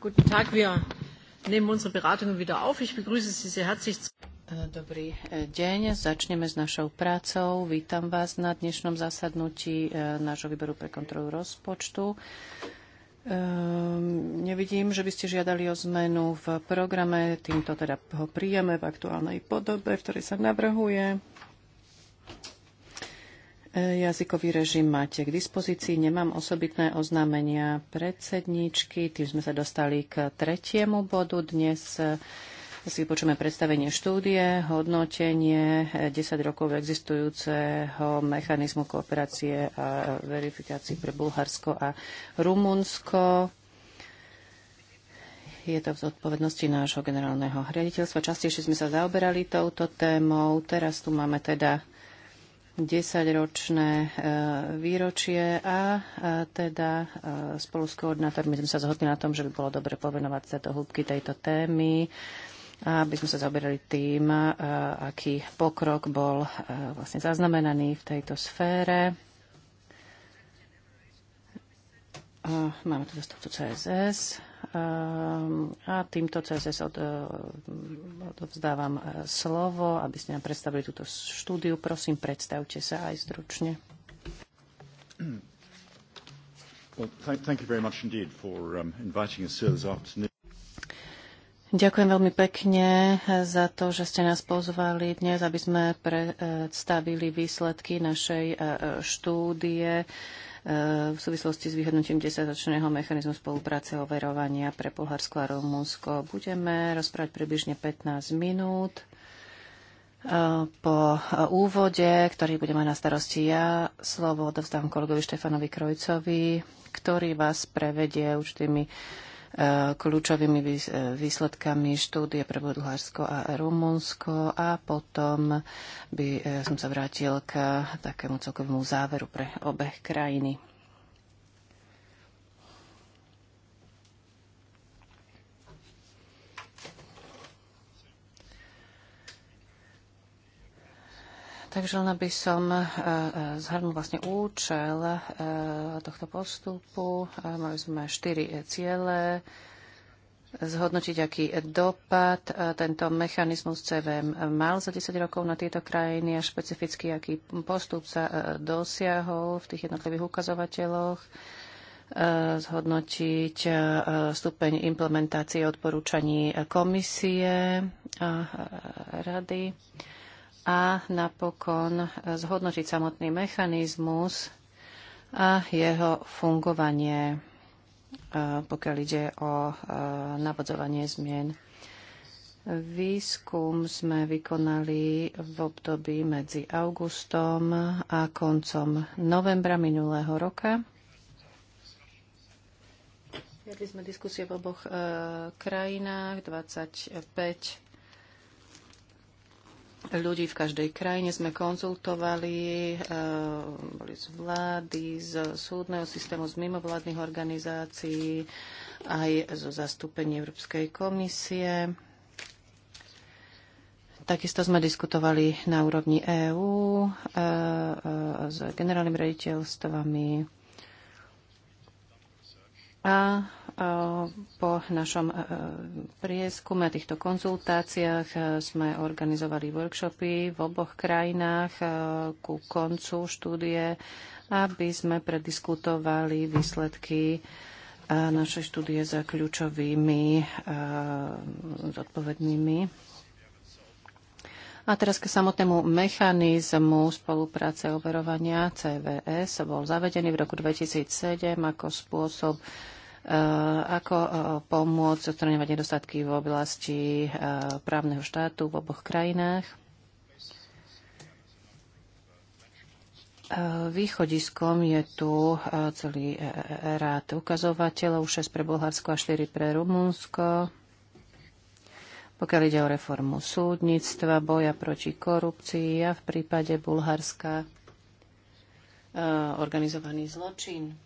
Guten Tag, wir nehmen unsere Beratungen wieder auf. Ich begrüße Sie sehr herzlich. Dobrý e, deň, začneme s našou prácou. Vítam vás na dnešnom zasadnutí e, nášho výboru pre kontrolu rozpočtu. Um, nevidím, že by ste žiadali o zmenu v programe, týmto teda ho prijeme v aktuálnej podobe, v ktorej sa navrhuje. Jazykový režim máte k dispozícii. Nemám osobitné oznámenia predsedníčky. Tým sme sa dostali k tretiemu bodu. Dnes eh, si počujeme predstavenie štúdie, hodnotenie 10 eh, rokov existujúceho mechanizmu kooperácie a verifikácií pre Bulharsko a Rumunsko. Je to v zodpovednosti nášho generálneho riaditeľstva. Častejšie sme sa zaoberali touto témou. Teraz tu máme teda desaťročné e, výročie a e, teda e, spolu s koordinátormi sme sa zhodli na tom, že by bolo dobre povenovať sa do hĺbky tejto témy a aby sme sa zaoberali tým, aký pokrok bol vlastne zaznamenaný v tejto sfére. Máme tu zastupcu CSS. Ehm, a týmto CSS od, eh, odovzdávam eh, slovo, aby ste nám predstavili túto štúdiu. Prosím, predstavte sa aj stručne. Mm. Um, Ďakujem veľmi pekne eh, za to, že ste nás pozvali dnes, aby sme predstavili výsledky našej štúdie v súvislosti s vyhodnutím 10-ročného mechanizmu spolupráce overovania pre Bulharsko a Rumunsko. Budeme rozprávať približne 15 minút. E, po e, úvode, ktorý budeme mať na starosti ja, slovo odovzdám kolegovi Štefanovi Krojcovi, ktorý vás prevedie už tými kľúčovými výsledkami štúdie pre Budlársko a Rumunsko a potom by eh, som sa vrátil k takému celkovému záveru pre obe krajiny. Takže len aby som e, e, zhrnul vlastne účel e, tohto postupu. Mali sme štyri ciele zhodnotiť, aký dopad tento mechanizmus CVM mal za 10 rokov na tieto krajiny a špecificky, aký postup sa dosiahol v tých jednotlivých ukazovateľoch, zhodnotiť stupeň implementácie odporúčaní komisie a rady a napokon e, zhodnotiť samotný mechanizmus a jeho fungovanie, e, pokiaľ ide o e, navodzovanie zmien. Výskum sme vykonali v období medzi augustom a koncom novembra minulého roka. Viedli sme diskusie v oboch e, krajinách, 25 ľudí v každej krajine sme konzultovali, eh, boli z vlády, z súdneho systému, z mimovládnych organizácií, aj zo zastúpení Európskej komisie. Takisto sme diskutovali na úrovni EÚ eh, eh, s generálnym rediteľstvami a Eh, po našom eh, prieskume týchto konzultáciách eh, sme organizovali workshopy v oboch krajinách ku koncu štúdie, aby sme prediskutovali výsledky našej štúdie za kľúčovými zodpovednými. A teraz k samotnému mechanizmu spolupráce overovania CVS bol zavedený v roku 2007 ako spôsob Eh, ako eh, pomôcť odstraňovať nedostatky v oblasti eh, právneho štátu v oboch krajinách. Východiskom je tu celý rád ukazovateľov, 6 pre Bulharsko a 4 pre Rumunsko. Pokiaľ ide o reformu súdnictva, boja proti korupcii a v prípade Bulharska organizovaný zločin.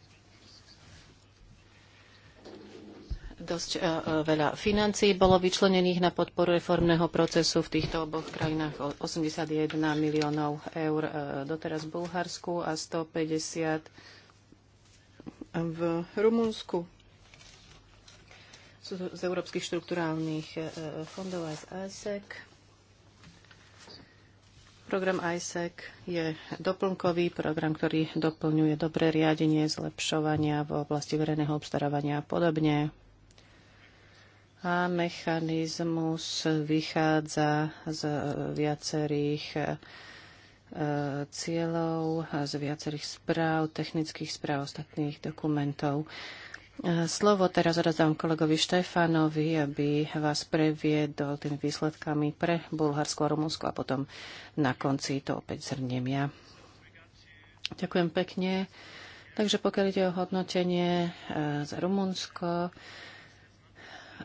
Dosť e, e, veľa financií bolo vyčlenených na podporu reformného procesu v týchto oboch krajinách. 81 miliónov eur e, doteraz v Bulharsku a 150 v Rumunsku. z európskych štruktúrálnych fondov aj z ISEC. Program ISEC je doplnkový program, ktorý doplňuje dobré riadenie, zlepšovania v oblasti verejného obstarávania a podobne a mechanizmus vychádza z viacerých e, cieľov, z viacerých správ, technických správ, ostatných dokumentov. E, slovo teraz rozdám kolegovi Štefanovi, aby vás previedol tým výsledkami pre Bulharsko a Rumunsko a potom na konci to opäť zhrniem ja. Ďakujem pekne. Takže pokiaľ ide o hodnotenie e, za Rumunsko,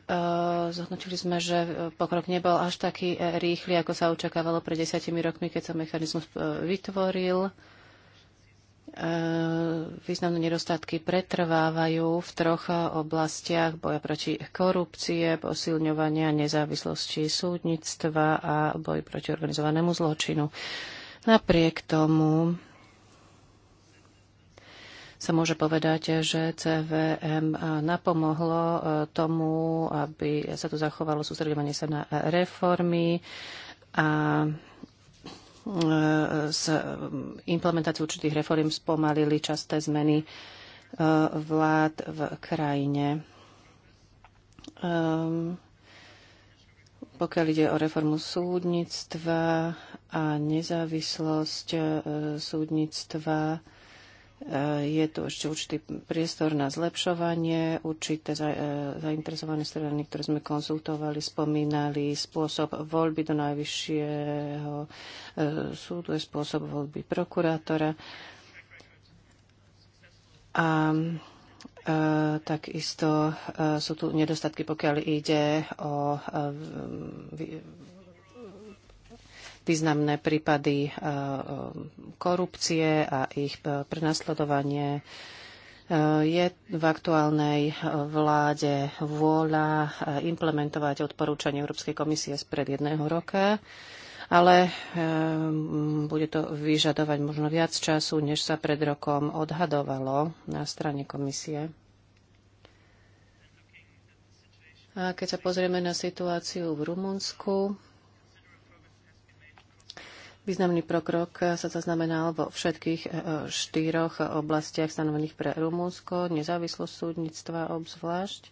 Eh, zhodnotili sme, že eh, pokrok nebol až taký eh, rýchly, ako sa očakávalo pred desiatimi rokmi, keď sa mechanizmus vytvoril. Významné nedostatky pretrvávajú v troch oblastiach boja proti korupcie, posilňovania nezávislosti súdnictva a boj proti organizovanému zločinu. Napriek tomu sa môže povedať, že CVM napomohlo e, tomu, aby sa tu zachovalo sústredovanie sa na reformy a e, s e, implementáciou určitých reform spomalili časté zmeny vlád v krajine. Pokiaľ ide o reformu súdnictva a nezávislosť súdnictva, Eh, je tu ešte určitý priestor na zlepšovanie. Určité eh, zainteresované strany, ktoré sme konzultovali, spomínali spôsob voľby do najvyššieho eh, súdu, je spôsob voľby prokurátora. A takisto sú tu nedostatky, pokiaľ ide o významné prípady e, e, korupcie a ich e, prenasledovanie. Je v aktuálnej vláde vôľa implementovať odporúčanie Európskej komisie spred jedného roka, ale bude to vyžadovať možno viac času, než sa pred rokom odhadovalo na strane komisie. A keď sa pozrieme na situáciu v Rumunsku, Významný pokrok sa zaznamenal vo všetkých e, štyroch oblastiach stanovených pre Rumúnsko, nezávislosť súdnictva obzvlášť. E,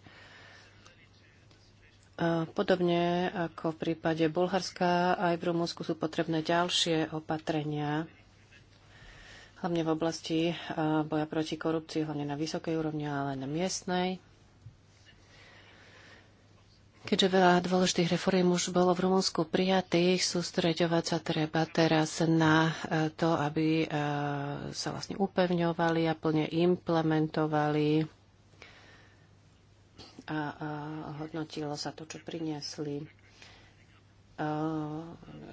podobne ako v prípade Bulharska, aj v Rumúnsku sú potrebné ďalšie opatrenia, hlavne v oblasti e, boja proti korupcii, hlavne na vysokej úrovni, ale aj na miestnej. Keďže veľa dôležitých reforiem už bolo v Rumunsku prijatých, sústreďovať sa treba teraz na e, to, aby e, sa vlastne upevňovali a plne implementovali a hodnotilo sa to, čo priniesli. E,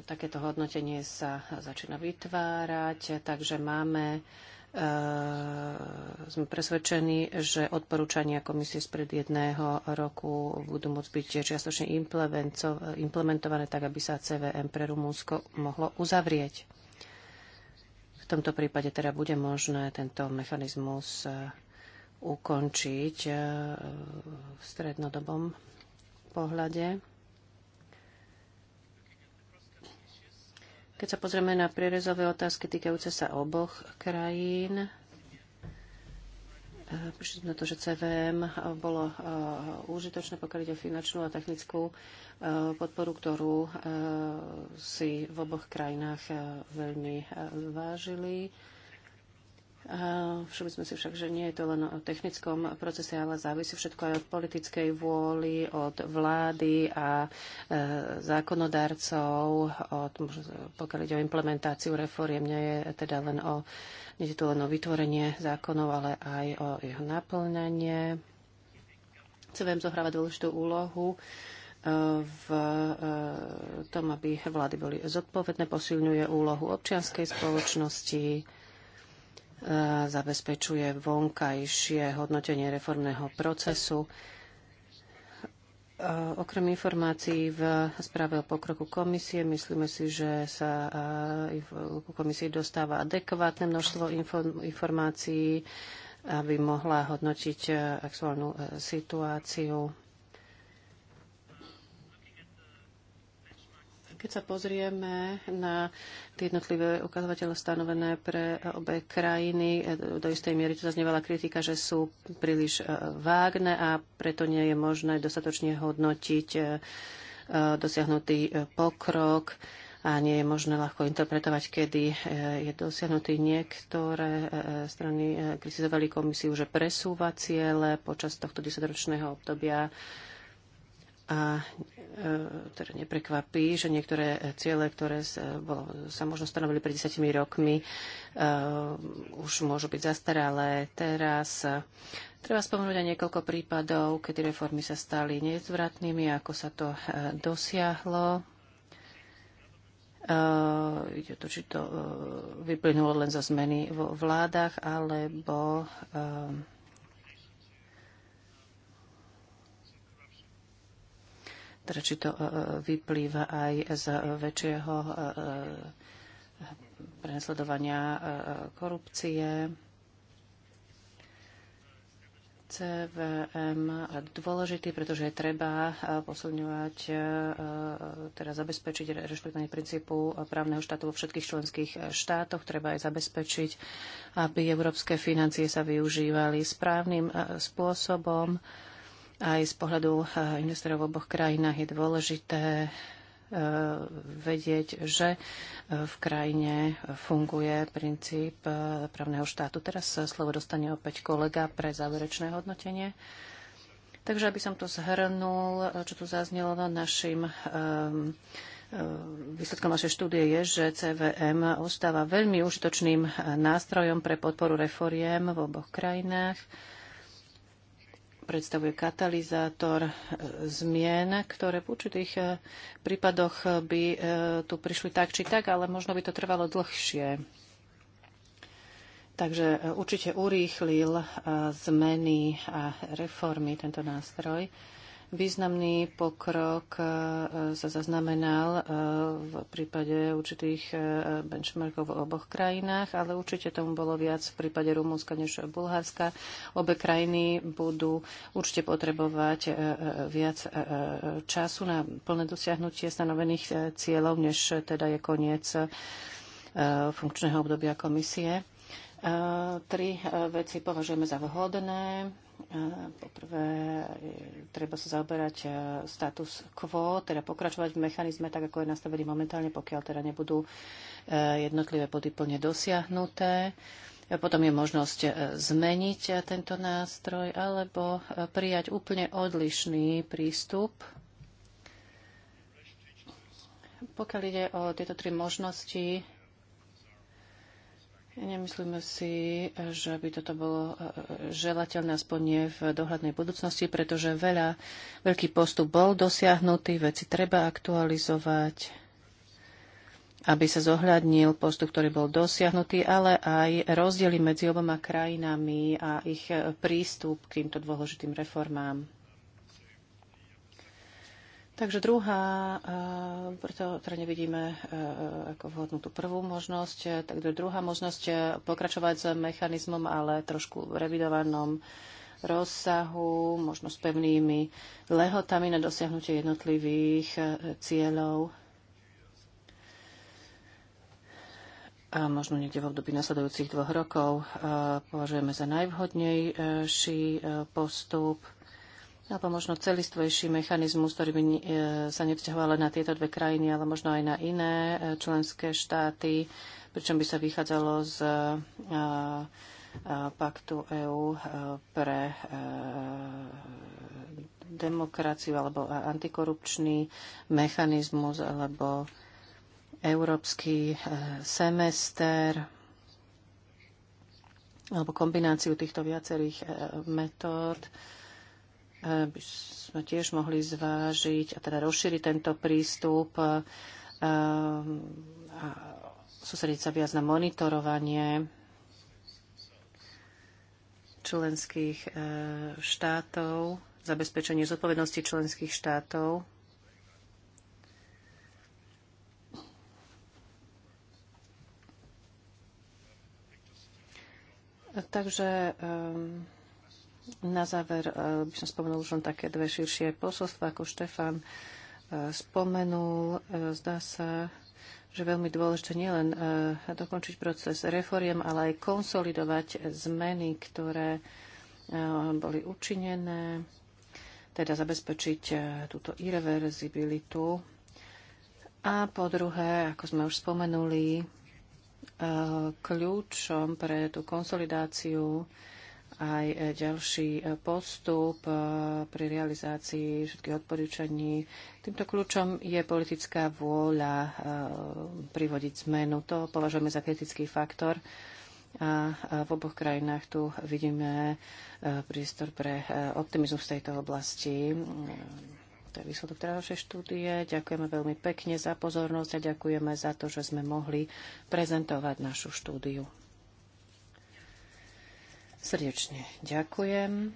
takéto hodnotenie sa začína vytvárať, takže máme Ehm, sme presvedčení, že odporúčania komisie spred jedného roku budú môcť byť čiastočne implementované tak, aby sa CVM pre Rumúnsko mohlo uzavrieť. V tomto prípade teda bude možné tento mechanizmus eh, ukončiť eh, v strednodobom pohľade. Keď sa pozrieme na prierezové otázky týkajúce sa oboch krajín, e, prišli sme to, že CVM bolo e, užitočné pokryť o finančnú a technickú e, podporu, ktorú si v oboch krajinách veľmi vážili. Všimli sme si však, že nie je to len o technickom procese, ale závisí všetko aj od politickej vôly, od vlády a e, zákonodárcov, od, pokiaľ ide o implementáciu reforiem, nie je teda len o, nie je to len o vytvorenie zákonov, ale aj o jeho naplňanie. CVM zohráva dôležitú úlohu e, v e, tom, aby vlády boli zodpovedné, posilňuje úlohu občianskej spoločnosti, E, zabezpečuje vonkajšie hodnotenie reformného procesu. E, okrem informácií v správe o pokroku komisie, myslíme si, že sa e, komisii dostáva adekvátne množstvo informácií, aby mohla hodnotiť aktuálnu situáciu Keď sa pozrieme na tie jednotlivé ukazovatele stanovené pre obe krajiny, do istej miery tu zaznievala kritika, že sú príliš e, vágne a preto nie je možné dostatočne hodnotiť e, dosiahnutý e, pokrok a nie je možné ľahko interpretovať, kedy je dosiahnutý. Niektoré strany kritizovali komisiu, že presúva ciele počas tohto desaťročného obdobia a e, teda neprekvapí, že niektoré ciele, ktoré sa, bolo, sa možno stanovili pred desiatimi rokmi, uh, už môžu byť zastaralé. Teraz uh, treba spomenúť aj niekoľko prípadov, kedy reformy sa stali nezvratnými, ako sa to uh, dosiahlo. Ide to, či to vyplynulo len zo zmeny vo vládach, alebo teda či to e, e, vyplýva aj z väčšieho e, prenasledovania korupcie. CVM je dôležitý, pretože je treba posilňovať, teda zabezpečiť rešpektovanie princípu právneho štátu vo všetkých členských štátoch. Treba aj zabezpečiť, aby európske financie sa využívali správnym spôsobom aj z pohľadu eh, investorov v oboch krajinách je dôležité eh, vedieť, že eh, v krajine funguje princíp právneho štátu. Teraz slovo dostane opäť kolega pre záverečné hodnotenie. Takže aby som to zhrnul, čo tu zaznelo na no, našim um, Výsledkom našej štúdie je, že CVM ostáva veľmi užitočným nástrojom pre podporu reforiem v oboch krajinách predstavuje katalizátor e, zmien, ktoré v určitých e, prípadoch e, by tu prišli tak či tak, ale možno by to trvalo dlhšie. Takže určite urýchlil zmeny a reformy tento nástroj. Významný pokrok e, sa zaznamenal e, v prípade určitých e, benchmarkov v oboch krajinách, ale určite tomu bolo viac v prípade Rumúnska než Bulharska. Obe krajiny budú určite potrebovať viac času na plné dosiahnutie stanovených cieľov, než teda je koniec funkčného obdobia komisie. Tri veci považujeme za vhodné Eh, poprvé, eh, treba sa zaoberať eh, status quo, teda pokračovať v mechanizme tak, ako je nastavený momentálne, pokiaľ teda nebudú jednotlivé body plne dosiahnuté. Potom je možnosť zmeniť tento nástroj alebo prijať úplne odlišný prístup. Pokiaľ ide o tieto tri možnosti, Nemyslíme si, že by toto bolo e, e, želateľné, aspoň nie v dohľadnej budúcnosti, pretože veľa, veľký postup bol dosiahnutý, veci treba aktualizovať, aby sa zohľadnil postup, ktorý bol dosiahnutý, ale aj rozdiely medzi oboma krajinami a ich e, prístup k týmto dôležitým reformám. Takže druhá, eh, preto teda nevidíme eh, ako vhodnú tú prvú možnosť, eh, tak druhá možnosť pokračovať s mechanizmom, ale trošku v revidovanom rozsahu, možno s pevnými lehotami na dosiahnutie jednotlivých cieľov. a možno niekde v období nasledujúcich dvoch rokov považujeme za najvhodnejší postup alebo možno celistvojší mechanizmus, ktorý by e, sa nevzťahoval len na tieto dve krajiny, ale možno aj na iné e, členské štáty, pričom by sa vychádzalo z e, paktu EÚ pre demokraciu alebo antikorupčný mechanizmus alebo európsky semester alebo kombináciu týchto viacerých metód. E, by sme tiež mohli zvážiť a teda rozšíriť tento prístup e, a sústrediť sa viac na monitorovanie členských e, štátov, zabezpečenie zodpovednosti členských štátov Takže um, na záver eh, by som spomenul už len také dve širšie posolstva, ako Štefan eh, spomenul. Eh, zdá sa, že veľmi dôležité nielen dokončiť proces reforiem, ale aj konsolidovať zmeny, ktoré boli učinené, teda zabezpečiť túto irreverzibilitu. A po druhé, ako sme už spomenuli, kľúčom pre tú konsolidáciu aj e, ďalší e, postup e, pri realizácii všetkých odporúčaní. Týmto kľúčom je politická vôľa privodiť zmenu. To považujeme za kritický faktor. A v oboch krajinách tu vidíme priestor pre optimizmus v tejto oblasti. To je výsledok teda našej štúdie. Ďakujeme veľmi pekne za pozornosť a ďakujeme za to, že sme mohli prezentovať našu štúdiu. Srdečne ďakujem.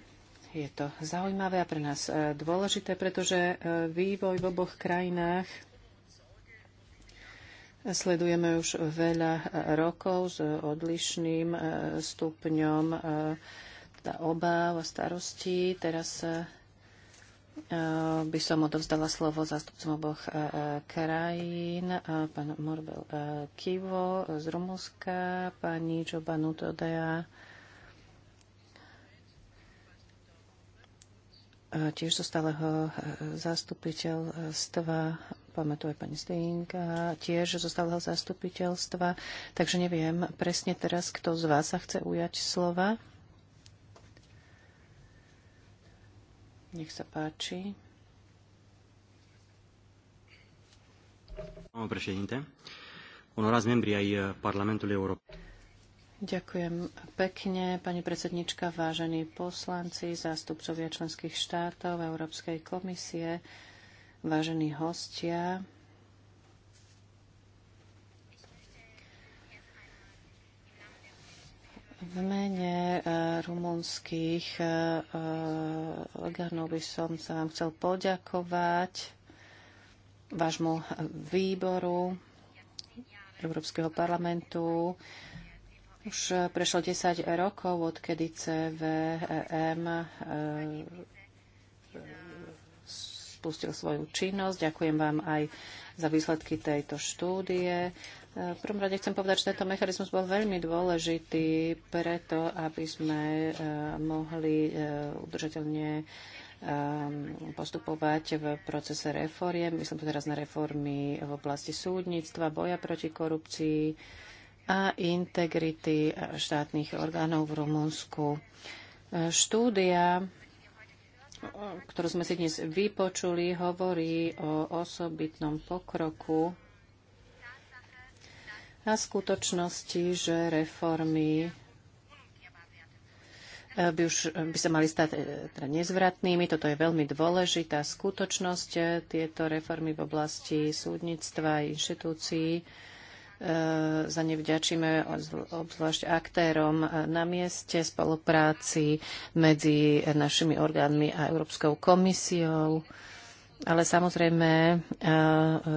Je to zaujímavé a pre nás e, dôležité, pretože e, vývoj v oboch krajinách sledujeme už veľa e, rokov s odlišným stupňom teda obáv a starostí. Teraz by som odovzdala slovo zástupcom oboch krajín, pán Morbel Kivo z Rumunska, pani Jobanu Todea tiež zo stáleho e, zastupiteľstva, pamätuje pani Stejinka, tiež zo stáleho zastupiteľstva, takže neviem presne teraz, kto z vás sa chce ujať slova. Nech sa páči. Doamnă președinte, onorați membri aj parlamentu Európy. Ďakujem pekne, pani predsednička, vážení poslanci, zástupcovia členských štátov Európskej komisie, vážení hostia. V mene eh, rumunských eh, eh, orgánov by som sa vám chcel poďakovať vášmu výboru Európskeho parlamentu už eh, prešlo 10 rokov, odkedy CVM e eh, spustil svoju činnosť. Ďakujem vám aj za výsledky tejto štúdie. Eh, v prvom rade chcem povedať, že tento mechanizmus bol veľmi dôležitý preto, aby sme mohli udržateľne postupovať v procese reforiem. Myslím tu teraz na reformy v oblasti súdnictva, boja proti korupcii, a integrity štátnych orgánov v Rumunsku. Štúdia, ktorú sme si dnes vypočuli, hovorí o osobitnom pokroku a skutočnosti, že reformy by, už, by sa mali stať e, teda nezvratnými. Toto je veľmi dôležitá skutočnosť. Tieto reformy v oblasti súdnictva a inštitúcií E, za ne vďačíme obzvlášť aktérom na mieste spolupráci medzi našimi orgánmi a Európskou komisiou. Ale samozrejme, e,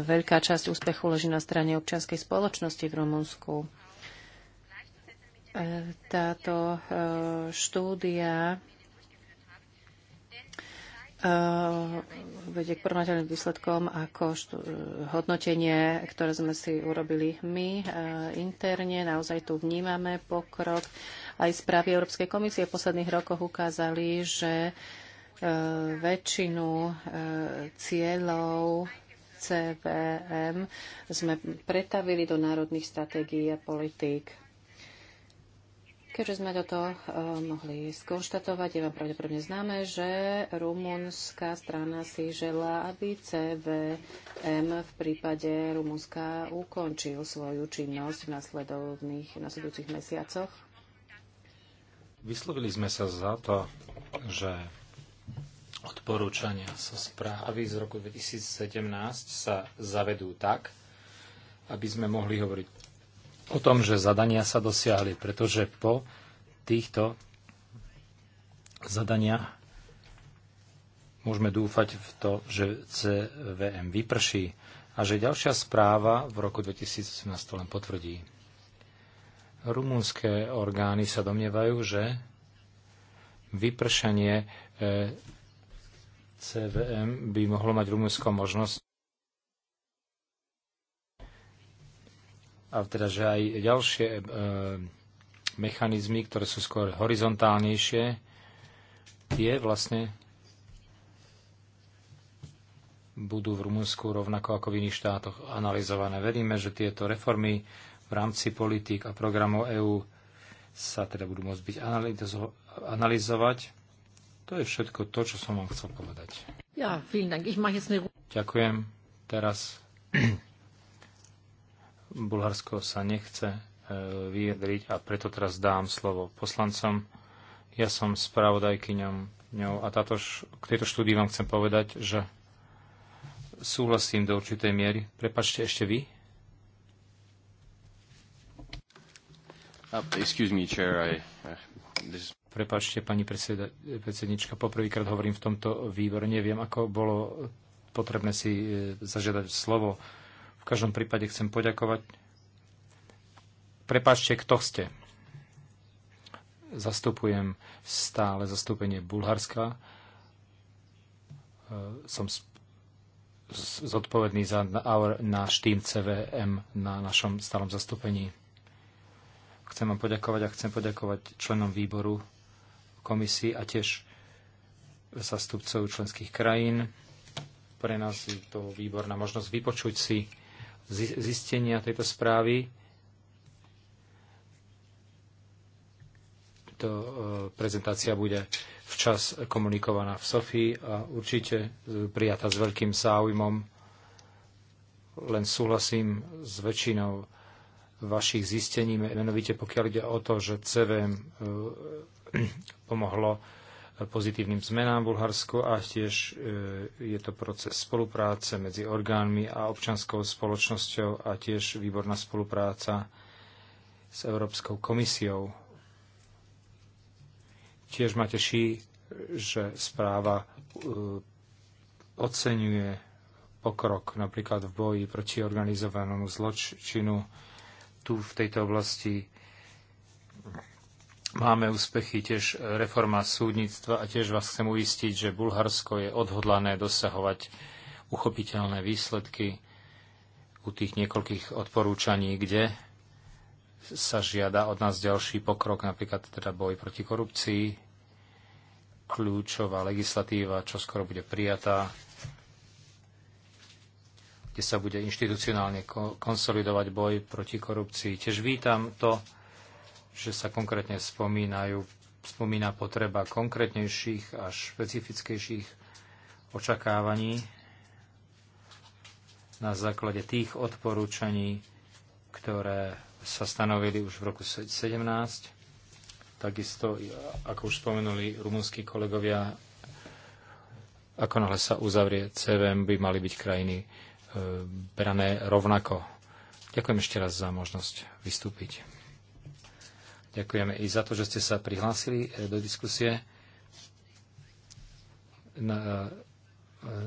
veľká časť úspechu leží na strane občianskej spoločnosti v Rumunsku. E, táto štúdia Eh, vedie k porovnateľným výsledkom ako hodnotenie, ktoré sme si urobili my eh, interne. Naozaj tu vnímame pokrok. Aj správy Európskej komisie v posledných rokoch ukázali, že eh, väčšinu cieľov CVM sme pretavili do národných stratégií a politík. Keďže sme toto eh, mohli skonštatovať, je vám pravdepodobne známe, že rumúnska strana si žela, aby CVM v prípade Rumúnska ukončil svoju činnosť v nasledujúcich mesiacoch. Vyslovili sme sa za to, že odporúčania sa správy z roku 2017 sa zavedú tak, aby sme mohli hovoriť o tom, že zadania sa dosiahli, pretože po týchto zadaniach môžeme dúfať v to, že CVM vyprší a že ďalšia správa v roku 2017 to len potvrdí. Rumúnske orgány sa domnievajú, že vypršanie eh, CVM by mohlo mať Rumúnsko možnosť a teda, že aj ďalšie e, mechanizmy, ktoré sú skôr horizontálnejšie, tie vlastne budú v Rumunsku rovnako ako v iných štátoch analyzované. Veríme, že tieto reformy v rámci politík a programov EÚ sa teda budú môcť byť analyzovať. To je všetko to, čo som vám chcel povedať. Ja, vielen Dank. Ich mache jetzt eine... Ďakujem. Teraz Bulharsko sa nechce e, vyjadriť a preto teraz dám slovo poslancom. Ja som spravodajkyňom ňou a táto, k tejto štúdii vám chcem povedať, že súhlasím do určitej miery. Prepačte, ešte vy? Uh, excuse me, chair, I, uh, this... Prepačte, pani predseda, predsednička, poprvýkrát hovorím v tomto výbore. Neviem, ako bolo potrebné si e, zažiadať slovo. V každom prípade chcem poďakovať. Prepačte, kto ste? Zastupujem stále zastúpenie Bulharska. E, som zodpovedný za náš tým CVM na našom stálom zastúpení. Chcem vám poďakovať a chcem poďakovať členom výboru komisii a tiež zastupcov členských krajín. Pre nás je to výborná možnosť vypočuť si zistenia tejto správy. To e, prezentácia bude včas komunikovaná v Sofii a určite e, prijata s veľkým záujmom. Len súhlasím s väčšinou vašich zistení, menovite pokiaľ ide o to, že CVM e, pomohlo pozitívnym zmenám v Bulharsku a tiež e, je to proces spolupráce medzi orgánmi a občanskou spoločnosťou a tiež výborná spolupráca s Európskou komisiou. Tiež ma teší, že správa e, oceňuje pokrok napríklad v boji proti organizovanému zločinu tu v tejto oblasti Máme úspechy tiež reforma súdnictva a tiež vás chcem uistiť, že Bulharsko je odhodlané dosahovať uchopiteľné výsledky u tých niekoľkých odporúčaní, kde sa žiada od nás ďalší pokrok, napríklad teda boj proti korupcii, kľúčová legislatíva, čo skoro bude prijatá, kde sa bude inštitucionálne konsolidovať boj proti korupcii. Tiež vítam to, že sa konkrétne spomínajú, spomína potreba konkrétnejších a špecifickejších očakávaní na základe tých odporúčaní, ktoré sa stanovili už v roku 2017. Takisto, ako už spomenuli rumunskí kolegovia, ako náhle sa uzavrie CVM, by mali byť krajiny e, brané rovnako. Ďakujem ešte raz za možnosť vystúpiť. Ďakujeme i za to, že ste sa prihlásili eh, do diskusie. Eh, eh,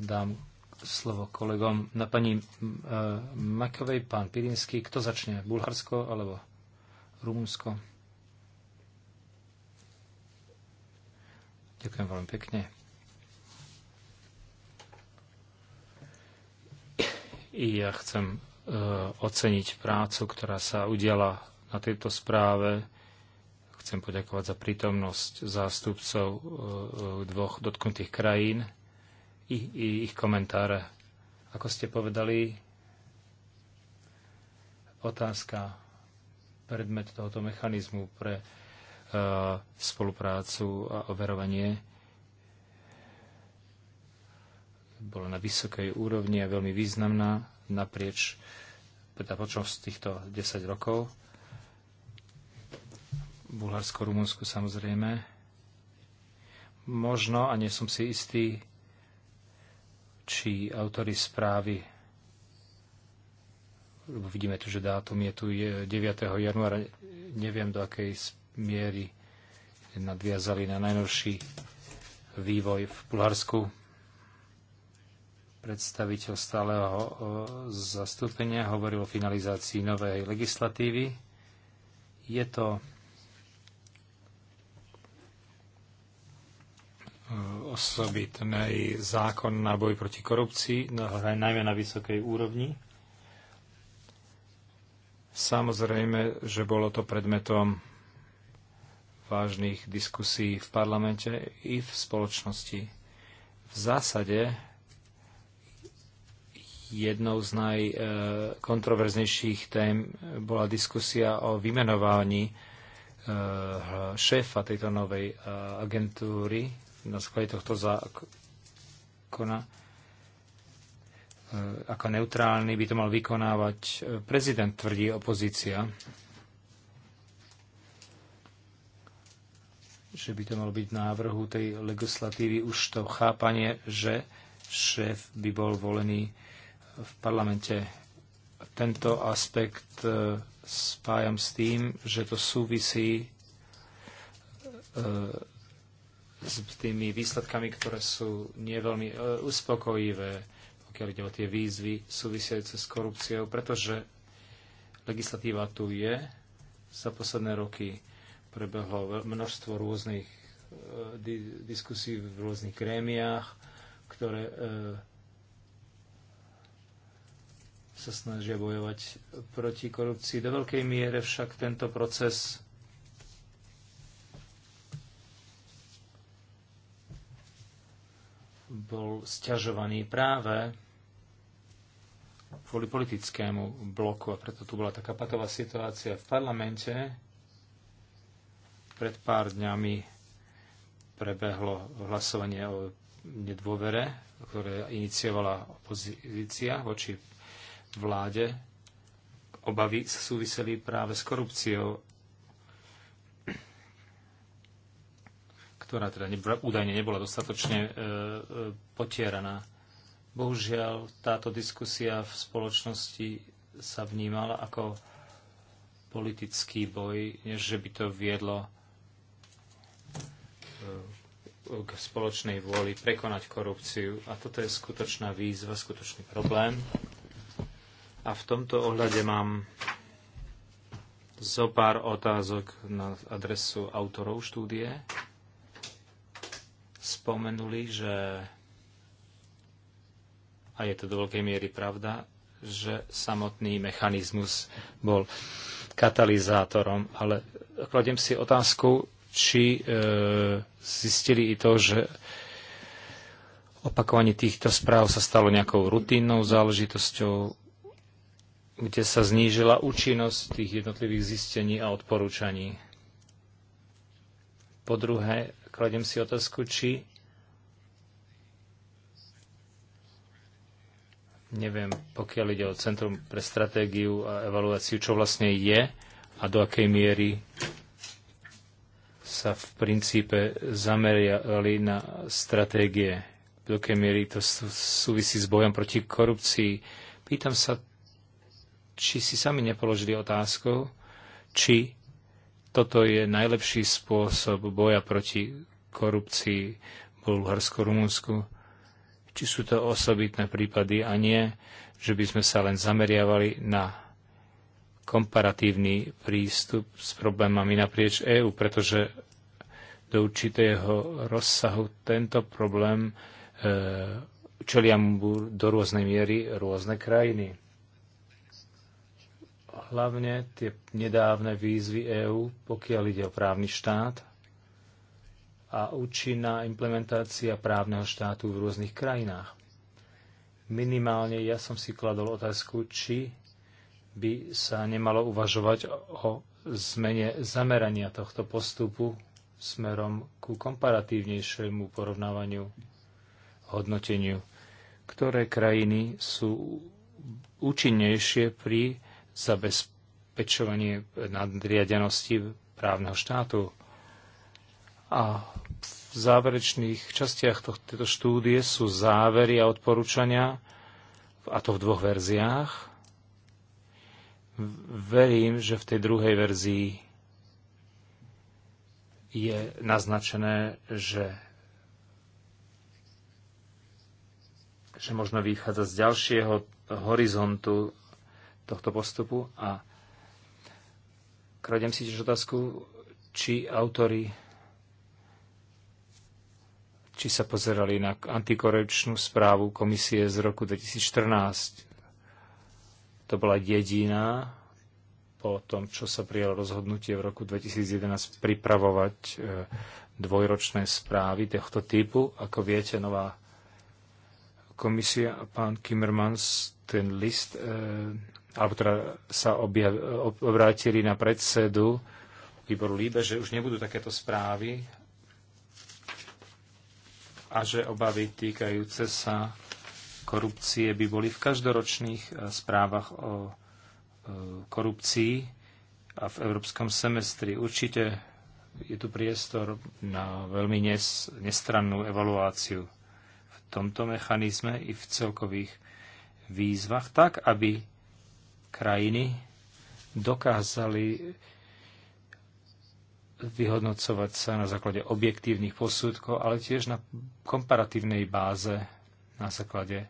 dám slovo kolegom. Na pani Makovej, pán Pirinsky, kto začne? Bulharsko alebo Rumunsko? Ďakujem veľmi pekne. I ja chcem oceniť prácu, ktorá sa udiala na tejto správe Chcem poďakovať za prítomnosť zástupcov e, e, dvoch dotknutých krajín i, i ich komentáre. Ako ste povedali, otázka predmet tohoto mechanizmu pre uh, spoluprácu a overovanie bola na vysokej úrovni a veľmi významná naprieč teda počas týchto 10 rokov. Bulharsko, Rumunsko samozrejme. Možno, a nie som si istý, či autory správy vidíme tu, že dátum je tu 9. januára, neviem do akej miery nadviazali na najnovší vývoj v Bulharsku. Predstaviteľ stáleho zastúpenia hovoril o finalizácii novej legislatívy. Je to Eh, osobitný zákon na boj proti korupcii, no, najmä na vysokej úrovni. Samozrejme, že bolo to predmetom vážnych diskusí v parlamente i v spoločnosti. V zásade jednou z najkontroverznejších tém bola diskusia o vymenovaní eh, šéfa tejto novej eh, agentúry na sklade tohto zákona e, ako neutrálny by to mal vykonávať e, prezident, tvrdí opozícia. Že by to mal byť návrhu tej legislatívy už to chápanie, že šéf by bol volený v parlamente. Tento aspekt e, spájam s tým, že to súvisí s tými výsledkami, ktoré sú nie veľmi e, uspokojivé, pokiaľ ide o tie výzvy súvisiace s korupciou, pretože legislatíva tu je. Za posledné roky prebehlo množstvo rôznych e, diskusí v rôznych krémiách, ktoré e, sa snažia bojovať proti korupcii. Do veľkej miere však tento proces bol stiažovaný práve kvôli politickému bloku a preto tu bola taká patová situácia v parlamente. Pred pár dňami prebehlo hlasovanie o nedôvere, ktoré iniciovala opozícia voči vláde. Obavy súviseli práve s korupciou ktorá teda nebola, údajne nebola dostatočne e, e, potieraná. Bohužiaľ, táto diskusia v spoločnosti sa vnímala ako politický boj, než že by to viedlo e, k spoločnej vôli prekonať korupciu. A toto je skutočná výzva, skutočný problém. A v tomto ohľade mám zo pár otázok na adresu autorov štúdie spomenuli, že a je to do veľkej miery pravda, že samotný mechanizmus bol katalizátorom, ale kladiem si otázku, či e, zistili i to, že opakovanie týchto správ sa stalo nejakou rutinnou záležitosťou, kde sa znížila účinnosť tých jednotlivých zistení a odporúčaní. Po druhé, Kladiem si otázku, či neviem, pokiaľ ide o Centrum pre stratégiu a evaluáciu, čo vlastne je a do akej miery sa v princípe zameriali na stratégie, do akej miery to súvisí s bojom proti korupcii. Pýtam sa, či si sami nepoložili otázku, či toto je najlepší spôsob boja proti korupcii v Bulharsko-Rumunsku. Či sú to osobitné prípady a nie, že by sme sa len zameriavali na komparatívny prístup s problémami naprieč EÚ, pretože do určitého rozsahu tento problém e, čelia mu do rôznej miery rôzne krajiny hlavne tie nedávne výzvy EÚ, pokiaľ ide o právny štát a účinná implementácia právneho štátu v rôznych krajinách. Minimálne ja som si kladol otázku, či by sa nemalo uvažovať o zmene zamerania tohto postupu smerom ku komparatívnejšiemu porovnávaniu, hodnoteniu, ktoré krajiny sú účinnejšie pri zabezpečovanie nadriadenosti právneho štátu. A v záverečných častiach tejto štúdie sú závery a odporúčania, a to v dvoch verziách. Verím, že v tej druhej verzii je naznačené, že, že možno vychádza z ďalšieho horizontu tohto postupu a kradem si tiež otázku, či autory či sa pozerali na antikorečnú správu komisie z roku 2014. To bola jediná po tom, čo sa prijalo rozhodnutie v roku 2011 pripravovať e, dvojročné správy tohto typu. Ako viete, nová komisia a pán Kimmermans ten list e, alebo teda sa objav, obrátili na predsedu výboru Líbe, že už nebudú takéto správy a že obavy týkajúce sa korupcie by boli v každoročných eh, správach o korupcii a v európskom semestri. Určite je tu priestor na veľmi nestrannú evaluáciu v tomto mechanizme i v celkových výzvach, tak aby krajiny dokázali vyhodnocovať sa na základe objektívnych posúdkov, ale tiež na komparatívnej báze na základe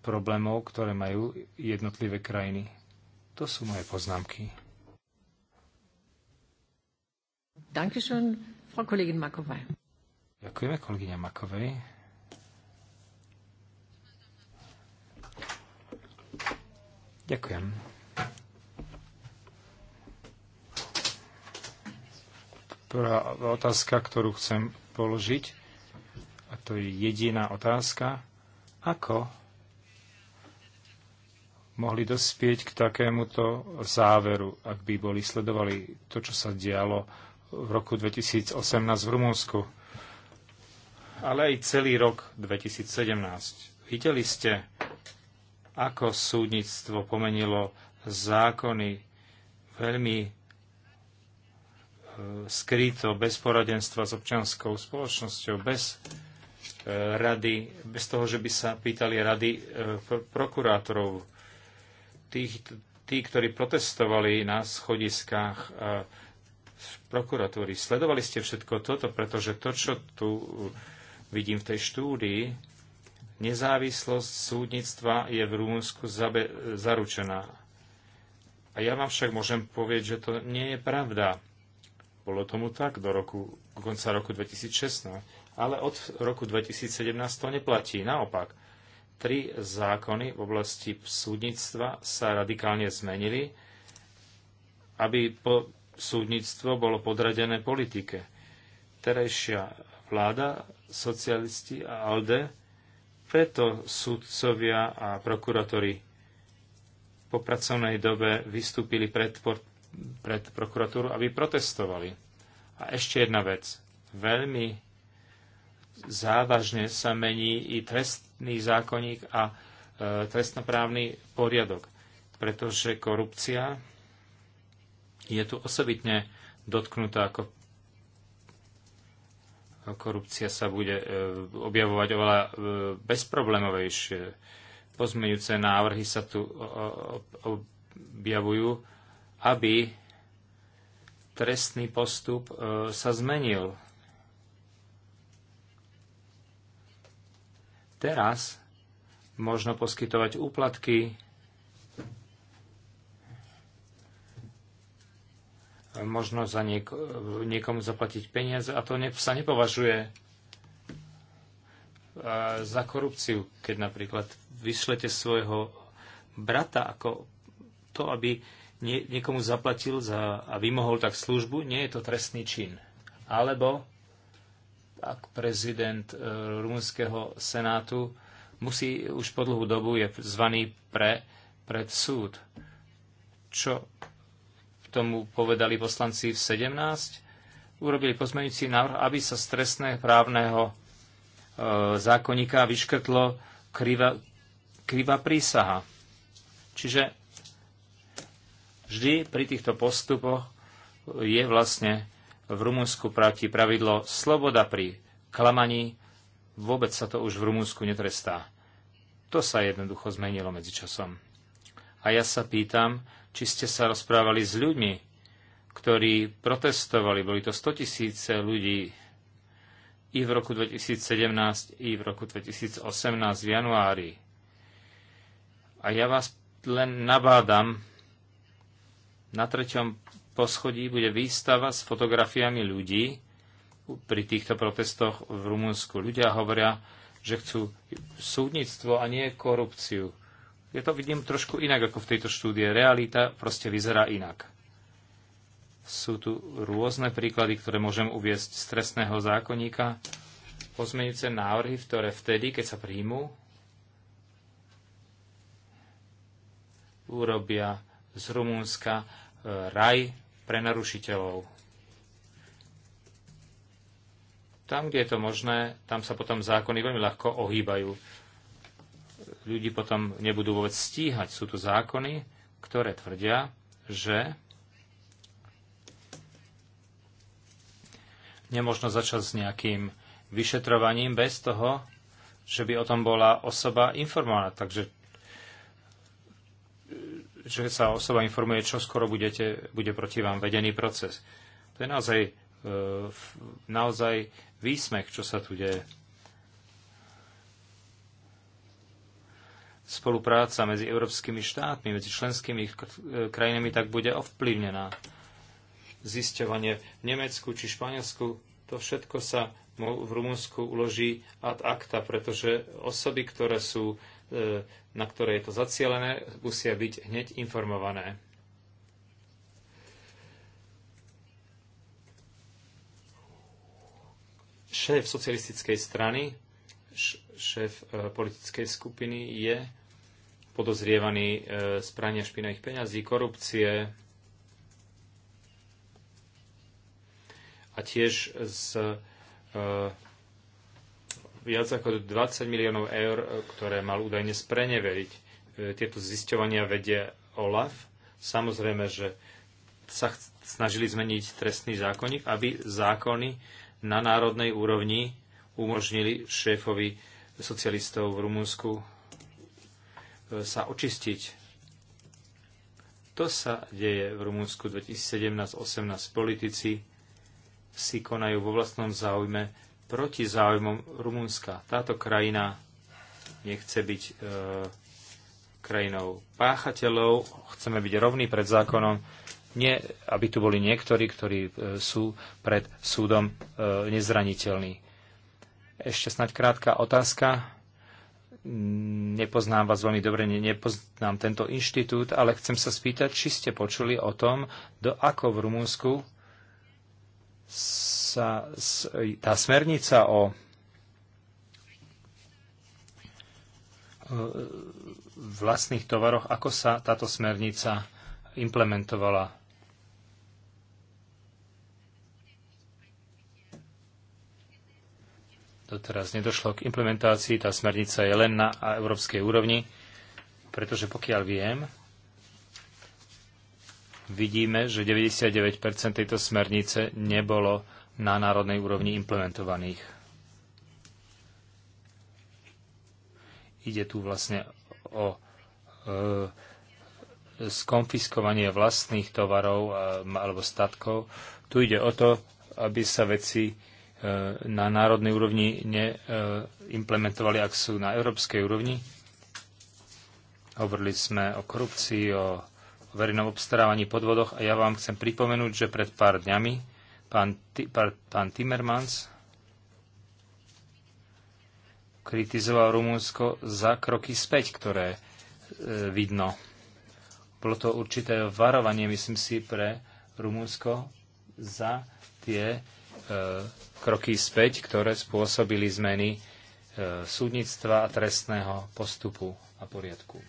problémov, ktoré majú jednotlivé krajiny. To sú moje poznámky. Dankeschön, Frau Kollegin Makovej. Ďakujeme kolegyňa Makovej. Ďakujem. Prvá otázka, ktorú chcem položiť, a to je jediná otázka, ako mohli dospieť k takémuto záveru, ak by boli sledovali to, čo sa dialo v roku 2018 v Rumúnsku, ale aj celý rok 2017. Videli ste, ako súdnictvo pomenilo zákony veľmi e, skryto, bez poradenstva s občianskou spoločnosťou, bez e, rady, bez toho, že by sa pýtali rady e, prokurátorov, tých, tí, ktorí protestovali na schodiskách v prokuratúry. Sledovali ste všetko toto, pretože to, čo tu vidím v tej štúdii, Nezávislosť súdnictva je v Rumunsku zaručená. A ja vám však môžem povieť, že to nie je pravda. Bolo tomu tak do, roku, konca roku 2016, ale od roku 2017 to neplatí. Naopak, tri zákony v oblasti súdnictva sa radikálne zmenili, aby po súdnictvo bolo podradené politike. Terejšia vláda, socialisti a ALDE preto sudcovia a prokurátori po pracovnej dobe vystúpili pred, pred prokuratúru, aby protestovali. A ešte jedna vec. Veľmi závažne sa mení i trestný zákonník a e, trestnoprávny poriadok, pretože korupcia je tu osobitne dotknutá ako korupcia sa bude e, objavovať oveľa e, bezproblémovejšie. Pozmeňujúce návrhy sa tu objavujú, aby trestný postup e, sa zmenil. Teraz možno poskytovať úplatky možno za niek- niekomu zaplatiť peniaze a to ne, sa nepovažuje e, za korupciu, keď napríklad vyšlete svojho brata ako to, aby nie, niekomu zaplatil za, a vymohol tak službu, nie je to trestný čin. Alebo ak prezident e, rumunského senátu musí už po dlhú dobu je zvaný pre, pred súd. Čo tomu povedali poslanci v 17, urobili pozmeňujúci návrh, aby sa z trestné právneho e, zákonníka vyškrtlo kriva, kriva prísaha. Čiže vždy pri týchto postupoch je vlastne v Rumunsku práti pravidlo sloboda pri klamaní, vôbec sa to už v Rumunsku netrestá. To sa jednoducho zmenilo medzi časom. A ja sa pýtam, či ste sa rozprávali s ľuďmi, ktorí protestovali. Boli to 100 tisíce ľudí i v roku 2017, i v roku 2018 v januári. A ja vás len nabádam, na treťom poschodí bude výstava s fotografiami ľudí pri týchto protestoch v Rumunsku. Ľudia hovoria, že chcú súdnictvo a nie korupciu. Ja to vidím trošku inak ako v tejto štúdie. Realita proste vyzerá inak. Sú tu rôzne príklady, ktoré môžem uviesť z trestného zákonníka. Pozmeňujúce návrhy, ktoré vtedy, keď sa príjmú, urobia z Rumúnska e, raj pre narušiteľov. Tam, kde je to možné, tam sa potom zákony veľmi ľahko ohýbajú ľudí potom nebudú vôbec stíhať. Sú tu zákony, ktoré tvrdia, že nemožno začať s nejakým vyšetrovaním bez toho, že by o tom bola osoba informovaná. Takže že sa osoba informuje, čo skoro budete, bude proti vám vedený proces. To je naozaj, e, naozaj výsmech, čo sa tu deje. spolupráca medzi európskymi štátmi, medzi členskými krajinami tak bude ovplyvnená. Zisťovanie v Nemecku či Španielsku, to všetko sa v Rumunsku uloží ad acta, pretože osoby, ktoré sú, e, na ktoré je to zacielené, musia byť hneď informované. Šéf socialistickej strany šéf e, politickej skupiny je podozrievaní e, z prania špinavých peňazí, korupcie a tiež z e, viac ako 20 miliónov eur, e, ktoré mal údajne spreneveriť. Tieto zisťovania vedie OLAF. Samozrejme, že sa snažili zmeniť trestný zákonník, aby zákony na národnej úrovni umožnili šéfovi socialistov v Rumunsku sa očistiť. To sa deje v Rumúnsku 2017-18. Politici si konajú vo vlastnom záujme proti záujmom Rumúnska. Táto krajina nechce byť e, krajinou páchateľov, chceme byť rovní pred zákonom, nie, aby tu boli niektorí, ktorí e, sú pred súdom e, nezraniteľní. Ešte snáď krátka otázka Mm, nepoznám vás veľmi dobre, nepoznám tento inštitút, ale chcem sa spýtať, či ste počuli o tom, do ako v Rumunsku sa tá smernica o vlastných tovaroch, ako sa táto smernica implementovala doteraz nedošlo k implementácii. Tá smernica je len na európskej úrovni, pretože pokiaľ viem, vidíme, že 99% tejto smernice nebolo na národnej úrovni implementovaných. Ide tu vlastne o e, skonfiskovanie vlastných tovarov e, alebo statkov. Tu ide o to, aby sa veci E, na národnej úrovni neimplementovali, ak sú na európskej úrovni. Hovorili sme o korupcii, o verejnom obstarávaní podvodoch a ja vám chcem pripomenúť, že pred pár dňami pán, pán Timmermans kritizoval Rumunsko za kroky späť, ktoré e, vidno. Bolo to určité varovanie, myslím si, pre Rumunsko za tie E, kroky späť, ktoré spôsobili zmeny e, súdnictva a trestného postupu a poriadku.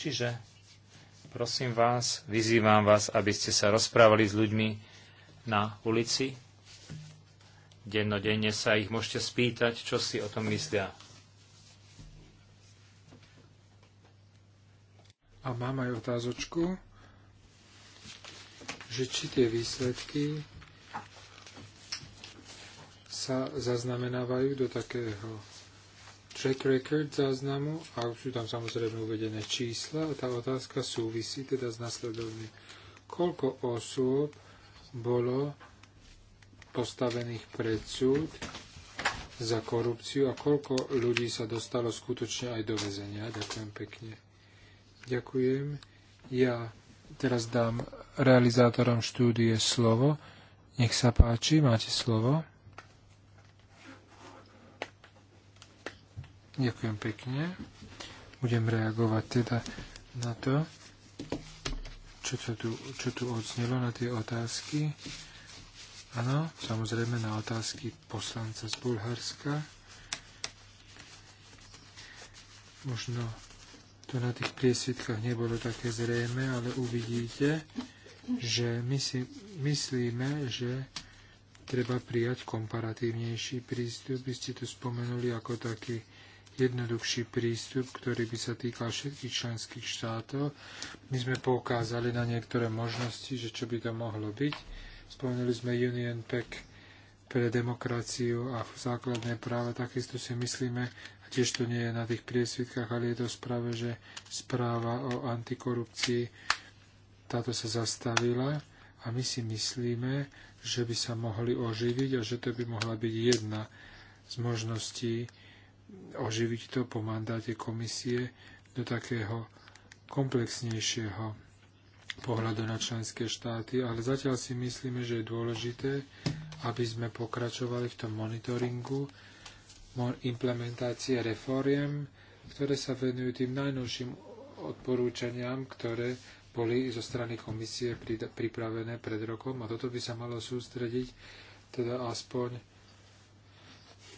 Čiže prosím vás, vyzývam vás, aby ste sa rozprávali s ľuďmi na ulici. Dennodenne sa ich môžete spýtať, čo si o tom myslia. A mám aj otázočku, že či tie výsledky sa zaznamenávajú do takého track record záznamu a sú tam samozrejme uvedené čísla a tá otázka súvisí teda s nasledovným. Koľko osôb bolo postavených pred súd za korupciu a koľko ľudí sa dostalo skutočne aj do väzenia. Ďakujem pekne. Ďakujem. Ja teraz dám realizátorom štúdie slovo. Nech sa páči, máte slovo. Ďakujem pekne. Budem reagovať teda na to, čo, to tu, čo tu odznelo na tie otázky. Áno, samozrejme na otázky poslanca z Bulharska. Možno to na tých priesvitkách nebolo také zrejme, ale uvidíte, že my si myslíme, že treba prijať komparatívnejší prístup. Vy ste to spomenuli ako taký jednoduchší prístup, ktorý by sa týkal všetkých členských štátov. My sme poukázali na niektoré možnosti, že čo by to mohlo byť. Spomenuli sme Union Pack pre demokraciu a základné práva. Takisto si myslíme, a tiež to nie je na tých priesvitkách, ale je to správe, že správa o antikorupcii táto sa zastavila a my si myslíme, že by sa mohli oživiť a že to by mohla byť jedna z možností, oživiť to po mandáte komisie do takého komplexnejšieho pohľadu na členské štáty, ale zatiaľ si myslíme, že je dôležité, aby sme pokračovali v tom monitoringu implementácie reforiem, ktoré sa venujú tým najnovším odporúčaniam, ktoré boli zo strany komisie pripravené pred rokom a toto by sa malo sústrediť teda aspoň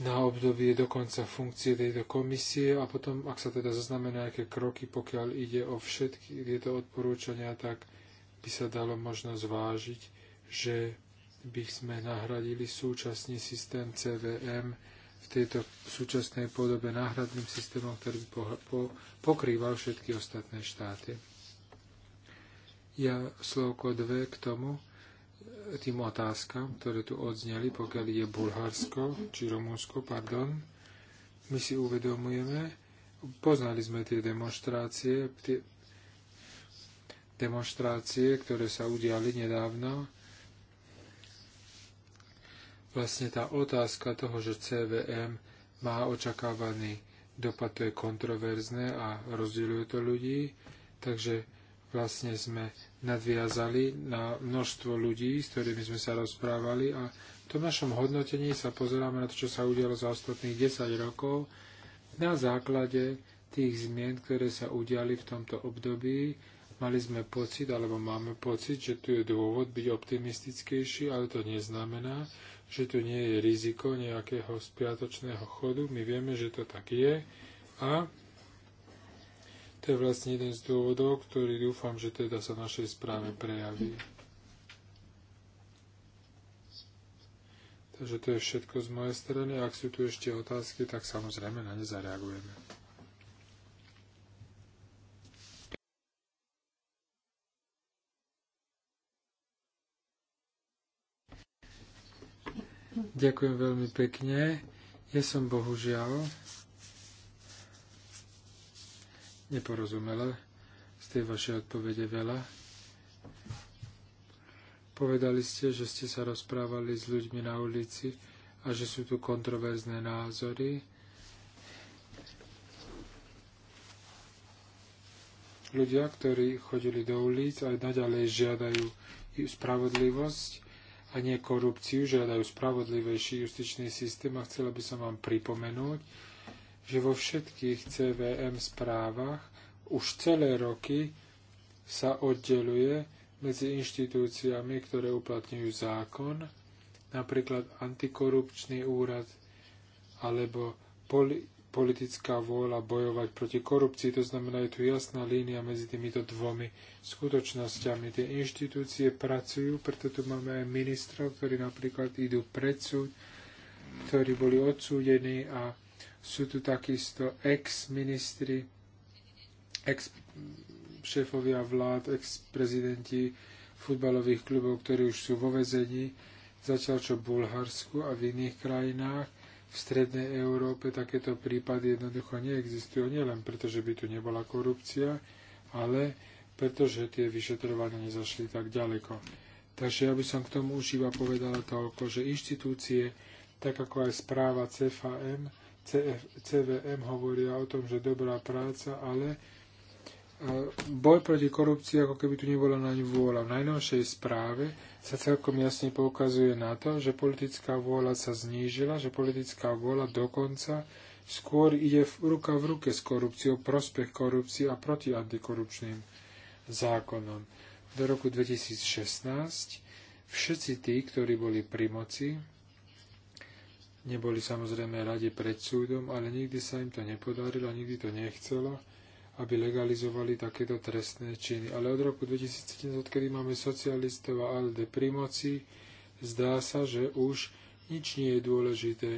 na obdobie do konca funkcie tejto komisie a potom, ak sa teda zaznamená nejaké kroky, pokiaľ ide o všetky tieto odporúčania, tak by sa dalo možno zvážiť, že by sme nahradili súčasný systém CVM v tejto súčasnej podobe náhradným systémom, ktorý by po, po, pokrýval všetky ostatné štáty. Ja slovko dve k tomu, tým otázkam, ktoré tu odzneli, pokiaľ je Bulharsko, či Rumúnsko, pardon. My si uvedomujeme, poznali sme tie demonstrácie, tie demonstrácie, ktoré sa udiali nedávno. Vlastne tá otázka toho, že CVM má očakávaný dopad, to je kontroverzné a rozdieluje to ľudí, takže vlastne sme nadviazali na množstvo ľudí, s ktorými sme sa rozprávali a v tom našom hodnotení sa pozeráme na to, čo sa udialo za ostatných 10 rokov na základe tých zmien, ktoré sa udiali v tomto období. Mali sme pocit, alebo máme pocit, že tu je dôvod byť optimistickejší, ale to neznamená, že tu nie je riziko nejakého spiatočného chodu. My vieme, že to tak je a to je vlastne jeden z dôvodov, ktorý dúfam, že teda sa v našej správe prejaví. Takže to je všetko z mojej strany. Ak sú tu ešte otázky, tak samozrejme na ne zareagujeme. Ďakujem veľmi pekne. Ja som bohužiaľ neporozumela z tej vašej odpovede veľa. Povedali ste, že ste sa rozprávali s ľuďmi na ulici a že sú tu kontroverzné názory. Ľudia, ktorí chodili do ulic, a naďalej žiadajú spravodlivosť a nie korupciu, žiadajú spravodlivejší justičný systém a chcela by som vám pripomenúť, že vo všetkých CVM správach už celé roky sa oddeluje medzi inštitúciami, ktoré uplatňujú zákon, napríklad antikorupčný úrad alebo poli- politická vôľa bojovať proti korupcii. To znamená, je tu jasná línia medzi týmito dvomi skutočnosťami. Tie inštitúcie pracujú, preto tu máme aj ministrov, ktorí napríklad idú pred súd, ktorí boli odsúdení a sú tu takisto ex-ministri, ex-šéfovia vlád, ex-prezidenti futbalových klubov, ktorí už sú vo vezení, zatiaľ čo v Bulharsku a v iných krajinách v Strednej Európe takéto prípady jednoducho neexistujú, nielen preto, že by tu nebola korupcia, ale pretože tie vyšetrovania nezašli tak ďaleko. Takže ja by som k tomu už iba povedala toľko, že inštitúcie, tak ako aj správa CFAM, CF, CVM hovoria o tom, že dobrá práca, ale e, boj proti korupcii, ako keby tu nebola ňu vôľa. V najnovšej správe sa celkom jasne poukazuje na to, že politická vôľa sa znížila, že politická vôľa dokonca skôr ide v ruka v ruke s korupciou, prospech korupcii a proti antikorupčným zákonom. Do roku 2016 všetci tí, ktorí boli pri moci, Neboli samozrejme radi pred súdom, ale nikdy sa im to nepodarilo, nikdy to nechcelo, aby legalizovali takéto trestné činy. Ale od roku 2017, odkedy máme socialistov a ALDE pri moci, zdá sa, že už nič nie je dôležité.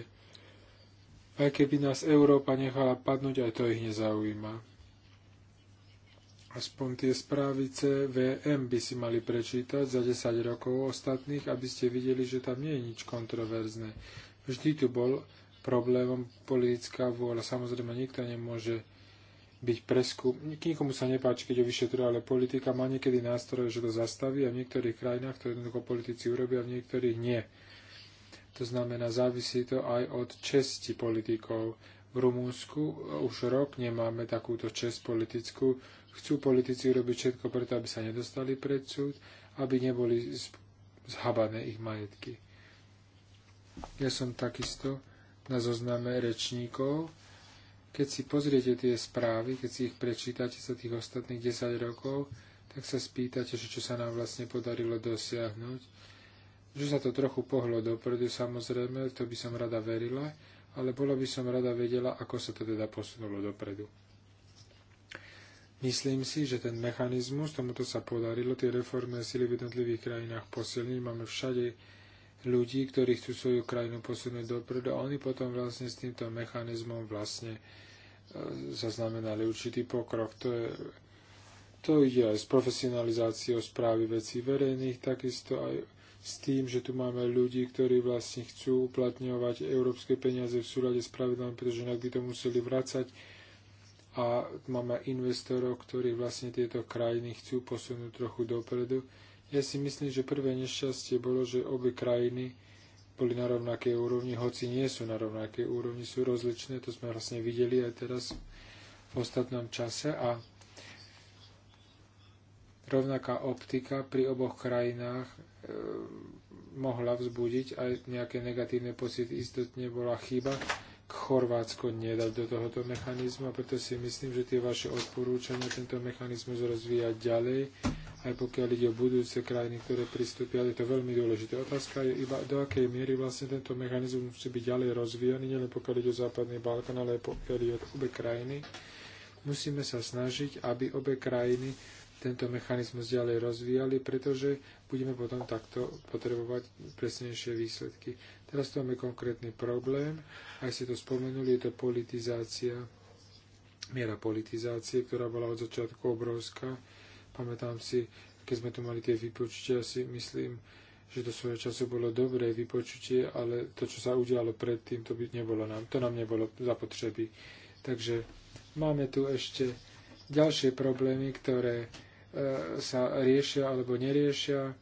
Aj keby nás Európa nechala padnúť, aj to ich nezaujíma. Aspoň tie správy CVM by si mali prečítať za 10 rokov ostatných, aby ste videli, že tam nie je nič kontroverzné. Vždy tu bol problémom politická vôľa. Samozrejme, nikto nemôže byť presku. Nikomu sa nepáči, keď ho vyšetruje, ale politika má niekedy nástroje, že to zastaví a v niektorých krajinách to jednoducho politici urobia, v niektorých nie. To znamená, závisí to aj od česti politikov. V Rumúnsku už rok nemáme takúto čest politickú. Chcú politici urobiť všetko preto, aby sa nedostali pred súd, aby neboli zhabané ich majetky. Ja som takisto na zozname rečníkov. Keď si pozriete tie správy, keď si ich prečítate za tých ostatných 10 rokov, tak sa spýtate, že čo sa nám vlastne podarilo dosiahnuť. Že sa to trochu pohlo dopredu, samozrejme, to by som rada verila, ale bola by som rada vedela, ako sa to teda posunulo dopredu. Myslím si, že ten mechanizmus, tomuto sa podarilo tie reformné sily v jednotlivých krajinách posilniť. Máme všade ľudí, ktorí chcú svoju krajinu posunúť dopredu a oni potom vlastne s týmto mechanizmom vlastne e, zaznamenali určitý pokrok. To, je, to ide aj s profesionalizáciou správy vecí verejných, takisto aj s tým, že tu máme ľudí, ktorí vlastne chcú uplatňovať európske peniaze v súlade s pravidlami, pretože inak by to museli vracať. A máme investorov, ktorí vlastne tieto krajiny chcú posunúť trochu dopredu ja si myslím, že prvé nešťastie bolo, že obe krajiny boli na rovnakej úrovni, hoci nie sú na rovnakej úrovni, sú rozličné, to sme vlastne videli aj teraz v ostatnom čase a rovnaká optika pri oboch krajinách e, mohla vzbudiť aj nejaké negatívne pocity. Istotne bola chyba, k Chorvátsko nedať do tohoto mechanizmu a preto si myslím, že tie vaše odporúčania tento mechanizmus rozvíjať ďalej aj pokiaľ ide o budúce krajiny, ktoré pristúpia. Je to veľmi dôležité. Otázka je iba, do akej miery vlastne tento mechanizmus musí byť ďalej rozvíjaný, nielen pokiaľ ide o Západný Balkán, ale aj pokiaľ ide o obe krajiny. Musíme sa snažiť, aby obe krajiny tento mechanizmus ďalej rozvíjali, pretože budeme potom takto potrebovať presnejšie výsledky. Teraz tu máme konkrétny problém, aj ste to spomenuli, je to politizácia, miera politizácie, ktorá bola od začiatku obrovská. Pamätám si, keď sme tu mali tie vypočutia, si myslím, že to svojho času bolo dobré vypočutie, ale to, čo sa udialo predtým, to by nebolo nám, to nám nebolo zapotreby. Takže máme tu ešte ďalšie problémy, ktoré e, sa riešia alebo neriešia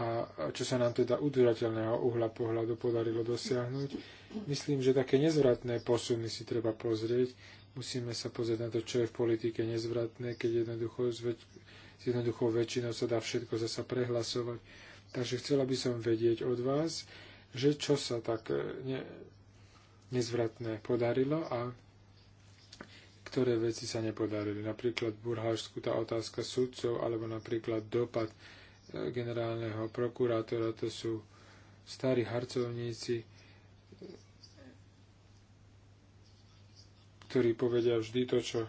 a čo sa nám teda udržateľného uhla pohľadu podarilo dosiahnuť. Myslím, že také nezvratné posuny si treba pozrieť. Musíme sa pozrieť na to, čo je v politike nezvratné, keď jednoducho s jednoduchou väčšinou sa dá všetko zasa prehlasovať. Takže chcela by som vedieť od vás, že čo sa tak e, ne, nezvratné podarilo a ktoré veci sa nepodarili. Napríklad v Burhašsku tá otázka sudcov, alebo napríklad dopad e, generálneho prokurátora, to sú starí harcovníci, ktorí povedia vždy to, čo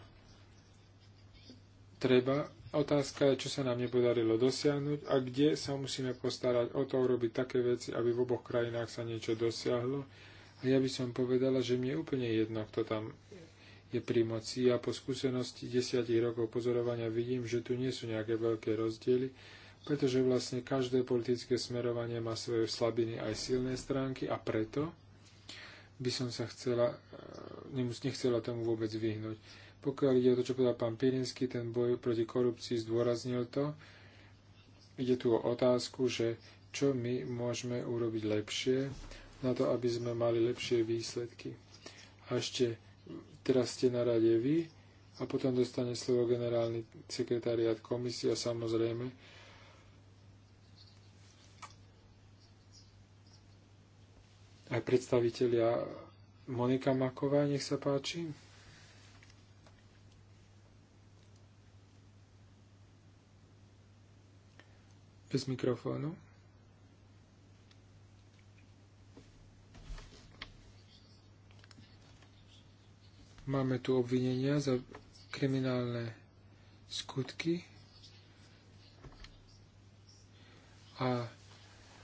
treba Otázka je, čo sa nám nepodarilo dosiahnuť a kde sa musíme postarať o to urobiť také veci, aby v oboch krajinách sa niečo dosiahlo. A ja by som povedala, že mne je úplne jedno, kto tam je pri moci. Ja po skúsenosti desiatich rokov pozorovania vidím, že tu nie sú nejaké veľké rozdiely, pretože vlastne každé politické smerovanie má svoje slabiny aj silné stránky a preto by som sa chcela, e, nechcela tomu vôbec vyhnúť. Pokiaľ ide o to, čo povedal pán Pirinsky, ten boj proti korupcii zdôraznil to. Ide tu o otázku, že čo my môžeme urobiť lepšie na to, aby sme mali lepšie výsledky. A ešte teraz ste na rade vy a potom dostane slovo generálny sekretariat komisie a samozrejme aj predstavitelia Monika Maková, nech sa páči. bez mikrofónu. Máme tu obvinenia za kriminálne skutky a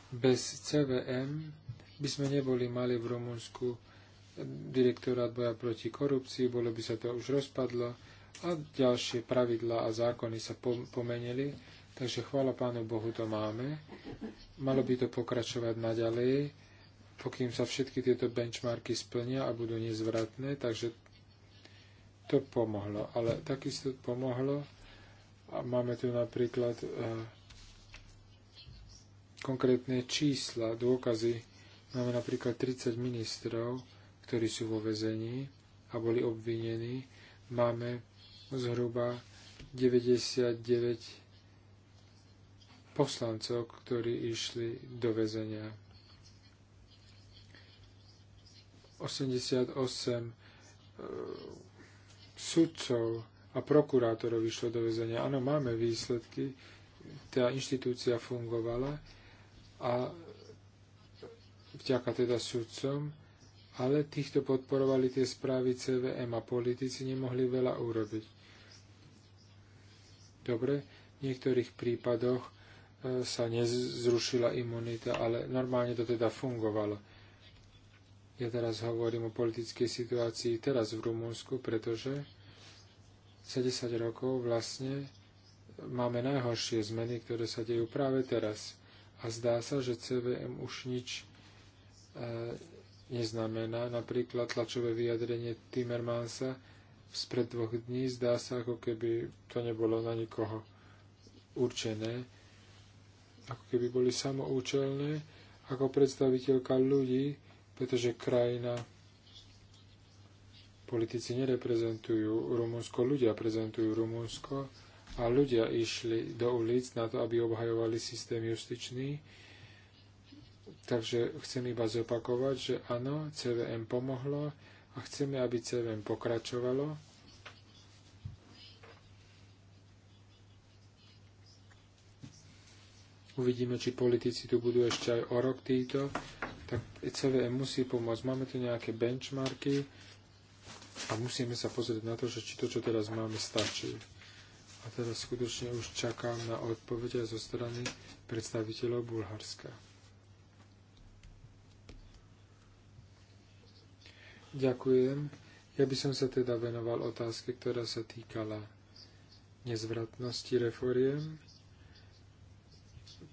bez CVM by sme neboli mali v Rumunsku direktorát boja proti korupcii, bolo by sa to už rozpadlo a ďalšie pravidla a zákony sa pomenili Takže chvála Pánu Bohu to máme. Malo by to pokračovať naďalej, pokým sa všetky tieto benchmarky splnia a budú nezvratné, takže to pomohlo. Ale takisto pomohlo a máme tu napríklad e, konkrétne čísla, dôkazy. Máme napríklad 30 ministrov, ktorí sú vo vezení a boli obvinení. Máme zhruba 99 poslancov, ktorí išli do väzenia. 88 e, sudcov a prokurátorov išlo do väzenia. Áno, máme výsledky, tá inštitúcia fungovala a vďaka teda sudcom, ale týchto podporovali tie správy CVM a politici nemohli veľa urobiť. Dobre, v niektorých prípadoch sa nezrušila imunita, ale normálne to teda fungovalo. Ja teraz hovorím o politickej situácii teraz v Rumunsku, pretože 70 rokov vlastne máme najhoršie zmeny, ktoré sa dejú práve teraz. A zdá sa, že CVM už nič e, neznamená. Napríklad tlačové vyjadrenie Timmermansa spred dvoch dní zdá sa, ako keby to nebolo na nikoho určené ako keby boli samoučelné, ako predstaviteľka ľudí, pretože krajina politici nereprezentujú Rumunsko, ľudia prezentujú Rumunsko a ľudia išli do ulic na to, aby obhajovali systém justičný. Takže chcem iba zopakovať, že áno, CVM pomohlo a chceme, aby CVM pokračovalo Uvidíme, či politici tu budú ešte aj o rok týto, Tak e CVM musí pomôcť. Máme tu nejaké benchmarky a musíme sa pozrieť na to, že či to, čo teraz máme, stačí. A teraz skutočne už čakám na odpoveď aj zo strany predstaviteľov Bulharska. Ďakujem. Ja by som sa teda venoval otázke, ktorá sa týkala nezvratnosti reforiem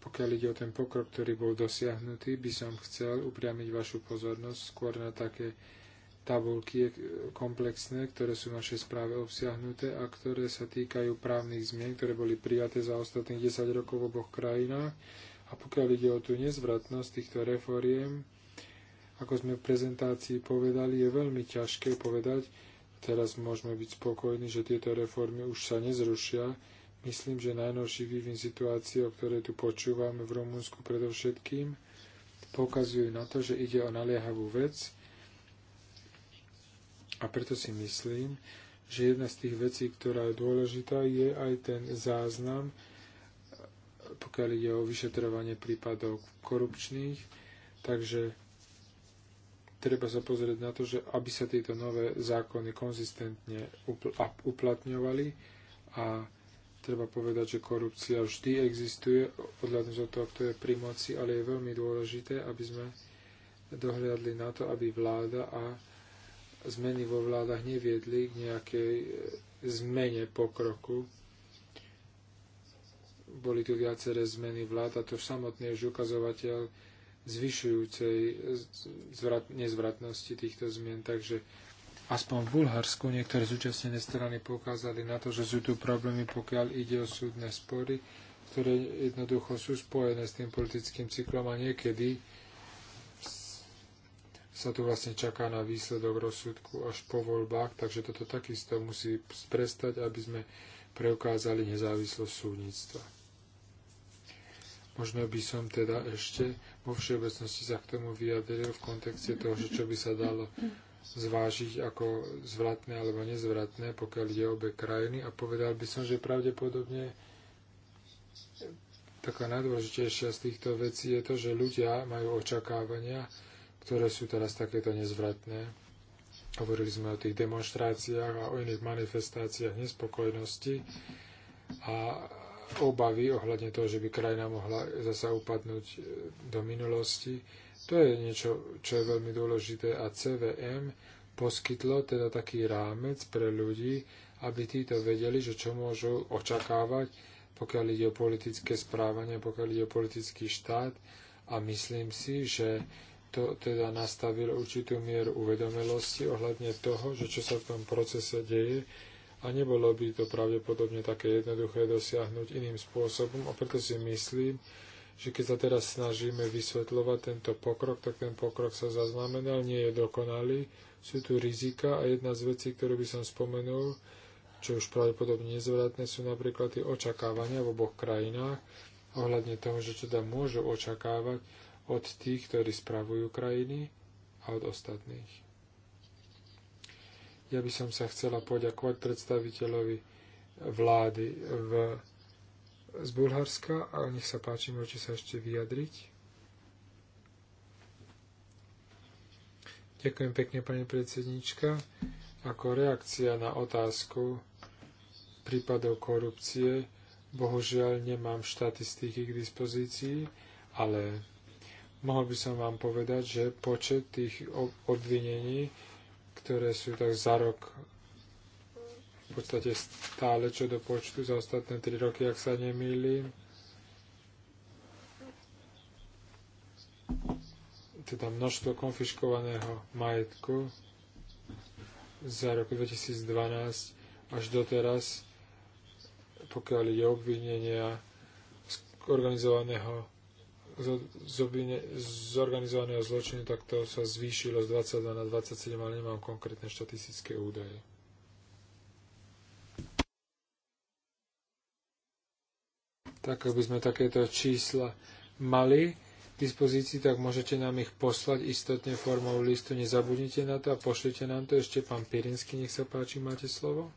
pokiaľ ide o ten pokrok, ktorý bol dosiahnutý, by som chcel upriamiť vašu pozornosť skôr na také tabulky eh, komplexné, ktoré sú v našej správe obsiahnuté a ktoré sa týkajú právnych zmien, ktoré boli prijaté za ostatných 10 rokov v oboch krajinách. A pokiaľ ide o tú nezvratnosť týchto reforiem, ako sme v prezentácii povedali, je veľmi ťažké povedať, teraz môžeme byť spokojní, že tieto reformy už sa nezrušia, Myslím, že najnovší vývin situácie, o ktorej tu počúvame v Rumunsku predovšetkým, poukazujú na to, že ide o naliehavú vec a preto si myslím, že jedna z tých vecí, ktorá je dôležitá, je aj ten záznam, pokiaľ ide o vyšetrovanie prípadov korupčných. Takže treba sa pozrieť na to, že aby sa tieto nové zákony konzistentne uplatňovali a Treba povedať, že korupcia vždy existuje, odhľadnúť od toho, kto je pri moci, ale je veľmi dôležité, aby sme dohľadli na to, aby vláda a zmeny vo vládach neviedli k nejakej e, zmene pokroku. Boli tu viaceré zmeny vlád a to samotný už ukazovateľ zvyšujúcej nezvratnosti týchto zmien. Takže aspoň v Bulharsku niektoré zúčastnené strany poukázali na to, že sú tu problémy, pokiaľ ide o súdne spory, ktoré jednoducho sú spojené s tým politickým cyklom a niekedy sa tu vlastne čaká na výsledok rozsudku až po voľbách, takže toto takisto musí prestať, aby sme preukázali nezávislosť súdnictva. Možno by som teda ešte vo všeobecnosti sa k tomu vyjadril v kontexte toho, že čo by sa dalo zvážiť ako zvratné alebo nezvratné, pokiaľ ide obe krajiny. A povedal by som, že pravdepodobne taká najdôležitejšia z týchto vecí je to, že ľudia majú očakávania, ktoré sú teraz takéto nezvratné. Hovorili sme o tých demonstráciách a o iných manifestáciách nespokojnosti a obavy ohľadne toho, že by krajina mohla zasa upadnúť do minulosti to je niečo, čo je veľmi dôležité a CVM poskytlo teda taký rámec pre ľudí, aby títo vedeli, že čo môžu očakávať, pokiaľ ide o politické správanie, pokiaľ ide o politický štát a myslím si, že to teda nastavilo určitú mieru uvedomelosti ohľadne toho, že čo sa v tom procese deje, a nebolo by to pravdepodobne také jednoduché dosiahnuť iným spôsobom a preto si myslím, že keď sa teraz snažíme vysvetľovať tento pokrok, tak ten pokrok sa zaznamenal, nie je dokonalý, sú tu rizika a jedna z vecí, ktorú by som spomenul, čo už pravdepodobne nezvratné, sú napríklad tie očakávania v oboch krajinách ohľadne toho, že čo tam môžu očakávať od tých, ktorí spravujú krajiny a od ostatných. Ja by som sa chcela poďakovať predstaviteľovi vlády v z Bulharska, ale nech sa páči, môžete sa ešte vyjadriť. Ďakujem pekne, pani predsednička. Ako reakcia na otázku prípadov korupcie, bohužiaľ nemám štatistiky k dispozícii, ale mohol by som vám povedať, že počet tých obvinení, ktoré sú tak za rok v podstate stále čo do počtu za ostatné 3 roky, ak sa nemýlim. Teda množstvo konfiškovaného majetku za roku 2012 až doteraz, pokiaľ je obvinenia z organizovaného zorganizovaného zločinu, tak to sa zvýšilo z 22 na 27, ale nemám konkrétne štatistické údaje. tak aby sme takéto čísla mali k dispozícii, tak môžete nám ich poslať istotne formou listu. Nezabudnite na to a pošlite nám to ešte pán Pirinsky, nech sa páči, máte slovo.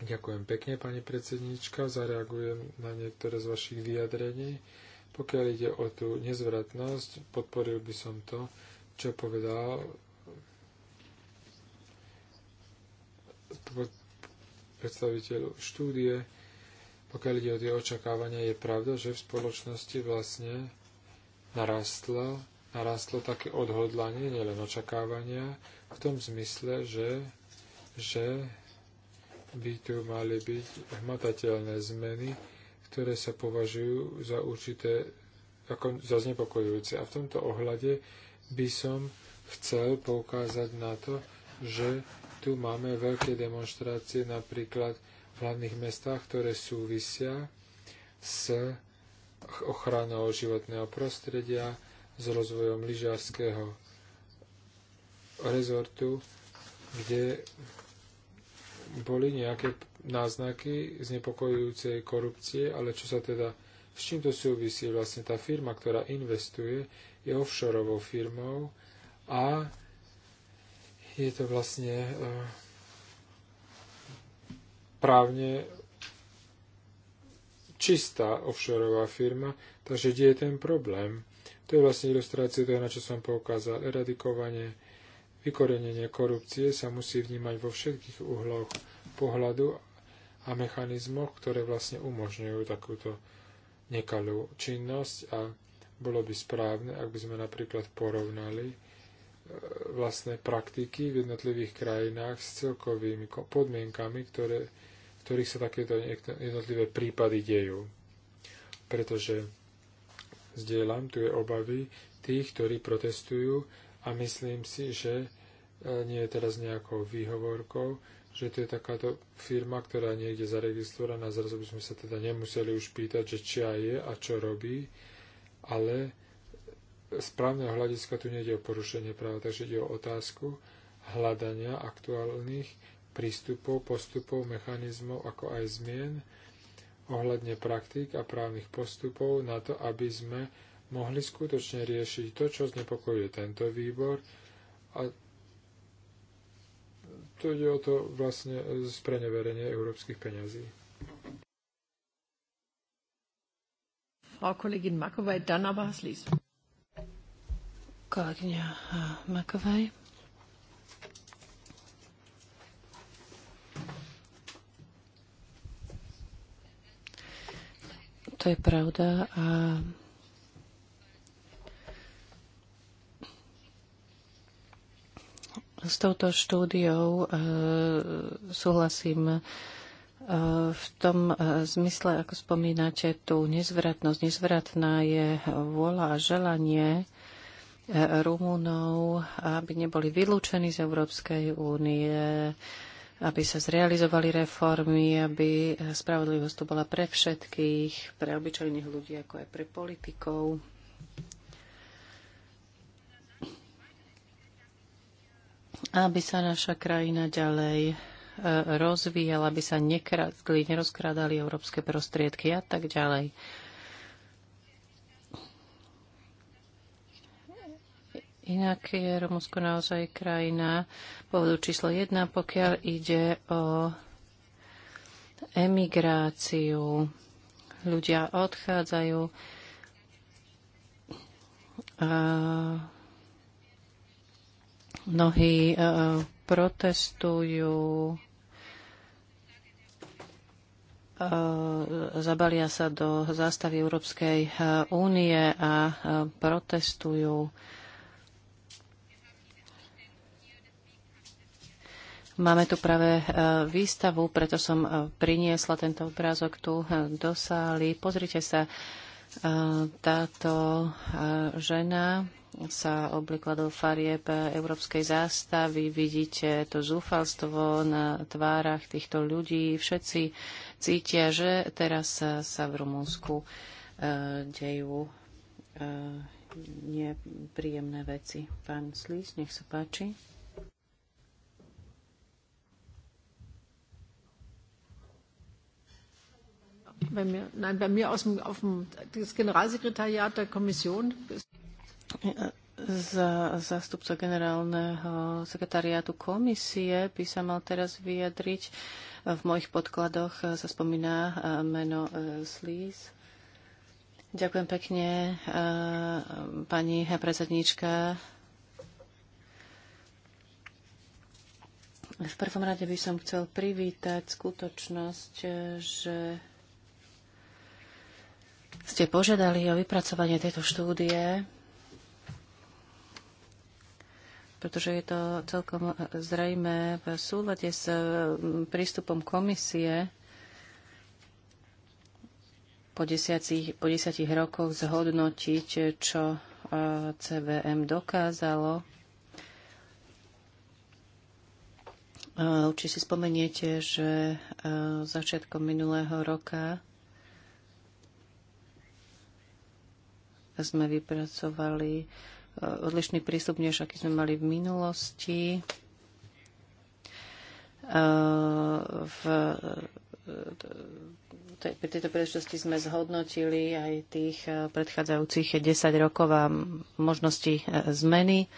Ďakujem pekne, pani predsednička. Zareagujem na niektoré z vašich vyjadrení. Pokiaľ ide o tú nezvratnosť, podporil by som to, čo povedal predstaviteľ štúdie, pokiaľ ide o tie očakávania, je pravda, že v spoločnosti vlastne narastlo, narastlo také odhodlanie, nielen očakávania, v tom zmysle, že, že by tu mali byť hmatateľné zmeny, ktoré sa považujú za určité, ako za znepokojujúce. A v tomto ohľade by som chcel poukázať na to, že tu máme veľké demonstrácie napríklad v hlavných mestách, ktoré súvisia s ochranou životného prostredia, s rozvojom lyžiarského rezortu, kde boli nejaké náznaky znepokojujúcej korupcie, ale čo sa teda, s čím to súvisí? Vlastne tá firma, ktorá investuje, je offshoreovou firmou a je to vlastne e, právne čistá offshoreová firma, takže kde je ten problém? To je vlastne ilustrácia toho, na čo som poukázal. Eradikovanie, vykorenenie korupcie sa musí vnímať vo všetkých uhloch pohľadu a mechanizmoch, ktoré vlastne umožňujú takúto nekalú činnosť a bolo by správne, ak by sme napríklad porovnali vlastné praktiky v jednotlivých krajinách s celkovými podmienkami, ktoré, v ktorých sa takéto jednotlivé prípady dejú. Pretože zdieľam tu je obavy tých, ktorí protestujú a myslím si, že e, nie je teraz nejakou výhovorkou, že to je takáto firma, ktorá niekde zaregistrovaná, zrazu by sme sa teda nemuseli už pýtať, že čia je a čo robí, ale správneho hľadiska tu nejde o porušenie práva, takže ide o otázku hľadania aktuálnych prístupov, postupov, mechanizmov, ako aj zmien ohľadne praktík a právnych postupov na to, aby sme mohli skutočne riešiť to, čo znepokojuje tento výbor a to ide o to vlastne spreneverenie európskych peňazí. Frau Kollegin Makovej, dann aber kolegyňa eh, Makovej. To je pravda a s touto štúdiou e, súhlasím e, v tom e, zmysle, ako spomínate, tú nezvratnosť. Nezvratná je vôľa a želanie Rumunov, aby neboli vylúčení z Európskej únie, aby sa zrealizovali reformy, aby spravodlivosť tu bola pre všetkých, pre obyčajných ľudí, ako aj pre politikov. Aby sa naša krajina ďalej e, rozvíjala, aby sa nekradli, nerozkrádali európske prostriedky a tak ďalej. Inak je Rumunsko naozaj krajina pôvodu číslo 1, pokiaľ ide o emigráciu. Ľudia odchádzajú. A mnohí e, protestujú, e, zabalia sa do zástavy Európskej e, únie a protestujú. Máme tu práve e, výstavu, preto som e, priniesla tento obrázok tu e, do sály. Pozrite sa, táto žena sa obliekla do farieb európskej zástavy. Vidíte to zúfalstvo na tvárach týchto ľudí. Všetci cítia, že teraz sa v Rumunsku dejú nepríjemné veci. Pán Slís, nech sa páči. Bei mir, nein, bei mir aus dem, auf dem, das Generalsekretariat der Kommission. Za, zástupca generálneho sekretariátu komisie by sa mal teraz vyjadriť. V mojich podkladoch sa spomína eh, meno eh, Slís. Ďakujem pekne, eh, pani predsedníčka. V prvom rade by som chcel privítať skutočnosť, že ste požiadali o vypracovanie tejto štúdie, pretože je to celkom zrejme v súlade s eh, prístupom komisie po desiatich, po desiatich rokoch zhodnotiť, čo eh, CVM dokázalo. Eh, určite si spomeniete, že začiatkom minulého roka sme vypracovali e, odlišný prístup, než aký sme mali v minulosti. E, v e, pri tejto príležitosti sme zhodnotili aj tých predchádzajúcich 10 rokov a možnosti zmeny.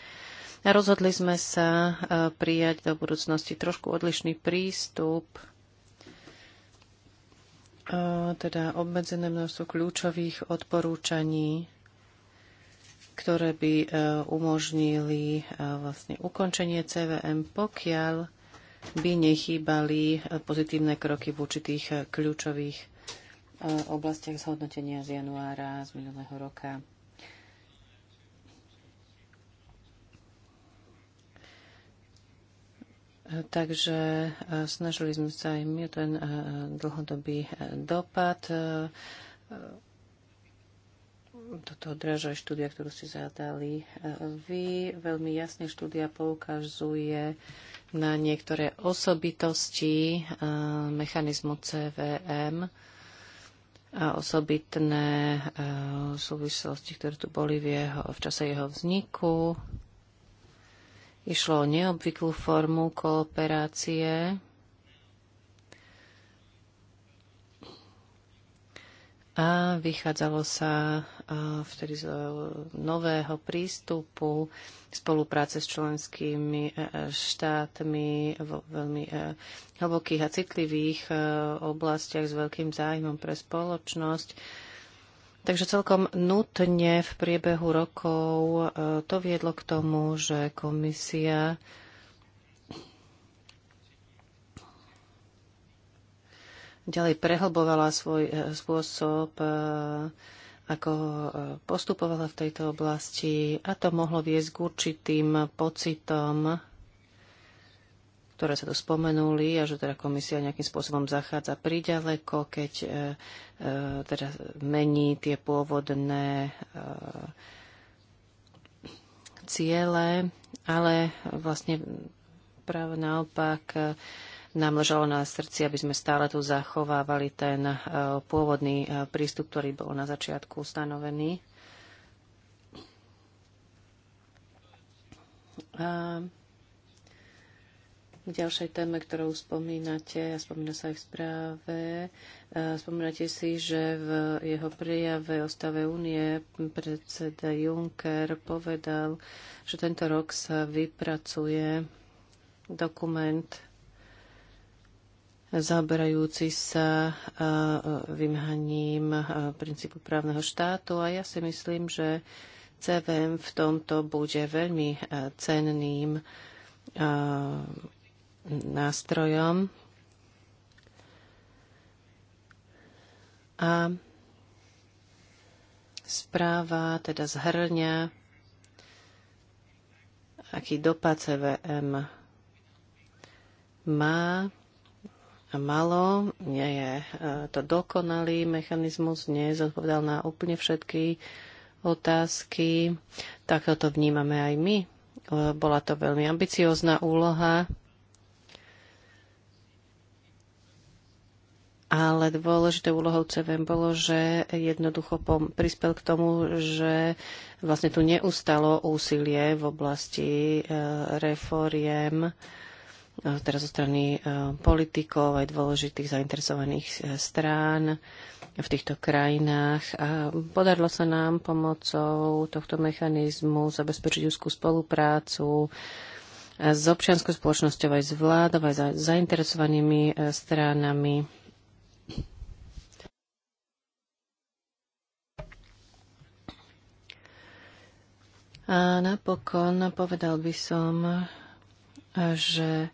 Rozhodli sme sa prijať do budúcnosti trošku odlišný prístup, teda obmedzené množstvo kľúčových odporúčaní ktoré by e, umožnili e, vlastne ukončenie CVM, pokiaľ by nechýbali e, pozitívne kroky v určitých kľúčových oblastiach zhodnotenia z januára z minulého roka. Takže snažili sme sa aj my ten dlhodobý dopad toto toho aj štúdia, ktorú ste zadali. E, vy veľmi jasne štúdia poukazuje na niektoré osobitosti e, mechanizmu CVM a osobitné e, súvislosti, ktoré tu boli v, jeho, v čase jeho vzniku. Išlo o neobvyklú formu kooperácie a vychádzalo sa vtedy z e, nového prístupu spolupráce s členskými e, e, štátmi vo veľmi hlbokých a citlivých oblastiach s veľkým zájmom pre spoločnosť. Takže celkom nutne v priebehu rokov to viedlo k tomu, že komisia ďalej prehlbovala svoj e, spôsob, e, ako e, postupovala v tejto oblasti a to mohlo viesť k určitým pocitom, ktoré sa tu spomenuli a že teda komisia nejakým spôsobom zachádza priďaleko, keď teda mení tie pôvodné ciele, ale vlastne práve naopak nám ležalo na srdci, aby sme stále tu zachovávali ten e, pôvodný e, prístup, ktorý bol na začiatku stanovený. A k ďalšej téme, ktorú spomínate, a spomína sa aj v správe, e, spomínate si, že v jeho prijave o stave únie predseda Juncker povedal, že tento rok sa vypracuje dokument zaoberajúci sa vymhaním princípu právneho štátu a ja si myslím, že CVM v tomto bude veľmi cenným nástrojom. A správa teda zhrňa, aký dopad CVM má malo, nie je e, to dokonalý mechanizmus, nezodpovedal na úplne všetky otázky. Takto to vnímame aj my. E, bola to veľmi ambiciózna úloha, ale dôležité úlohou CVM bolo, že jednoducho prispel k tomu, že vlastne tu neustalo úsilie v oblasti e, reforiem Eh, teraz zo strany eh, politikov aj dôležitých zainteresovaných eh, strán v týchto krajinách. A podarilo sa nám pomocou tohto mechanizmu zabezpečiť úzkú spoluprácu s občianskou spoločnosťou aj s vládou, aj s zainteresovanými stranami. A napokon povedal by som, že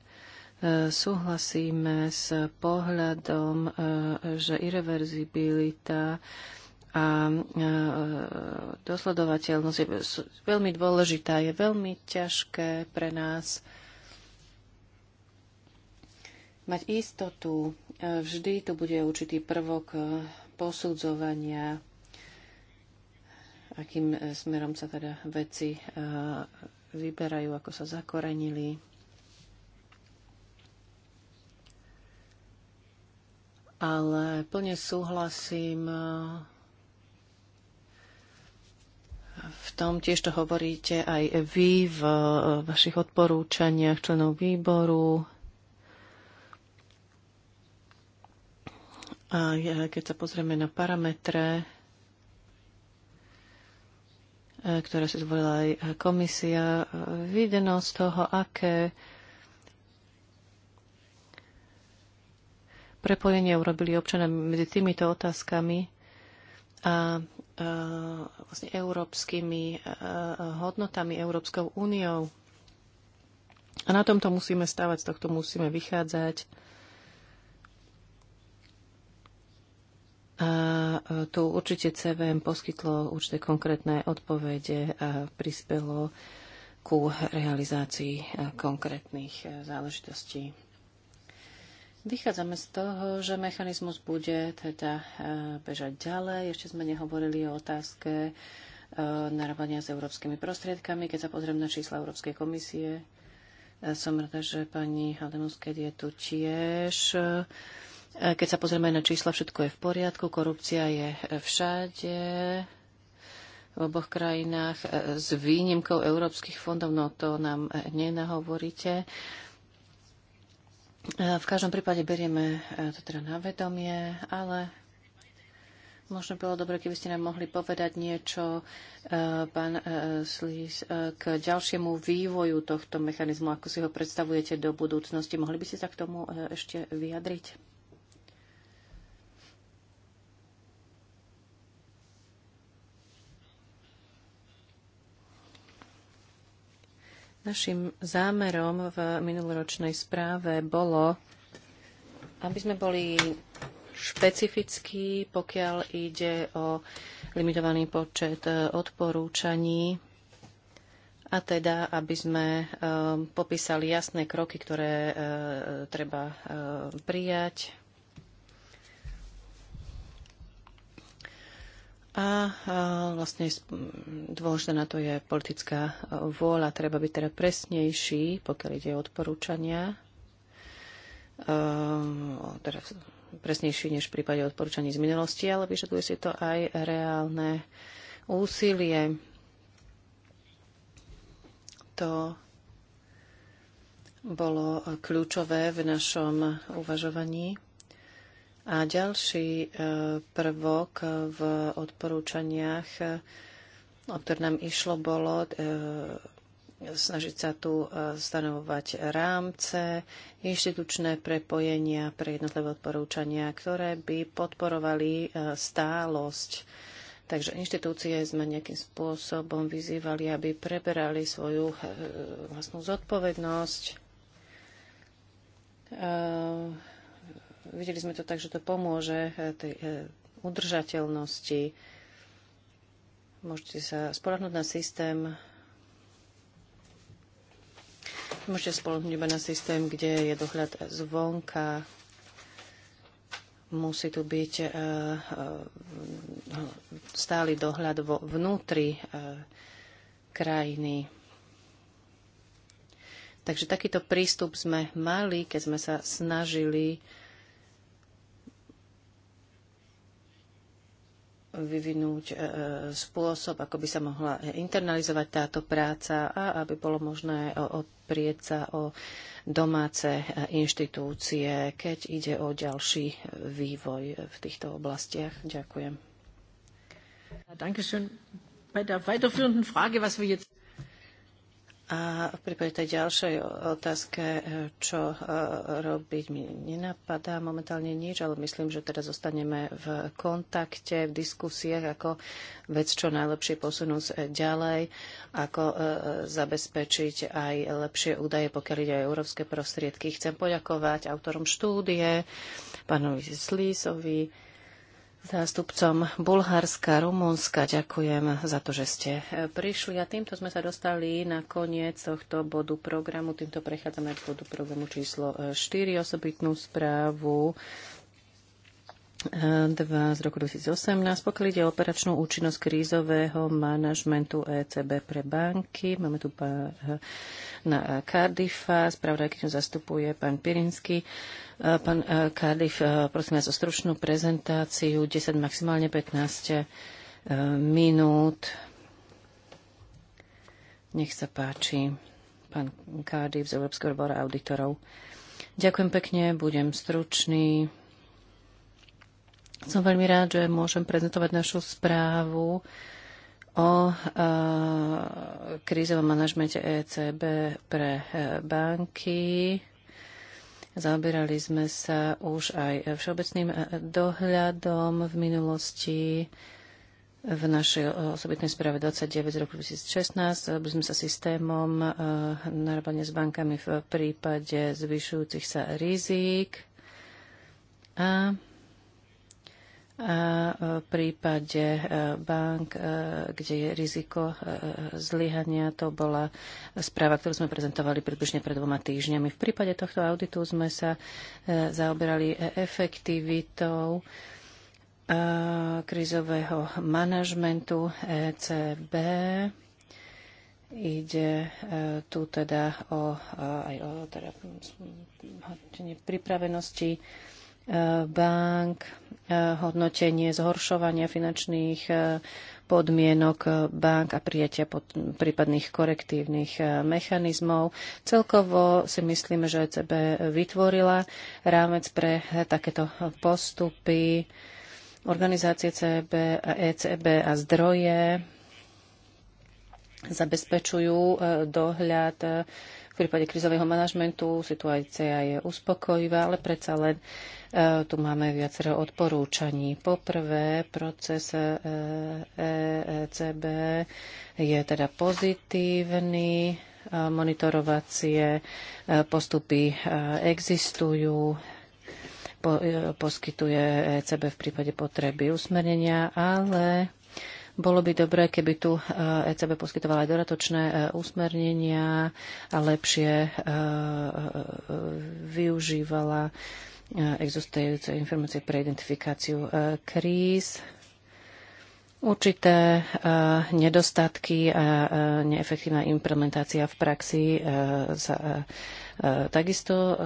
E, súhlasíme s pohľadom, e, že irreverzibilita a e, dosledovateľnosť je veľmi dôležitá, je veľmi ťažké pre nás mať istotu. Vždy tu bude určitý prvok posudzovania, akým smerom sa teda veci vyberajú, ako sa zakorenili. ale plne súhlasím e, v tom tiež to hovoríte aj vy v e, vašich odporúčaniach členov výboru. A keď sa pozrieme na parametre, e, ktoré si zvolila aj komisia, Videnosť z toho, aké prepojenie urobili občania medzi týmito otázkami a e, vlastne európskymi e, hodnotami, Európskou úniou. A na tomto musíme stávať, z tohto musíme vychádzať. A e, tu určite CVM poskytlo určité konkrétne odpovede a prispelo ku realizácii konkrétnych záležitostí. Vychádzame z toho, že mechanizmus bude teda e, bežať ďalej. Ešte sme nehovorili o otázke e, narábania s európskymi prostriedkami. Keď sa pozriem na čísla Európskej komisie, e, som rada, že pani keď je tu tiež. Keď sa pozrieme na čísla, všetko je v poriadku, korupcia je všade v oboch krajinách s výnimkou európskych fondov, no to nám nenahovoríte. E, v každom prípade berieme e, to teda na vedomie, ale Možno bolo dobre, keby ste nám mohli povedať niečo, e, pán Slís, k ďalšiemu vývoju tohto mechanizmu, ako si ho predstavujete do budúcnosti. Mohli by ste sa k tomu ešte vyjadriť? Našim zámerom v minuloročnej správe bolo, aby sme boli špecifickí, pokiaľ ide o limitovaný počet e, odporúčaní a teda, aby sme e, popísali jasné kroky, ktoré e, treba prijať A vlastne dôležité na to je politická e, vôľa. Treba byť teda presnejší, pokiaľ ide o odporúčania. E, teda presnejší než v prípade odporúčaní z minulosti, ale vyžaduje si to aj reálne úsilie. To bolo kľúčové v našom uvažovaní. A ďalší e, prvok v odporúčaniach, e, o ktoré nám išlo, bolo e, snažiť sa tu stanovovať rámce, inštitučné prepojenia pre jednotlivé odporúčania, ktoré by podporovali stálosť. Takže inštitúcie sme nejakým spôsobom vyzývali, aby preberali svoju vlastnú zodpovednosť videli sme to tak, že to pomôže eh, tej eh, udržateľnosti. Môžete sa spolahnúť na systém, môžete spolahnúť iba na systém, kde je dohľad zvonka, musí tu byť eh, stály dohľad vo vnútri krajiny. Takže takýto prístup sme mali, keď sme sa snažili vyvinúť e, spôsob, ako by sa mohla internalizovať táto práca a aby bolo možné oprieť sa o domáce e, inštitúcie, keď ide o ďalší e, vývoj v týchto oblastiach. Ďakujem. Ďakujem. Bei der weiterführenden Frage, was wir jetzt a v prípade tej ďalšej otázke, e, čo e, robiť, mi nenapadá momentálne nič, ale myslím, že teraz zostaneme v kontakte, v diskusiách, ako vec čo najlepšie posunúť ďalej, ako e, zabezpečiť aj lepšie údaje, pokiaľ ide aj európske prostriedky. Chcem poďakovať autorom štúdie, pánovi Slísovi, zástupcom Bulharska, Rumunska. Ďakujem za to, že ste e, prišli. A týmto sme sa dostali na koniec tohto bodu programu. Týmto prechádzame k bodu programu číslo 4, e, osobitnú správu 2 z roku 2018, pokiaľ ide o operačnú účinnosť krízového manažmentu ECB pre banky. Máme tu pá, eh, na Cardiffa, spravodajkyňu zastupuje pán Pirinsky. Eh, pán eh, Cardiff, prosím vás o stručnú prezentáciu, 10, maximálne 15 minút. Nech sa páči, pán Cardiff z Európskeho odbora auditorov. Ďakujem pekne, budem stručný som veľmi rád, že môžem prezentovať našu správu o uh, krízovom manažmente ECB pre e, banky. Zaoberali sme sa už aj všeobecným e, dohľadom v minulosti v našej osobitnej správe 29 z roku 2016. Byli sme sa systémom uh, narábania s bankami v prípade zvyšujúcich sa rizík. A a e, v prípade e, bank, e, kde je riziko zlyhania, to bola správa, ktorú sme prezentovali približne pred dvoma týždňami. V prípade tohto auditu sme sa zaoberali efektivitou krizového manažmentu ECB. Ide tu teda o, aj o teda, pripravenosti bank, eh, hodnotenie zhoršovania finančných eh, podmienok bank a prijatia pod, prípadných korektívnych eh, mechanizmov. Celkovo si myslíme, že ECB vytvorila rámec pre takéto postupy organizácie CB a ECB a zdroje zabezpečujú dohľad prípade krizového manažmentu situácia je uspokojivá, ale predsa len e, tu máme viacero odporúčaní. Poprvé, proces ECB e e je teda pozitívny, monitorovacie postupy existujú, poskytuje ECB v prípade potreby usmernenia, ale bolo by dobré, keby tu ECB e poskytovala aj doratočné e, usmernenia a lepšie e, využívala existujúce informácie pre identifikáciu kríz. Určité nedostatky a neefektívna implementácia v praxi sa E, takisto e,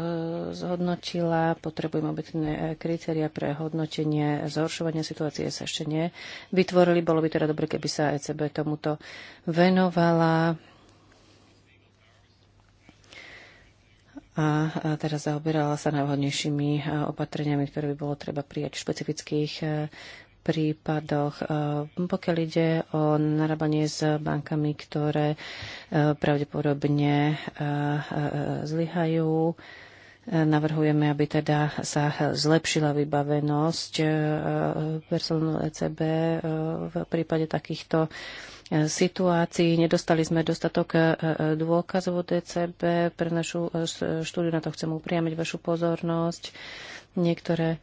zhodnotila. Potrebujeme obytné e, kritéria pre hodnotenie zhoršovania situácie sa ešte nevytvorili. Bolo by teda dobre, keby sa ECB tomuto venovala. a teraz zaoberala sa najvhodnejšími opatreniami, ktoré by bolo treba prijať v špecifických prípadoch. E, pokiaľ ide o narábanie s bankami, ktoré e, pravdepodobne e, zlyhajú, Navrhujeme, aby teda sa zlepšila vybavenosť personálu ECB v prípade takýchto situácií. Nedostali sme dostatok dôkazov od ECB. Pre našu štúdiu na to chcem upriamiť vašu pozornosť. Niektoré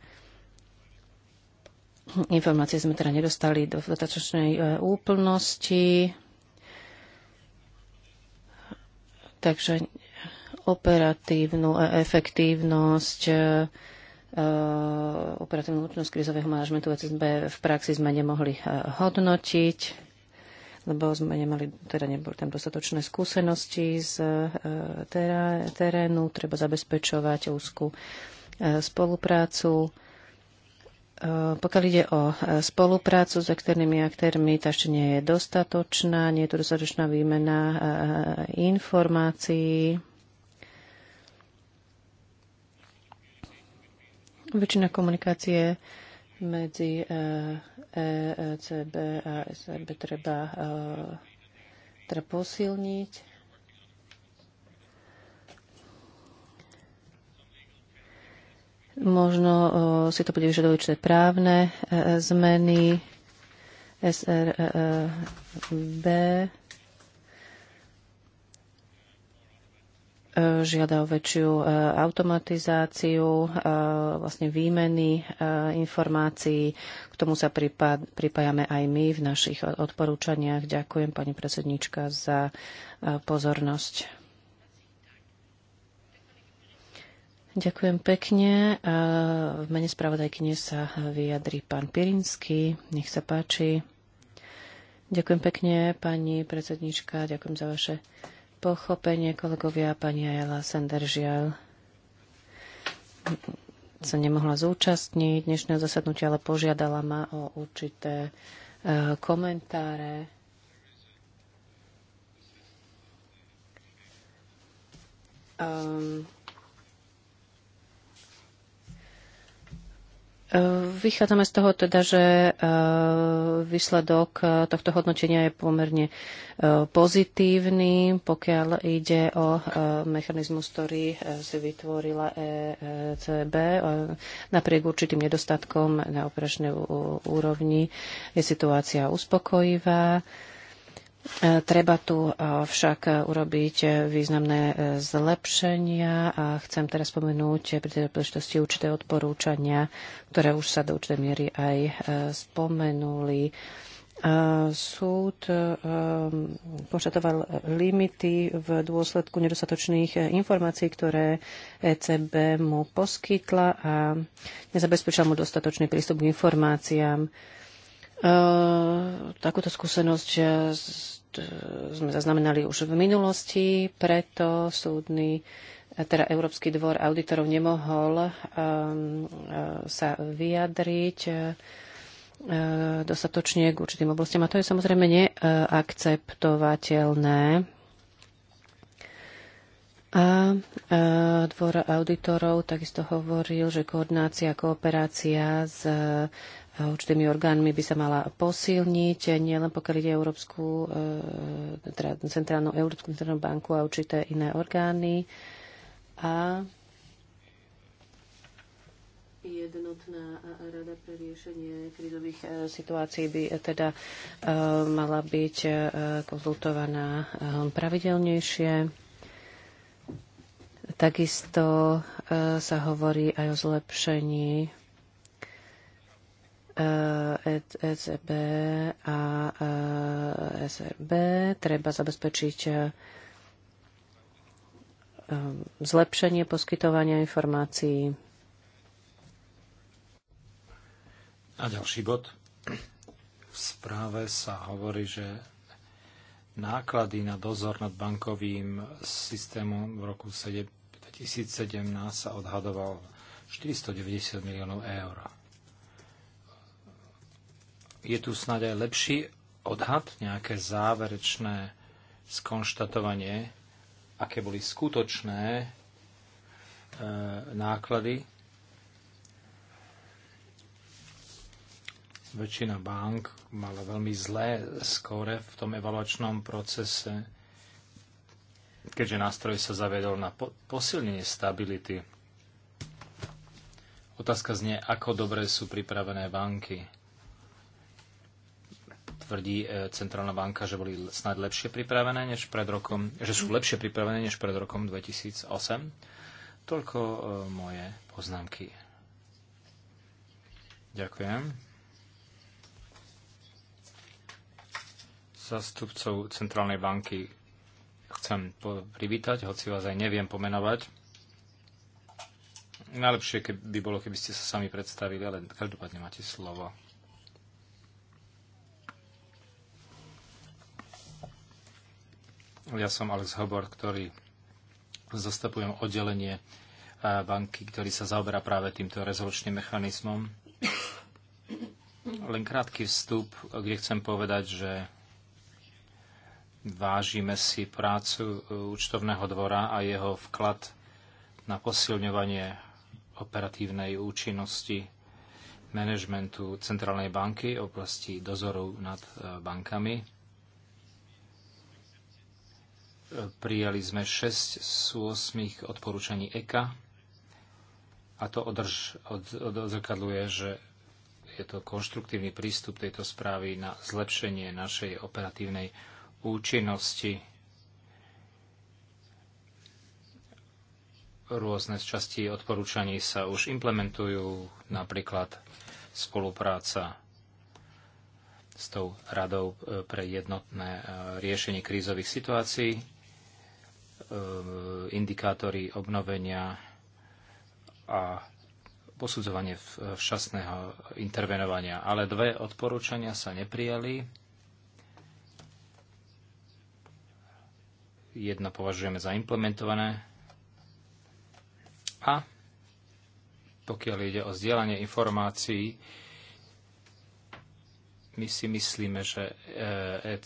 Informácie sme teda nedostali do dotačnej e, úplnosti. Takže operatívnu e, efektívnosť e, operatívnu účinnosť krizového manažmentu ECB v praxi sme nemohli hodnotiť, lebo sme nemali, teda neboli tam dostatočné skúsenosti z terénu, treba zabezpečovať úzku spoluprácu E, pokiaľ ide o e, spoluprácu s externými aktérmi, tá ešte nie je dostatočná, nie je tu dostatočná výmena e, informácií. Väčšina komunikácie medzi ECB a SRB treba, treba posilniť. Možno e, si to bude vyžadovať určité právne e, e, zmeny SRB. žiada o väčšiu automatizáciu vlastne výmeny informácií. K tomu sa pripájame aj my v našich odporúčaniach. Ďakujem pani predsednička za pozornosť. Ďakujem pekne. V mene spravodajkyne sa vyjadrí pán Pirinsky. Nech sa páči. Ďakujem pekne, pani predsednička. Ďakujem za vaše pochopenie, kolegovia. Pani Ajala Sander, žiaľ, sa nemohla zúčastniť dnešného zasadnutia, ale požiadala ma o určité e, komentáre. Um, Eh, vychádzame z toho teda, že eh, výsledok eh, tohto hodnotenia je pomerne pozitívny, pokiaľ ide o mechanizmus, ktorý si vytvorila ECB e napriek určitým nedostatkom na operačnej úrovni. Je situácia uspokojivá. Treba tu e, však urobiť e, významné e, zlepšenia a chcem teraz spomenúť pri tejto príležitosti určité odporúčania, ktoré už sa do určitej miery aj spomenuli. Súd pošatoval limity v dôsledku nedostatočných informácií, ktoré ECB mu poskytla a nezabezpečila mu dostatočný prístup k informáciám. Eh, takúto skúsenosť sme zaznamenali už v minulosti, preto súdny eh, teda Európsky dvor auditorov nemohol um, sa vyjadriť dostatočne k určitým oblastiam. A to je samozrejme neakceptovateľné. A dvor auditorov takisto hovoril, že koordinácia a kooperácia s určitými orgánmi by sa mala posilniť, nielen pokiaľ ide Európsku, e, teda centrálnu Európsku centrálnu banku a určité iné orgány. A jednotná rada pre riešenie krizových e, situácií by e, teda mala byť konzultovaná pravidelnejšie. Takisto sa hovorí aj o zlepšení ECB e e a e, SRB treba zabezpečiť zlepšenie poskytovania informácií. A ďalší bod. V správe sa hovorí, že náklady na dozor nad bankovým systémom v roku 2017 sa odhadoval 490 miliónov eur je tu snáď aj lepší odhad, nejaké záverečné skonštatovanie, aké boli skutočné e, náklady. Väčšina bank mala veľmi zlé skóre v tom evaluačnom procese, keďže nástroj sa zavedol na po- posilnenie stability. Otázka znie, ako dobre sú pripravené banky tvrdí e, Centrálna banka, že boli snad lepšie pripravené než pred rokom, že sú lepšie pripravené než pred rokom 2008. Toľko e, moje poznámky. Ďakujem. Zastupcov Centrálnej banky chcem privítať, hoci vás aj neviem pomenovať. Najlepšie by bolo, keby ste sa sami predstavili, ale každopádne máte slovo. Ja som Alex Hobor, ktorý zastupujem oddelenie eh, banky, ktorý sa zaoberá práve týmto rezolučným mechanizmom. Len krátky vstup, kde chcem povedať, že vážime si prácu eh, účtovného dvora a jeho vklad na posilňovanie operatívnej účinnosti manažmentu Centrálnej banky, v oblasti dozoru nad eh, bankami Prijali sme 6 z 8 odporúčaní EKA a to održ, od, odzrkadluje, že je to konštruktívny prístup tejto správy na zlepšenie našej operatívnej účinnosti. Rôzne časti odporúčaní sa už implementujú, napríklad spolupráca s tou radou e, pre jednotné e, riešenie krízových situácií Eh, indikátory obnovenia a posudzovanie eh, včasného intervenovania. Ale dve odporúčania sa neprijali. Jedno považujeme za implementované. A pokiaľ ide o zdieľanie informácií, my si myslíme, že eh,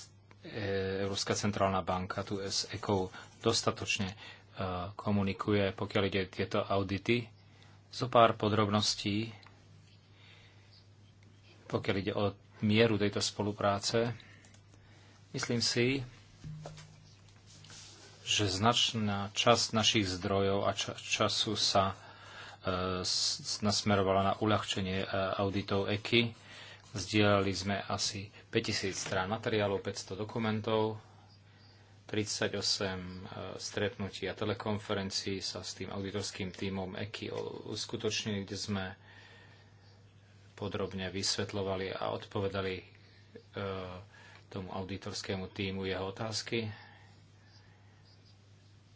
E, Európska centrálna banka tu s ECO dostatočne e, komunikuje, pokiaľ ide tieto audity. Zo pár podrobností, pokiaľ ide o mieru tejto spolupráce. Myslím si, že značná časť našich zdrojov a času sa e, nasmerovala na uľahčenie auditov EKI. Zdieľali sme asi 5000 strán materiálov, 500 dokumentov, 38 e, stretnutí a telekonferencií sa s tým auditorským tímom EKI uskutočnili, kde sme podrobne vysvetlovali a odpovedali e, tomu auditorskému týmu jeho otázky.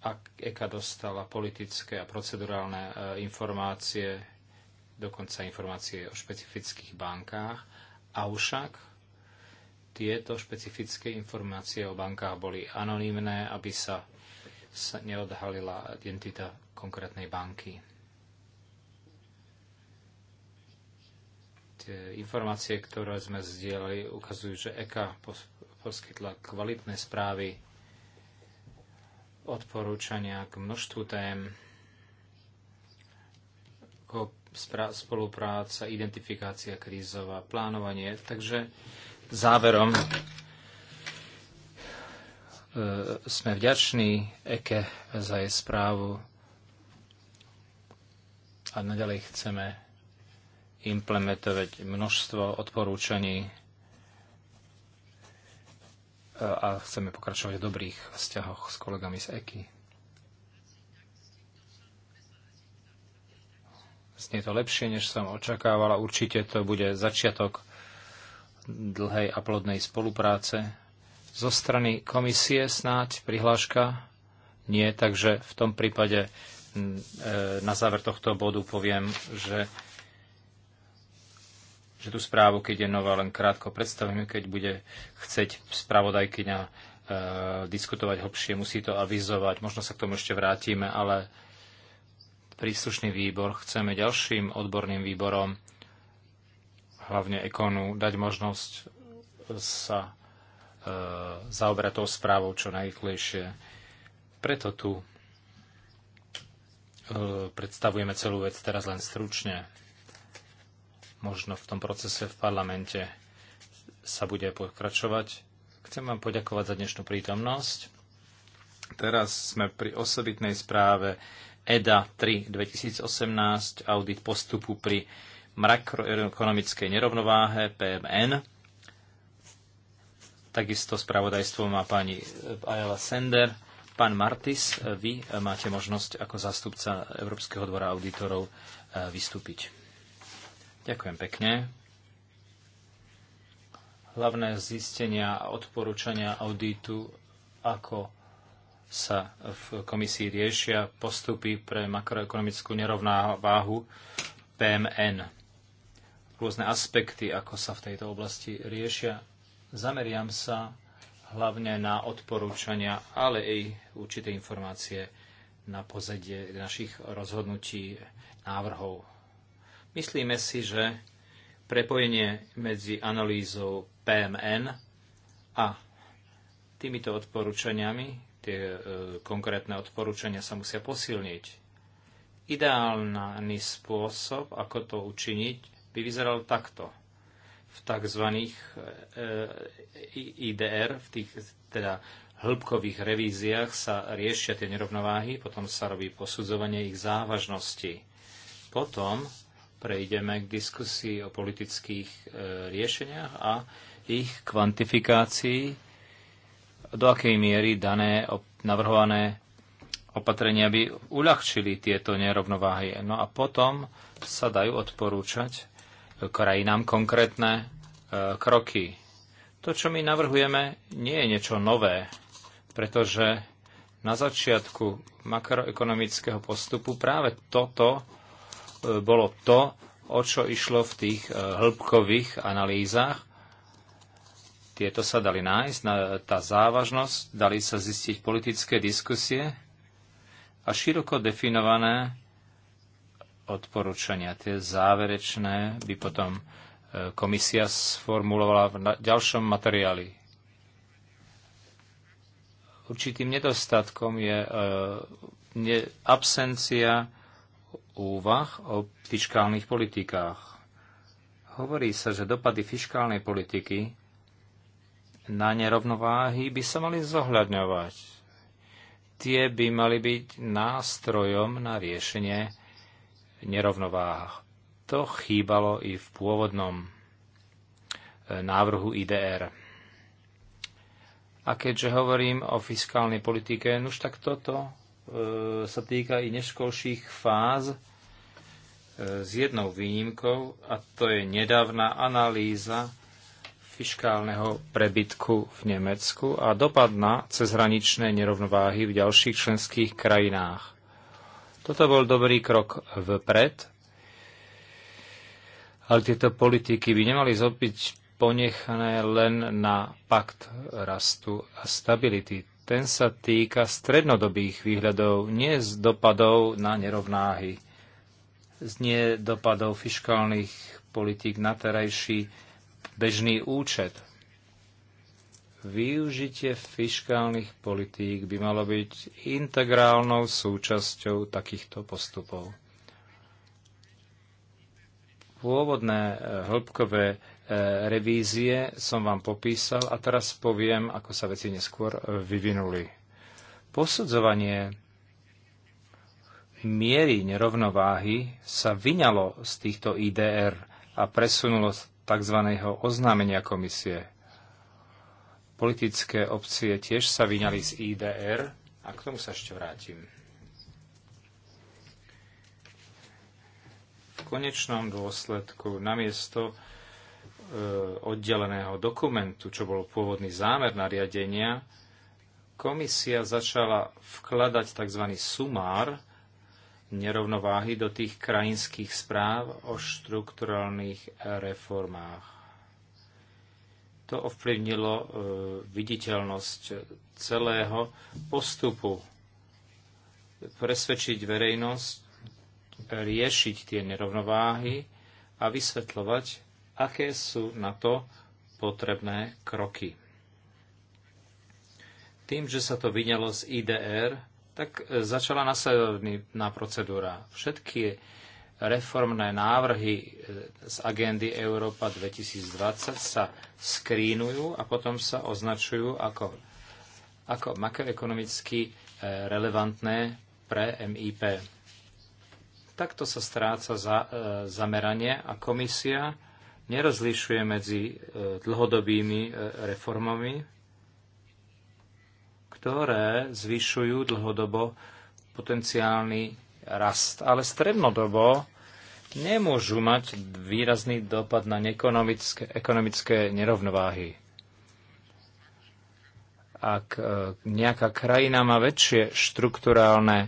Ak EKA dostala politické a procedurálne e, informácie, dokonca informácie o špecifických bankách, avšak tieto špecifické informácie o bankách boli anonymné, aby sa, sa neodhalila identita konkrétnej banky. Tie informácie, ktoré sme zdieľali, ukazujú, že EKA poskytla kvalitné správy, odporúčania k množstvu tém, ako spolupráca, identifikácia krízová, plánovanie. Takže Záverom e, sme vďační Eke za jej správu a naďalej chceme implementovať množstvo odporúčaní e, a chceme pokračovať v dobrých vzťahoch s kolegami z EKI. Znie to lepšie, než som očakávala. Určite to bude začiatok dlhej a plodnej spolupráce. Zo strany komisie snáď prihláška? Nie, takže v tom prípade e, na záver tohto bodu poviem, že že tú správu, keď je nová, len krátko predstavím, keď bude chceť spravodajkyňa e, diskutovať hlbšie, musí to avizovať, možno sa k tomu ešte vrátime, ale príslušný výbor chceme ďalším odborným výborom hlavne Ekonu, dať možnosť sa e, zaoberať tou správou čo najrychlejšie. Preto tu e, predstavujeme celú vec teraz len stručne. Možno v tom procese v parlamente sa bude pokračovať. Chcem vám poďakovať za dnešnú prítomnosť. Teraz sme pri osobitnej správe EDA 3 2018, audit postupu pri makroekonomickej nerovnováhe PMN. Takisto spravodajstvo má pani eh, Ayala Sender. Pán Martis, eh, vy eh, máte možnosť ako zástupca Európskeho dvora auditorov vystúpiť. Ďakujem pekne. Hlavné zistenia a odporúčania auditu, ako sa v komisii riešia postupy pre makroekonomickú nerovnováhu PMN rôzne aspekty, ako sa v tejto oblasti riešia. Zameriam sa hlavne na odporúčania, ale aj určité informácie na pozadie našich rozhodnutí návrhov. Myslíme si, že prepojenie medzi analýzou PMN a týmito odporúčaniami, tie e, konkrétne odporúčania sa musia posilniť. Ideálny spôsob, ako to učiniť, by vyzeral takto. V tzv. E, e, IDR, v tých teda hĺbkových revíziách sa riešia tie nerovnováhy, potom sa robí posudzovanie ich závažnosti. Potom prejdeme k diskusii o politických e, riešeniach a ich kvantifikácii, do akej miery dané navrhované opatrenia by uľahčili tieto nerovnováhy. No a potom sa dajú odporúčať krajinám konkrétne e, kroky. To, čo my navrhujeme, nie je niečo nové, pretože na začiatku makroekonomického postupu práve toto e, bolo to, o čo išlo v tých e, hĺbkových analýzach. Tieto sa dali nájsť, tá závažnosť, dali sa zistiť politické diskusie a široko definované odporúčania, tie záverečné, by potom e, komisia sformulovala v ďalšom materiáli. Určitým nedostatkom je e, absencia úvah o fiskálnych politikách. Hovorí sa, že dopady fiskálnej politiky na nerovnováhy by sa mali zohľadňovať. Tie by mali byť nástrojom na riešenie nerovnováh. To chýbalo i v pôvodnom e, návrhu IDR. A keďže hovorím o fiskálnej politike, no už tak toto e, sa týka i neškolších fáz e, s jednou výnimkou, a to je nedávna analýza fiskálneho prebytku v Nemecku a dopad na cezhraničné nerovnováhy v ďalších členských krajinách. Toto bol dobrý krok vpred, ale tieto politiky by nemali zopiť ponechané len na pakt rastu a stability. Ten sa týka strednodobých výhľadov, nie z dopadov na nerovnáhy, nie dopadov fiškálnych politík na terajší bežný účet. Využitie fiškálnych politík by malo byť integrálnou súčasťou takýchto postupov. Pôvodné e, hĺbkové e, revízie som vám popísal a teraz poviem, ako sa veci neskôr e, vyvinuli. Posudzovanie miery nerovnováhy sa vyňalo z týchto IDR a presunulo z tzv. oznámenia komisie Politické opcie tiež sa vyňali z IDR a k tomu sa ešte vrátim. V konečnom dôsledku namiesto e, oddeleného dokumentu, čo bol pôvodný zámer nariadenia, komisia začala vkladať tzv. sumár nerovnováhy do tých krajinských správ o štrukturálnych reformách. To ovplyvnilo e, viditeľnosť celého postupu. Presvedčiť verejnosť, riešiť tie nerovnováhy a vysvetľovať, aké sú na to potrebné kroky. Tým, že sa to vyňalo z IDR, tak e, začala nasledovná procedúra. Všetky reformné návrhy e, z agendy Európa 2020 sa skrínujú a potom sa označujú ako, ako makroekonomicky e, relevantné pre MIP. Takto sa stráca za, e, zameranie a komisia nerozlišuje medzi dlhodobými reformami, ktoré zvyšujú dlhodobo potenciálny rast, ale strednodobo nemôžu mať výrazný dopad na ekonomické, ekonomické nerovnováhy. Ak e, nejaká krajina má väčšie štrukturálne e,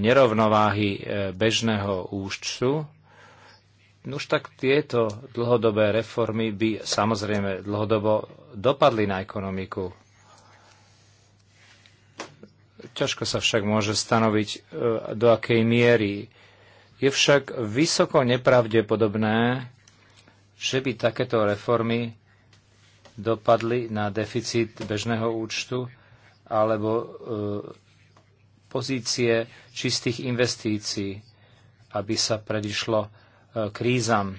nerovnováhy e, bežného účtu, no už tak tieto dlhodobé reformy by samozrejme dlhodobo dopadli na ekonomiku Ťažko sa však môže stanoviť, e, do akej miery. Je však vysoko nepravdepodobné, že by takéto reformy dopadli na deficit bežného účtu alebo e, pozície čistých investícií, aby sa predišlo e, krízam.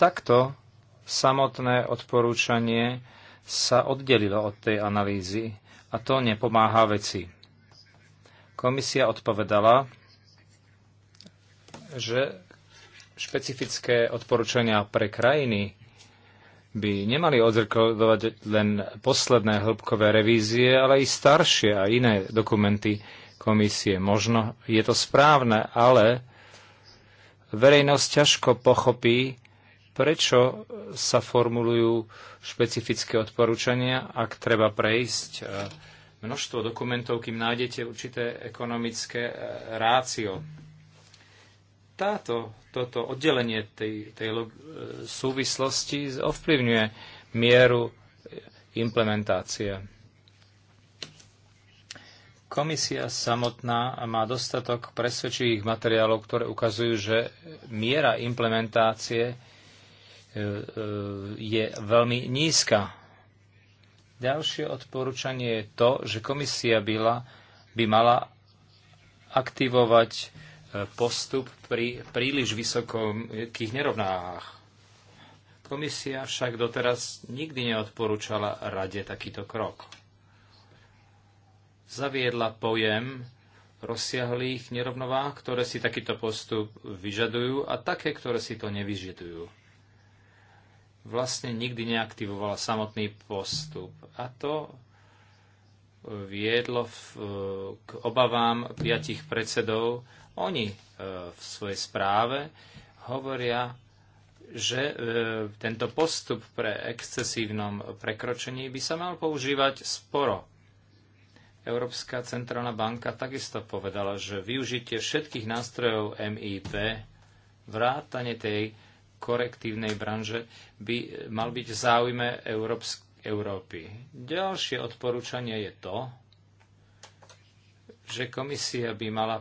Takto samotné odporúčanie sa oddelilo od tej analýzy a to nepomáha veci. Komisia odpovedala, že špecifické odporúčania pre krajiny by nemali odzrkodovať len posledné hĺbkové revízie, ale i staršie a iné dokumenty komisie. Možno je to správne, ale verejnosť ťažko pochopí, prečo sa formulujú špecifické odporúčania, ak treba prejsť e, množstvo dokumentov, kým nájdete určité ekonomické e, rácio. Táto, toto oddelenie tej, tej e, súvislosti ovplyvňuje mieru implementácie. Komisia samotná má dostatok presvedčivých materiálov, ktoré ukazujú, že miera implementácie E, e, je veľmi nízka. Ďalšie odporúčanie je to, že komisia byla, by mala aktivovať e, postup pri príliš vysokých nerovnáhách. Komisia však doteraz nikdy neodporúčala rade takýto krok. Zaviedla pojem rozsiahlých nerovnovách, ktoré si takýto postup vyžadujú a také, ktoré si to nevyžadujú vlastne nikdy neaktivovala samotný postup. A to viedlo v, k obavám piatich predsedov. Oni e, v svojej správe hovoria, že e, tento postup pre excesívnom prekročení by sa mal používať sporo. Európska centrálna banka takisto povedala, že využitie všetkých nástrojov MIP, vrátane tej korektívnej branže by mal byť v záujme Európsk- Európy. Ďalšie odporúčanie je to, že komisia by mala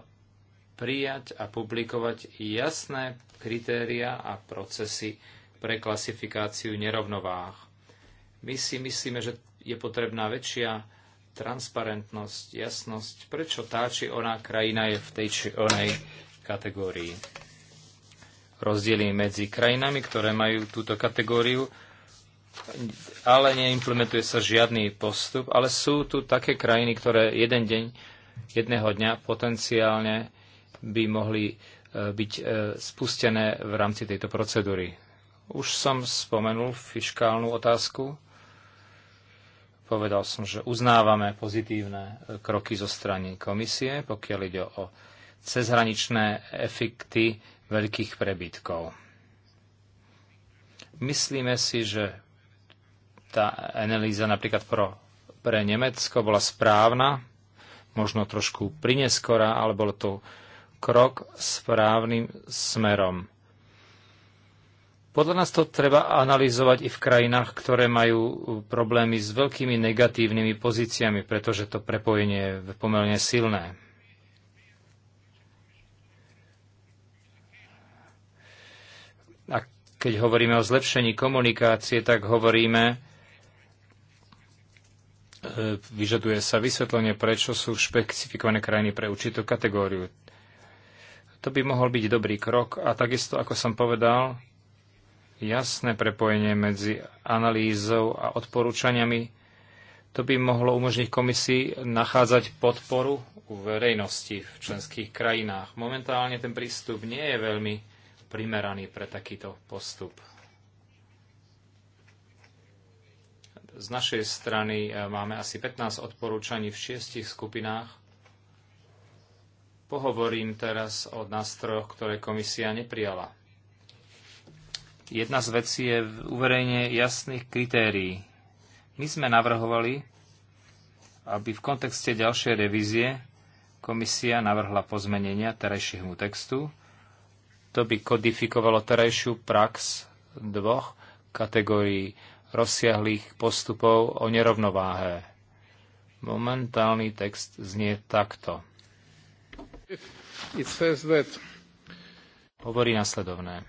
prijať a publikovať jasné kritéria a procesy pre klasifikáciu nerovnováh. My si myslíme, že je potrebná väčšia transparentnosť, jasnosť, prečo tá či ona krajina je v tej či onej kategórii rozdiely medzi krajinami, ktoré majú túto kategóriu, ale neimplementuje sa žiadny postup, ale sú tu také krajiny, ktoré jeden deň, jedného dňa potenciálne by mohli e, byť e, spustené v rámci tejto procedúry. Už som spomenul fiškálnu otázku. Povedal som, že uznávame pozitívne e, kroky zo strany komisie, pokiaľ ide o cezhraničné efekty veľkých prebytkov. Myslíme si, že tá analýza napríklad pro, pre Nemecko bola správna, možno trošku prineskora, ale bol to krok správnym smerom. Podľa nás to treba analyzovať i v krajinách, ktoré majú problémy s veľkými negatívnymi pozíciami, pretože to prepojenie je pomerne silné. Keď hovoríme o zlepšení komunikácie, tak hovoríme, e, vyžaduje sa vysvetlenie, prečo sú špecifikované krajiny pre určitú kategóriu. To by mohol byť dobrý krok a takisto, ako som povedal, jasné prepojenie medzi analýzou a odporúčaniami, to by mohlo umožniť komisii nachádzať podporu u verejnosti v členských krajinách. Momentálne ten prístup nie je veľmi primeraný pre takýto postup. Z našej strany e, máme asi 15 odporúčaní v šiestich skupinách. Pohovorím teraz o nástrojoch, ktoré komisia neprijala. Jedna z vecí je uverejne jasných kritérií. My sme navrhovali, aby v kontexte ďalšej revízie komisia navrhla pozmenenia terajšieho textu, to by kodifikovalo terajšiu prax dvoch kategórií rozsiahlých postupov o nerovnováhe. Momentálny text znie takto. It says that Hovorí nasledovné.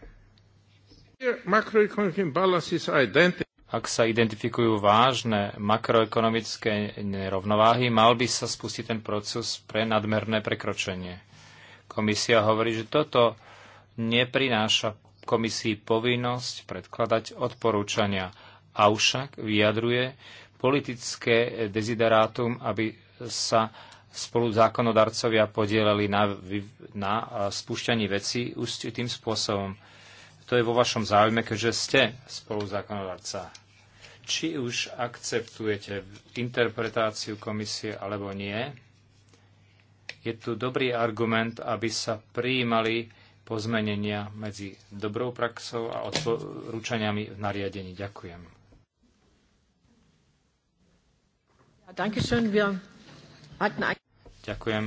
Ak sa identifikujú vážne makroekonomické nerovnováhy, mal by sa spustiť ten proces pre nadmerné prekročenie. Komisia hovorí, že toto neprináša komisii povinnosť predkladať odporúčania, avšak vyjadruje politické deziderátum, aby sa spolu zákonodarcovia podielali na, na spúšťaní veci už tým spôsobom. To je vo vašom záujme, keďže ste spolu zákonodarca. Či už akceptujete interpretáciu komisie alebo nie, je tu dobrý argument, aby sa prijímali pozmenenia medzi dobrou praxou a odporúčaniami v nariadení. Ďakujem. Ďakujem.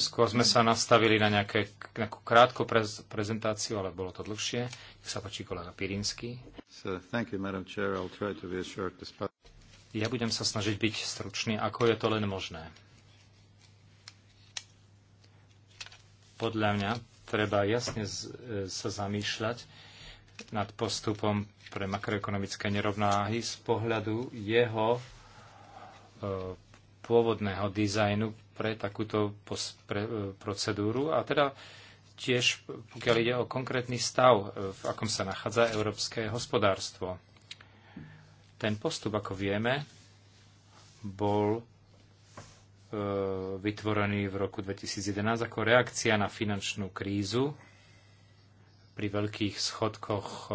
Skôr sme sa nastavili na nejaké, nejakú krátku prez, prezentáciu, ale bolo to dlhšie. Nech sa páči kolega Pirinsky. ja budem sa snažiť byť stručný, ako je to len možné. Podľa mňa treba jasne z, e, sa zamýšľať nad postupom pre makroekonomické nerovnáhy z pohľadu jeho e, pôvodného dizajnu pre takúto pos, pre, e, procedúru a teda tiež, pokiaľ ide o konkrétny stav, e, v akom sa nachádza európske hospodárstvo. Ten postup, ako vieme, bol E, vytvorený v roku 2011 ako reakcia na finančnú krízu pri veľkých schodkoch e, e,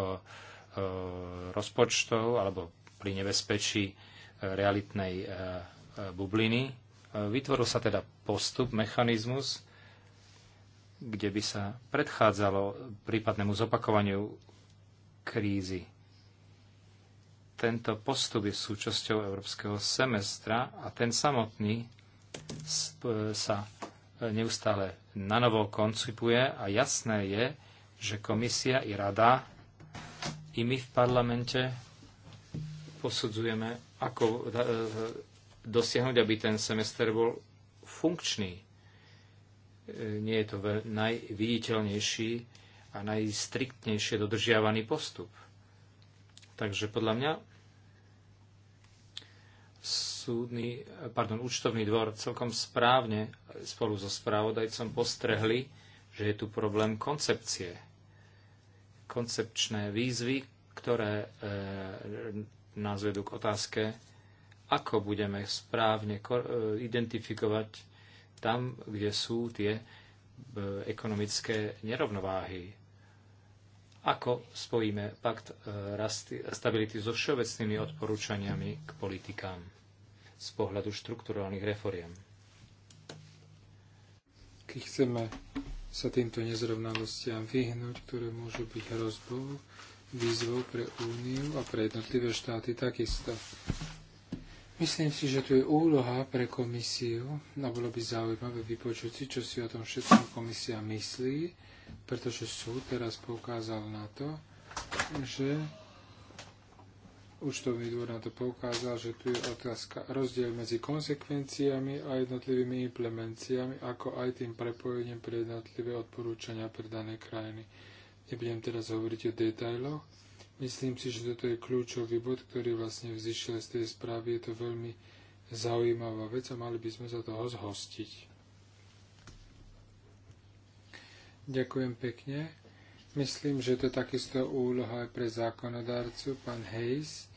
rozpočtov alebo pri nebezpečí realitnej bubliny. Vytvoril sa teda postup, mechanizmus, kde by sa predchádzalo prípadnému zopakovaniu krízy. Tento postup je súčasťou európskeho semestra a ten samotný sa e, neustále na novo koncipuje a jasné je, že komisia i rada i my v parlamente posudzujeme, ako e, e, dosiahnuť, aby ten semester bol funkčný. Nie je to najviditeľnejší a najstriktnejšie dodržiavaný postup. Takže podľa mňa súdny, pardon, účtovný dvor celkom správne spolu so správodajcom postrehli, že je tu problém koncepcie. Koncepčné výzvy, ktoré e, nás vedú k otázke, ako budeme správne e, identifikovať tam, kde sú tie e, ekonomické nerovnováhy. Ako spojíme pakt e, stability so všeobecnými odporúčaniami k politikám z pohľadu štrukturálnych reforiem. Keď chceme sa týmto nezrovnalostiam vyhnúť, ktoré môžu byť hrozbou, výzvou pre Úniu a pre jednotlivé štáty takisto. Myslím si, že tu je úloha pre komisiu a bolo by zaujímavé vypočuť si, čo si o tom všetkom komisia myslí, pretože súd teraz poukázal na to, že Účtovný dvor na to poukázal, že tu je otázka rozdiel medzi konsekvenciami a jednotlivými implementiami, ako aj tým prepojením pre jednotlivé odporúčania pre dané krajiny. Nebudem teraz hovoriť o detailoch. Myslím si, že toto je kľúčový bod, ktorý vlastne vzýšiel z tej správy. Je to veľmi zaujímavá vec a mali by sme sa toho zhostiť. Ďakujem pekne. Myslím, že to takisto úloha aj pre zákonodárcu, pán Hayes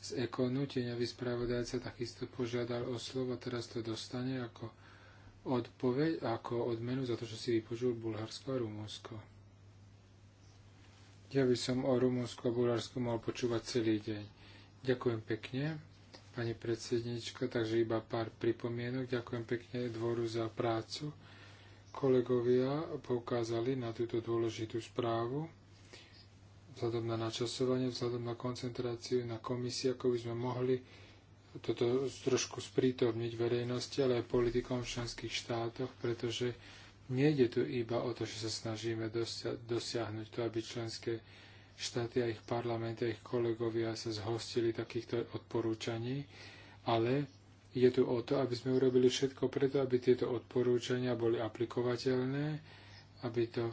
z Ekonu, no, vyspravodajca takisto požiadal o slovo a teraz to dostane ako odpoveď, ako odmenu za to, že si vypočul Bulharsko a Rumúnsko. Ja by som o Rumúnsku a Bulharsku mohol počúvať celý deň. Ďakujem pekne, pani predsednička, takže iba pár pripomienok. Ďakujem pekne dvoru za prácu kolegovia poukázali na túto dôležitú správu vzhľadom na načasovanie, vzhľadom na koncentráciu na komisie, ako by sme mohli toto trošku sprítomniť verejnosti, ale aj politikom v členských štátoch, pretože nejde tu iba o to, že sa snažíme dosia- dosiahnuť to, aby členské štáty a ich parlamenty a ich kolegovia sa zhostili takýchto odporúčaní, ale je tu o to, aby sme urobili všetko preto, aby tieto odporúčania boli aplikovateľné, aby to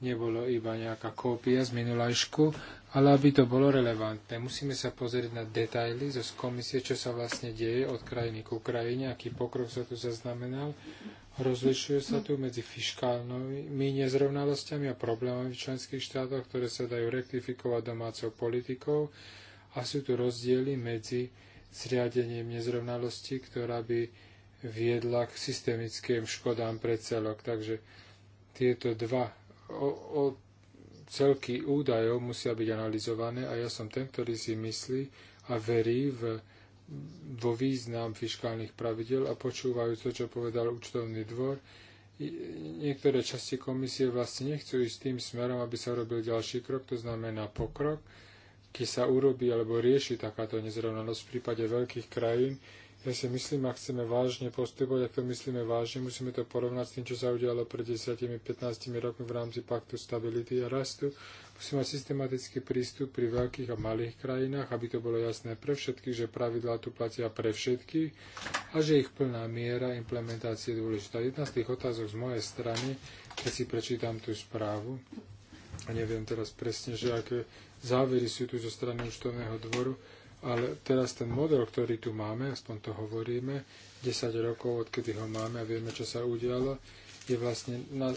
nebolo iba nejaká kópia z minulajšku, ale aby to bolo relevantné. Musíme sa pozrieť na detaily zo komisie, čo sa vlastne deje od krajiny k Ukrajine, aký pokrok sa tu zaznamenal. Rozlišuje sa tu medzi fiškálnymi nezrovnalosťami a problémami v členských štátoch, ktoré sa dajú rektifikovať domácou politikou a sú tu rozdiely medzi zriadením nezrovnalosti, ktorá by viedla k systemickým škodám pre celok. Takže tieto dva o, o celky údajov musia byť analyzované a ja som ten, ktorý si myslí a verí v, vo význam fiskálnych pravidel a počúvajú to, čo povedal účtovný dvor. Niektoré časti komisie vlastne nechcú ísť tým smerom, aby sa robil ďalší krok, to znamená pokrok, keď sa urobí alebo rieši takáto nezrovnanosť v prípade veľkých krajín, ja si myslím, ak chceme vážne postupovať, ak to myslíme vážne, musíme to porovnať s tým, čo sa udialo pred 10-15 rokmi v rámci Paktu stability a rastu. Musíme mať systematický prístup pri veľkých a malých krajinách, aby to bolo jasné pre všetkých, že pravidlá tu platia pre všetkých a že ich plná miera implementácie je dôležitá. Jedna z tých otázok z mojej strany, keď si prečítam tú správu, a neviem teraz presne, že aké závery sú tu zo strany účtovného dvoru, ale teraz ten model, ktorý tu máme, aspoň to hovoríme, 10 rokov, odkedy ho máme a vieme, čo sa udialo, je vlastne na,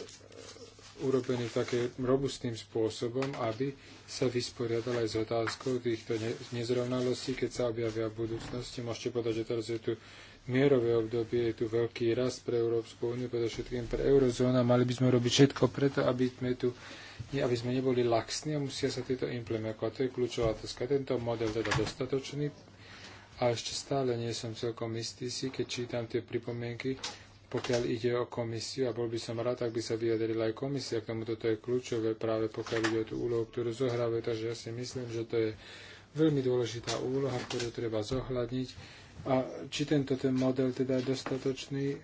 urobený takým robustným spôsobom, aby sa vysporiadal aj s otázkou týchto nezrovnalostí, keď sa objavia v budúcnosti. Môžete povedať, že teraz je tu mierové obdobie, je tu veľký rast pre Európsku úniu, všetkým pre eurozónu mali by sme robiť všetko preto, aby sme tu aby sme neboli laxní a musia sa tieto implementovať. To je kľúčová otázka. Tento model teda dostatočný a ešte stále nie som celkom istý si, keď čítam tie pripomienky, pokiaľ ide o komisiu a bol by som rád, ak by sa vyjadrila aj komisia k tomu. Toto je kľúčové práve pokiaľ ide o tú úlohu, ktorú zohrávajú. Takže ja si myslím, že to je veľmi dôležitá úloha, ktorú treba zohľadniť. A či tento ten model teda je dostatočný,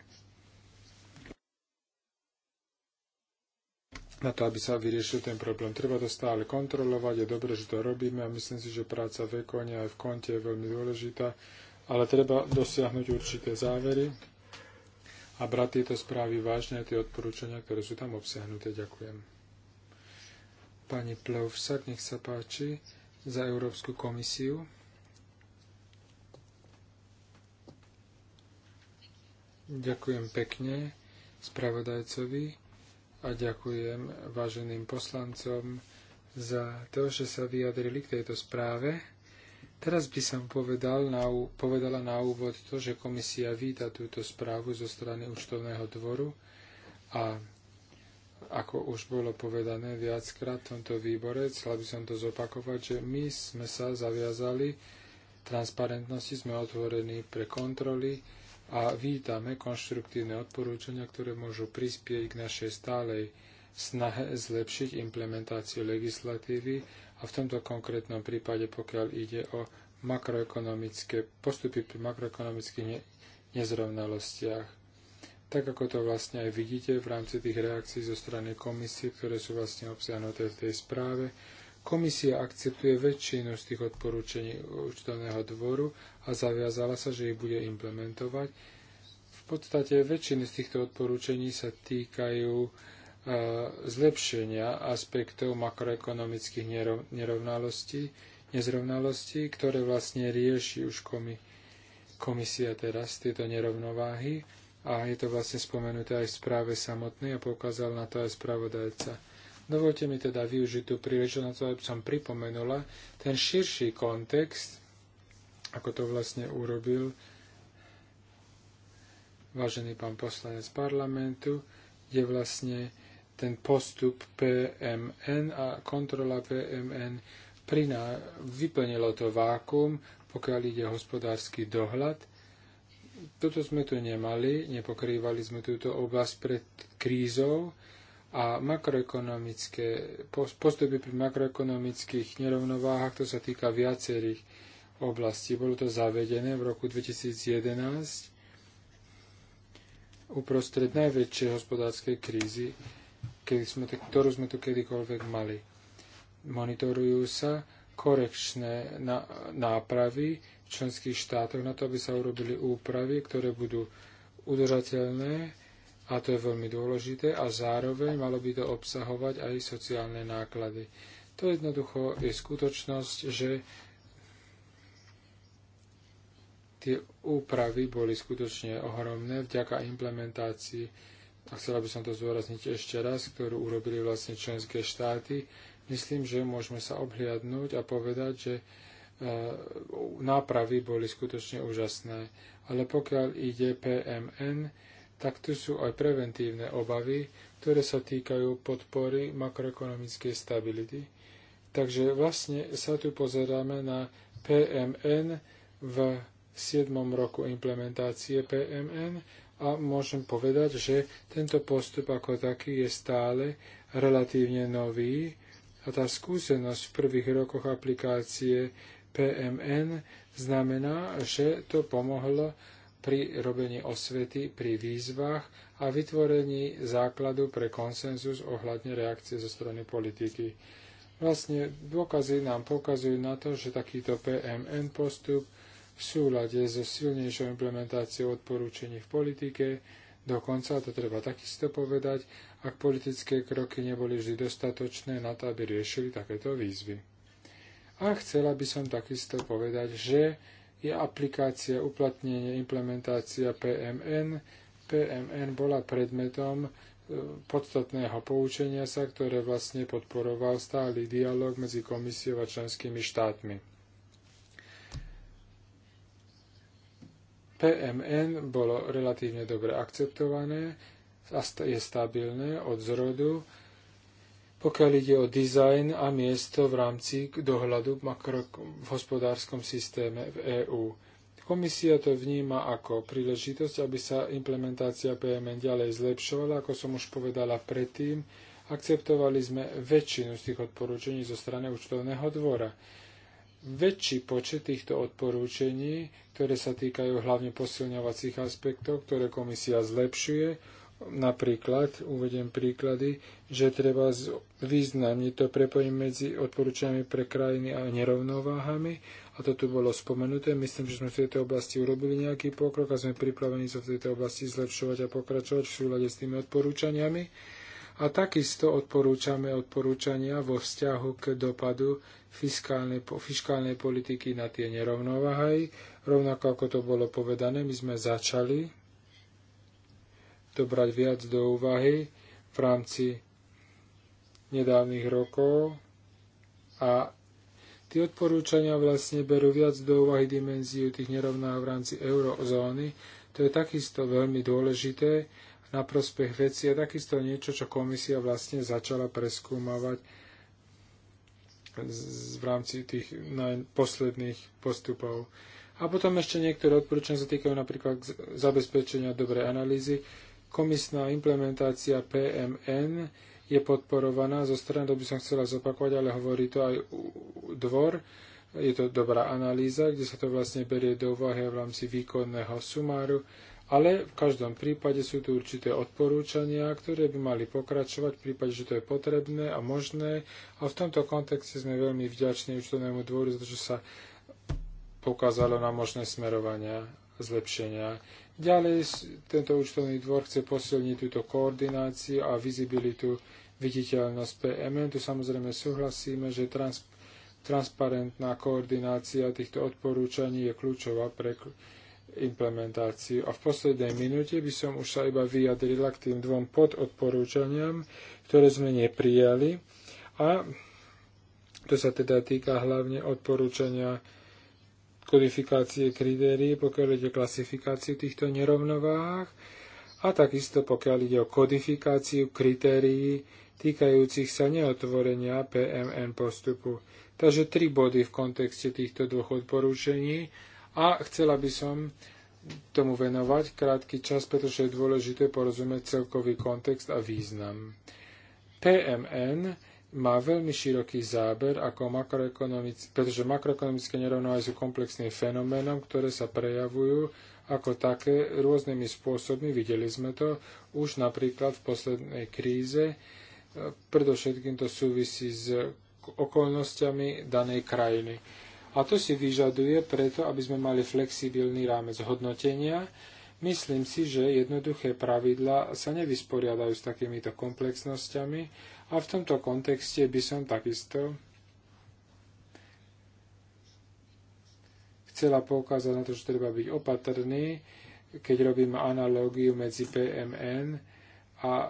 na to, aby sa vyriešil ten problém. Treba to stále kontrolovať, je dobre, že to robíme a myslím si, že práca v ekone aj v konte je veľmi dôležitá, ale treba dosiahnuť určité závery a brať tieto správy vážne a tie odporúčania, ktoré sú tam obsiahnuté. Ďakujem. Pani Plovsak, nech sa páči, za Európsku komisiu. Ďakujem pekne spravodajcovi a ďakujem váženým poslancom za to, že sa vyjadrili k tejto správe. Teraz by som povedal na, povedala na úvod to, že komisia víta túto správu zo strany účtovného dvoru a ako už bolo povedané viackrát v tomto výbore, chcela by som to zopakovať, že my sme sa zaviazali transparentnosti, sme otvorení pre kontroly, a vítame konštruktívne odporúčania, ktoré môžu prispieť k našej stálej snahe zlepšiť implementáciu legislatívy a v tomto konkrétnom prípade, pokiaľ ide o makroekonomické postupy pri makroekonomických nezrovnalostiach. Tak ako to vlastne aj vidíte v rámci tých reakcií zo strany komisie, ktoré sú vlastne obsiahnuté v tej správe, Komisia akceptuje väčšinu z tých odporúčení účtovného dvoru a zaviazala sa, že ich bude implementovať. V podstate väčšiny z týchto odporúčení sa týkajú e, zlepšenia aspektov makroekonomických nerovnalostí, nezrovnalostí, ktoré vlastne rieši už komisia teraz, tieto nerovnováhy. A je to vlastne spomenuté aj v správe samotnej a poukázal na to aj spravodajca. Dovolte mi teda využiť tú príležitosť, aby som pripomenula ten širší kontext, ako to vlastne urobil vážený pán poslanec parlamentu, je vlastne ten postup PMN a kontrola PMN priná, vyplnilo to vákum, pokiaľ ide hospodársky dohľad. Toto sme tu nemali, nepokrývali sme túto oblasť pred krízou a makroekonomické, postupy pri makroekonomických nerovnováhach, to sa týka viacerých oblastí. Bolo to zavedené v roku 2011 uprostred najväčšej hospodárskej krízy, kedy sme, ktorú sme tu kedykoľvek mali. Monitorujú sa korekčné nápravy v členských štátoch na to, aby sa urobili úpravy, ktoré budú udržateľné a to je veľmi dôležité, a zároveň malo by to obsahovať aj sociálne náklady. To jednoducho je skutočnosť, že tie úpravy boli skutočne ohromné vďaka implementácii, a chcela by som to zdôrazniť ešte raz, ktorú urobili vlastne členské štáty. Myslím, že môžeme sa obhliadnúť a povedať, že e, nápravy boli skutočne úžasné. Ale pokiaľ ide PMN, tak tu sú aj preventívne obavy, ktoré sa týkajú podpory makroekonomickej stability. Takže vlastne sa tu pozeráme na PMN v 7. roku implementácie PMN a môžem povedať, že tento postup ako taký je stále relatívne nový a tá skúsenosť v prvých rokoch aplikácie PMN znamená, že to pomohlo pri robení osvety, pri výzvach a vytvorení základu pre konsenzus ohľadne reakcie zo strany politiky. Vlastne dôkazy nám pokazujú na to, že takýto PMN postup v súlade so silnejšou implementáciou odporúčení v politike, dokonca, to treba takisto povedať, ak politické kroky neboli vždy dostatočné na to, aby riešili takéto výzvy. A chcela by som takisto povedať, že je aplikácia, uplatnenie, implementácia PMN. PMN bola predmetom e, podstatného poučenia sa, ktoré vlastne podporoval stály dialog medzi komisiou a členskými štátmi. PMN bolo relatívne dobre akceptované a je stabilné od zrodu pokiaľ ide o dizajn a miesto v rámci dohľadu v, makro, v hospodárskom systéme v EÚ. Komisia to vníma ako príležitosť, aby sa implementácia PMN ďalej zlepšovala, ako som už povedala predtým. Akceptovali sme väčšinu z tých odporúčení zo strany účtovného dvora. Väčší počet týchto odporúčení, ktoré sa týkajú hlavne posilňovacích aspektov, ktoré komisia zlepšuje, Napríklad, uvediem príklady, že treba významne to prepojenie medzi odporúčaniami pre krajiny a nerovnováhami. A to tu bolo spomenuté. Myslím, že sme v tejto oblasti urobili nejaký pokrok a sme pripravení sa v tejto oblasti zlepšovať a pokračovať v súlade s tými odporúčaniami. A takisto odporúčame odporúčania vo vzťahu k dopadu fiskálnej, fiskálnej politiky na tie nerovnováhy. Rovnako ako to bolo povedané, my sme začali to brať viac do úvahy v rámci nedávnych rokov a tie odporúčania vlastne berú viac do úvahy dimenziu tých nerovná v rámci eurozóny. To je takisto veľmi dôležité na prospech veci a takisto niečo, čo komisia vlastne začala preskúmavať v rámci tých posledných postupov. A potom ešte niektoré odporúčania sa týkajú napríklad zabezpečenia dobrej analýzy. Komisná implementácia PMN je podporovaná zo strany, to by som chcela zopakovať, ale hovorí to aj dvor. Je to dobrá analýza, kde sa to vlastne berie do úvahy v rámci výkonného sumáru, ale v každom prípade sú tu určité odporúčania, ktoré by mali pokračovať v prípade, že to je potrebné a možné. A v tomto kontexte sme veľmi vďační účtovnému dvoru, za to, že sa pokázalo na možné smerovania zlepšenia. Ďalej tento účtovný dvor chce posilniť túto koordináciu a vizibilitu, viditeľnosť PMN. Tu samozrejme súhlasíme, že trans, transparentná koordinácia týchto odporúčaní je kľúčová pre implementáciu. A v poslednej minúte by som už sa iba vyjadrila k tým dvom pododporúčaniam, ktoré sme neprijali. A to sa teda týka hlavne odporúčania kodifikácie kritérií, pokiaľ ide o klasifikáciu týchto nerovnováh a takisto pokiaľ ide o kodifikáciu kritérií týkajúcich sa neotvorenia PMN postupu. Takže tri body v kontexte týchto dvoch odporúčení a chcela by som tomu venovať krátky čas, pretože je dôležité porozumieť celkový kontext a význam. PMN má veľmi široký záber, ako makroekonomic, pretože makroekonomické nerovnováhy sú komplexným fenoménom, ktoré sa prejavujú ako také rôznymi spôsobmi. Videli sme to už napríklad v poslednej kríze. Predovšetkým to súvisí s okolnostiami danej krajiny. A to si vyžaduje preto, aby sme mali flexibilný rámec hodnotenia, Myslím si, že jednoduché pravidla sa nevysporiadajú s takýmito komplexnosťami a v tomto kontexte by som takisto chcela poukázať na to, že treba byť opatrný, keď robíme analógiu medzi PMN a e,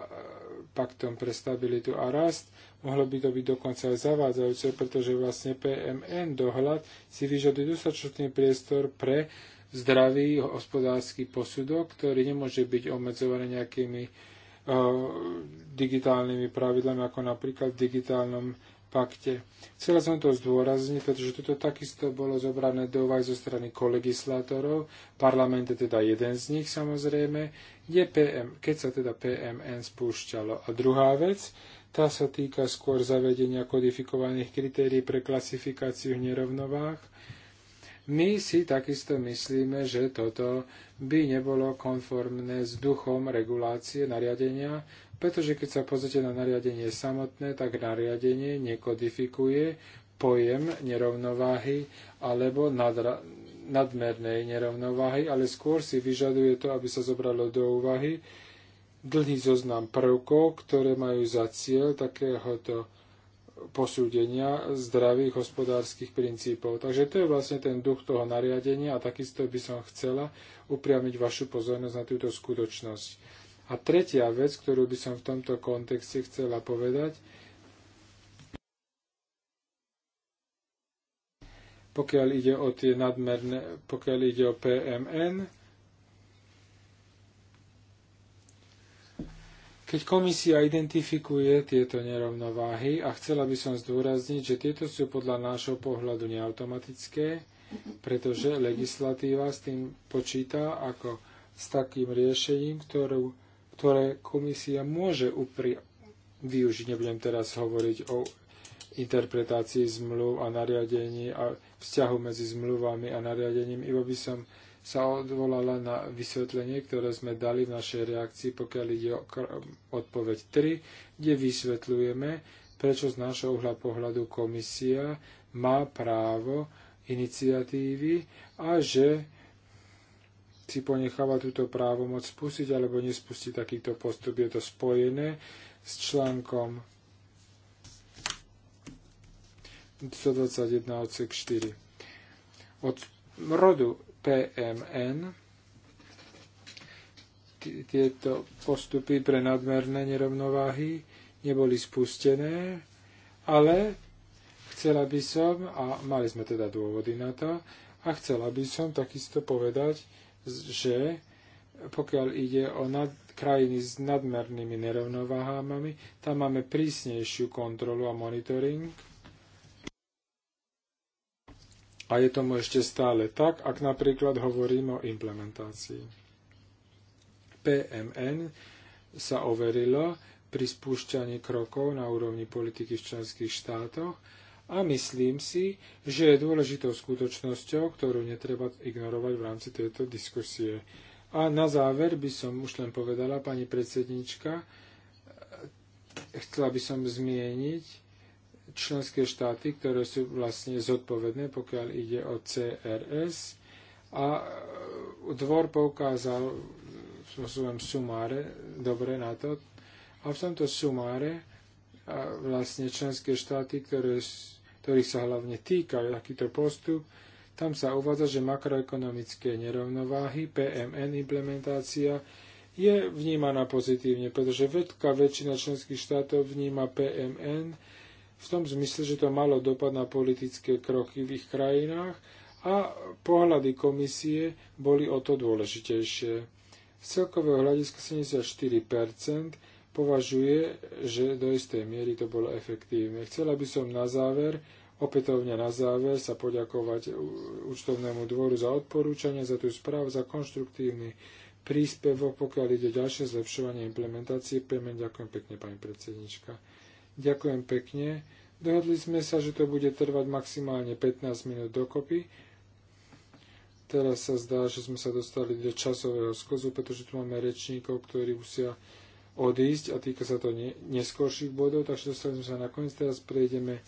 paktom pre stabilitu a rast. Mohlo by to byť dokonca aj zavádzajúce, pretože vlastne PMN dohľad si vyžaduje dostatočný priestor pre zdravý hospodársky posudok, ktorý nemôže byť obmedzovaný nejakými E, digitálnymi pravidlami, ako napríklad v digitálnom pakte. Chcela som to zdôrazniť, pretože toto takisto bolo zobrané do úvahy zo strany kolegislátorov, parlament je teda jeden z nich samozrejme, kde PM, keď sa teda PMN spúšťalo. A druhá vec, tá sa týka skôr zavedenia kodifikovaných kritérií pre klasifikáciu nerovnovách my si takisto myslíme, že toto by nebolo konformné s duchom regulácie nariadenia, pretože keď sa pozrite na nariadenie samotné, tak nariadenie nekodifikuje pojem nerovnováhy alebo nadra- nadmernej nerovnováhy, ale skôr si vyžaduje to, aby sa zobralo do úvahy dlhý zoznam prvkov, ktoré majú za cieľ takéhoto posúdenia zdravých hospodárskych princípov. Takže to je vlastne ten duch toho nariadenia a takisto by som chcela upriamiť vašu pozornosť na túto skutočnosť. A tretia vec, ktorú by som v tomto kontexte chcela povedať, pokiaľ ide o tie nadmerné, pokiaľ ide o PMN, Keď komisia identifikuje tieto nerovnováhy, a chcela by som zdôrazniť, že tieto sú podľa nášho pohľadu neautomatické, pretože legislatíva s tým počíta ako s takým riešením, ktorú, ktoré komisia môže upri- využiť. Nebudem teraz hovoriť o interpretácii zmluv a nariadení a vzťahu medzi zmluvami a nariadením, iba by som sa odvolala na vysvetlenie, ktoré sme dali v našej reakcii, pokiaľ ide o odpoveď 3, kde vysvetľujeme, prečo z nášho uhla pohľadu komisia má právo iniciatívy a že si ponecháva túto právomoc spustiť alebo nespustiť takýto postup. Je to spojené s článkom 121 odsek 4. Od rodu PMN. Tieto postupy pre nadmerné nerovnováhy neboli spustené, ale chcela by som, a mali sme teda dôvody na to, a chcela by som takisto povedať, že pokiaľ ide o nad, krajiny s nadmernými nerovnováhami, tam máme prísnejšiu kontrolu a monitoring, a je tomu ešte stále tak, ak napríklad hovorím o implementácii. PMN sa overilo pri spúšťaní krokov na úrovni politiky v členských štátoch a myslím si, že je dôležitou skutočnosťou, ktorú netreba ignorovať v rámci tejto diskusie. A na záver by som už len povedala, pani predsednička, chcela by som zmieniť, členské štáty, ktoré sú vlastne zodpovedné, pokiaľ ide o CRS. A e, dvor poukázal v svojom sumáre dobre na to. A v tomto sumáre e, vlastne členské štáty, ktoré, ktorých sa hlavne týka takýto postup, tam sa uvádza, že makroekonomické nerovnováhy, PMN implementácia, je vnímaná pozitívne, pretože veľká väčšina členských štátov vníma PMN v tom zmysle, že to malo dopad na politické kroky v ich krajinách a pohľady komisie boli o to dôležitejšie. Z celkového hľadiska 74% považuje, že do istej miery to bolo efektívne. Chcela by som na záver, opätovne na záver, sa poďakovať účtovnému dvoru za odporúčanie, za tú správu, za konštruktívny príspevok, pokiaľ ide ďalšie zlepšovanie implementácie. Pemen, ďakujem pekne, pani predsednička. Ďakujem pekne. Dohodli sme sa, že to bude trvať maximálne 15 minút dokopy. Teraz sa zdá, že sme sa dostali do časového skozu, pretože tu máme rečníkov, ktorí musia odísť a týka sa to neskôrších neskorších bodov, takže dostali sme sa na koniec. Teraz prejdeme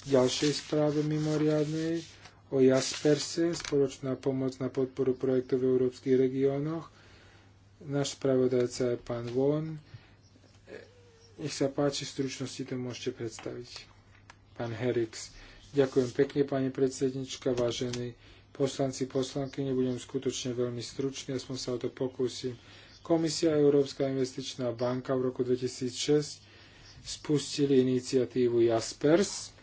k ďalšej správe mimoriadnej o Jasperse, spoločná pomoc na podporu projektov v európskych regiónoch. Náš spravodajca je pán Von. Nech sa páči, v stručnosti to môžete predstaviť. Pán Herix. Ďakujem pekne, pani predsednička, vážení poslanci, poslanky, nebudem skutočne veľmi stručný, aspoň sa o to pokúsim. Komisia Európska investičná banka v roku 2006 spustili iniciatívu Jaspers.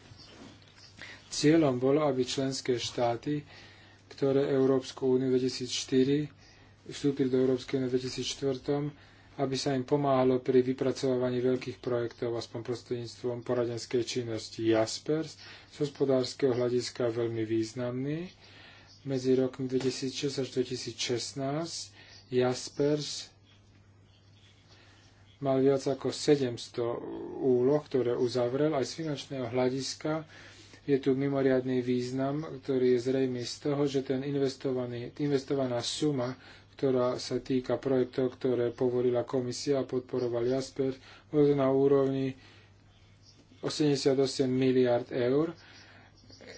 Cieľom bolo, aby členské štáty, ktoré Európsku úniu 2004 vstúpili do Európskej úniu 2004, aby sa im pomáhalo pri vypracovaní veľkých projektov, aspoň prostredníctvom poradenskej činnosti. Jaspers z hospodárskeho hľadiska veľmi významný. Medzi rokmi 2006 až 2016 Jaspers mal viac ako 700 úloh, ktoré uzavrel aj z finančného hľadiska. Je tu mimoriadný význam, ktorý je zrejmý z toho, že ten investovaná suma ktorá sa týka projektov, ktoré povolila komisia a podporoval Jasper, na úrovni 88 miliard eur.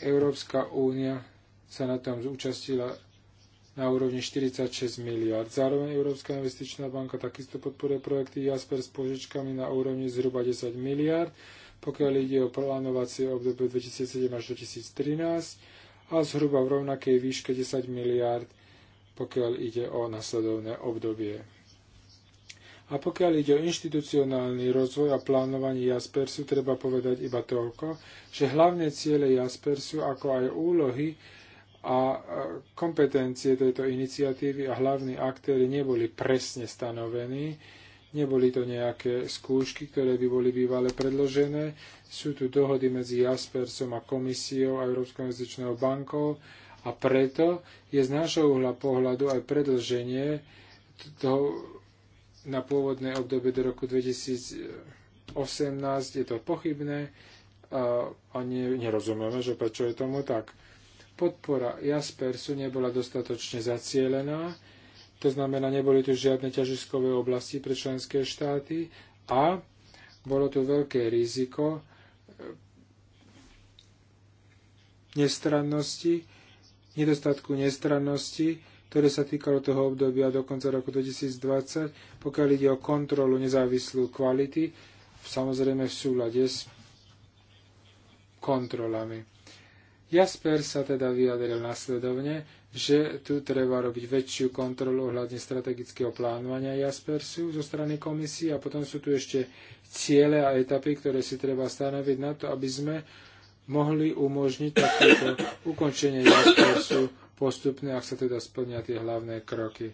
Európska únia sa na tom zúčastila na úrovni 46 miliard. Zároveň Európska investičná banka takisto podporuje projekty Jasper s požičkami na úrovni zhruba 10 miliard, pokiaľ ide o plánovacie obdobie 2007 až 2013 a zhruba v rovnakej výške 10 miliard pokiaľ ide o nasledovné obdobie. A pokiaľ ide o inštitucionálny rozvoj a plánovanie Jaspersu, treba povedať iba toľko, že hlavné ciele Jaspersu, ako aj úlohy a kompetencie tejto iniciatívy a hlavní aktéry neboli presne stanovení, neboli to nejaké skúšky, ktoré by boli bývale predložené. Sú tu dohody medzi Jaspersom a komisiou a Európskou investičnou bankou, a preto je z nášho uhla pohľadu aj predlženie toho na pôvodné obdobie do roku 2018 je to pochybné a, a ne, nerozumieme, že prečo je tomu tak. Podpora Jaspersu nebola dostatočne zacielená, to znamená, neboli tu žiadne ťažiskové oblasti pre členské štáty a bolo tu veľké riziko e, nestrannosti, nedostatku nestrannosti, ktoré sa týkalo toho obdobia do konca roku 2020, pokiaľ ide o kontrolu nezávislú kvality, samozrejme v súlade s kontrolami. Jasper sa teda vyjadril nasledovne, že tu treba robiť väčšiu kontrolu ohľadne strategického plánovania Jaspersu zo strany komisie a potom sú tu ešte ciele a etapy, ktoré si treba stanoviť na to, aby sme mohli umožniť takéto ukončenie procesu postupne, ak sa teda splnia tie hlavné kroky.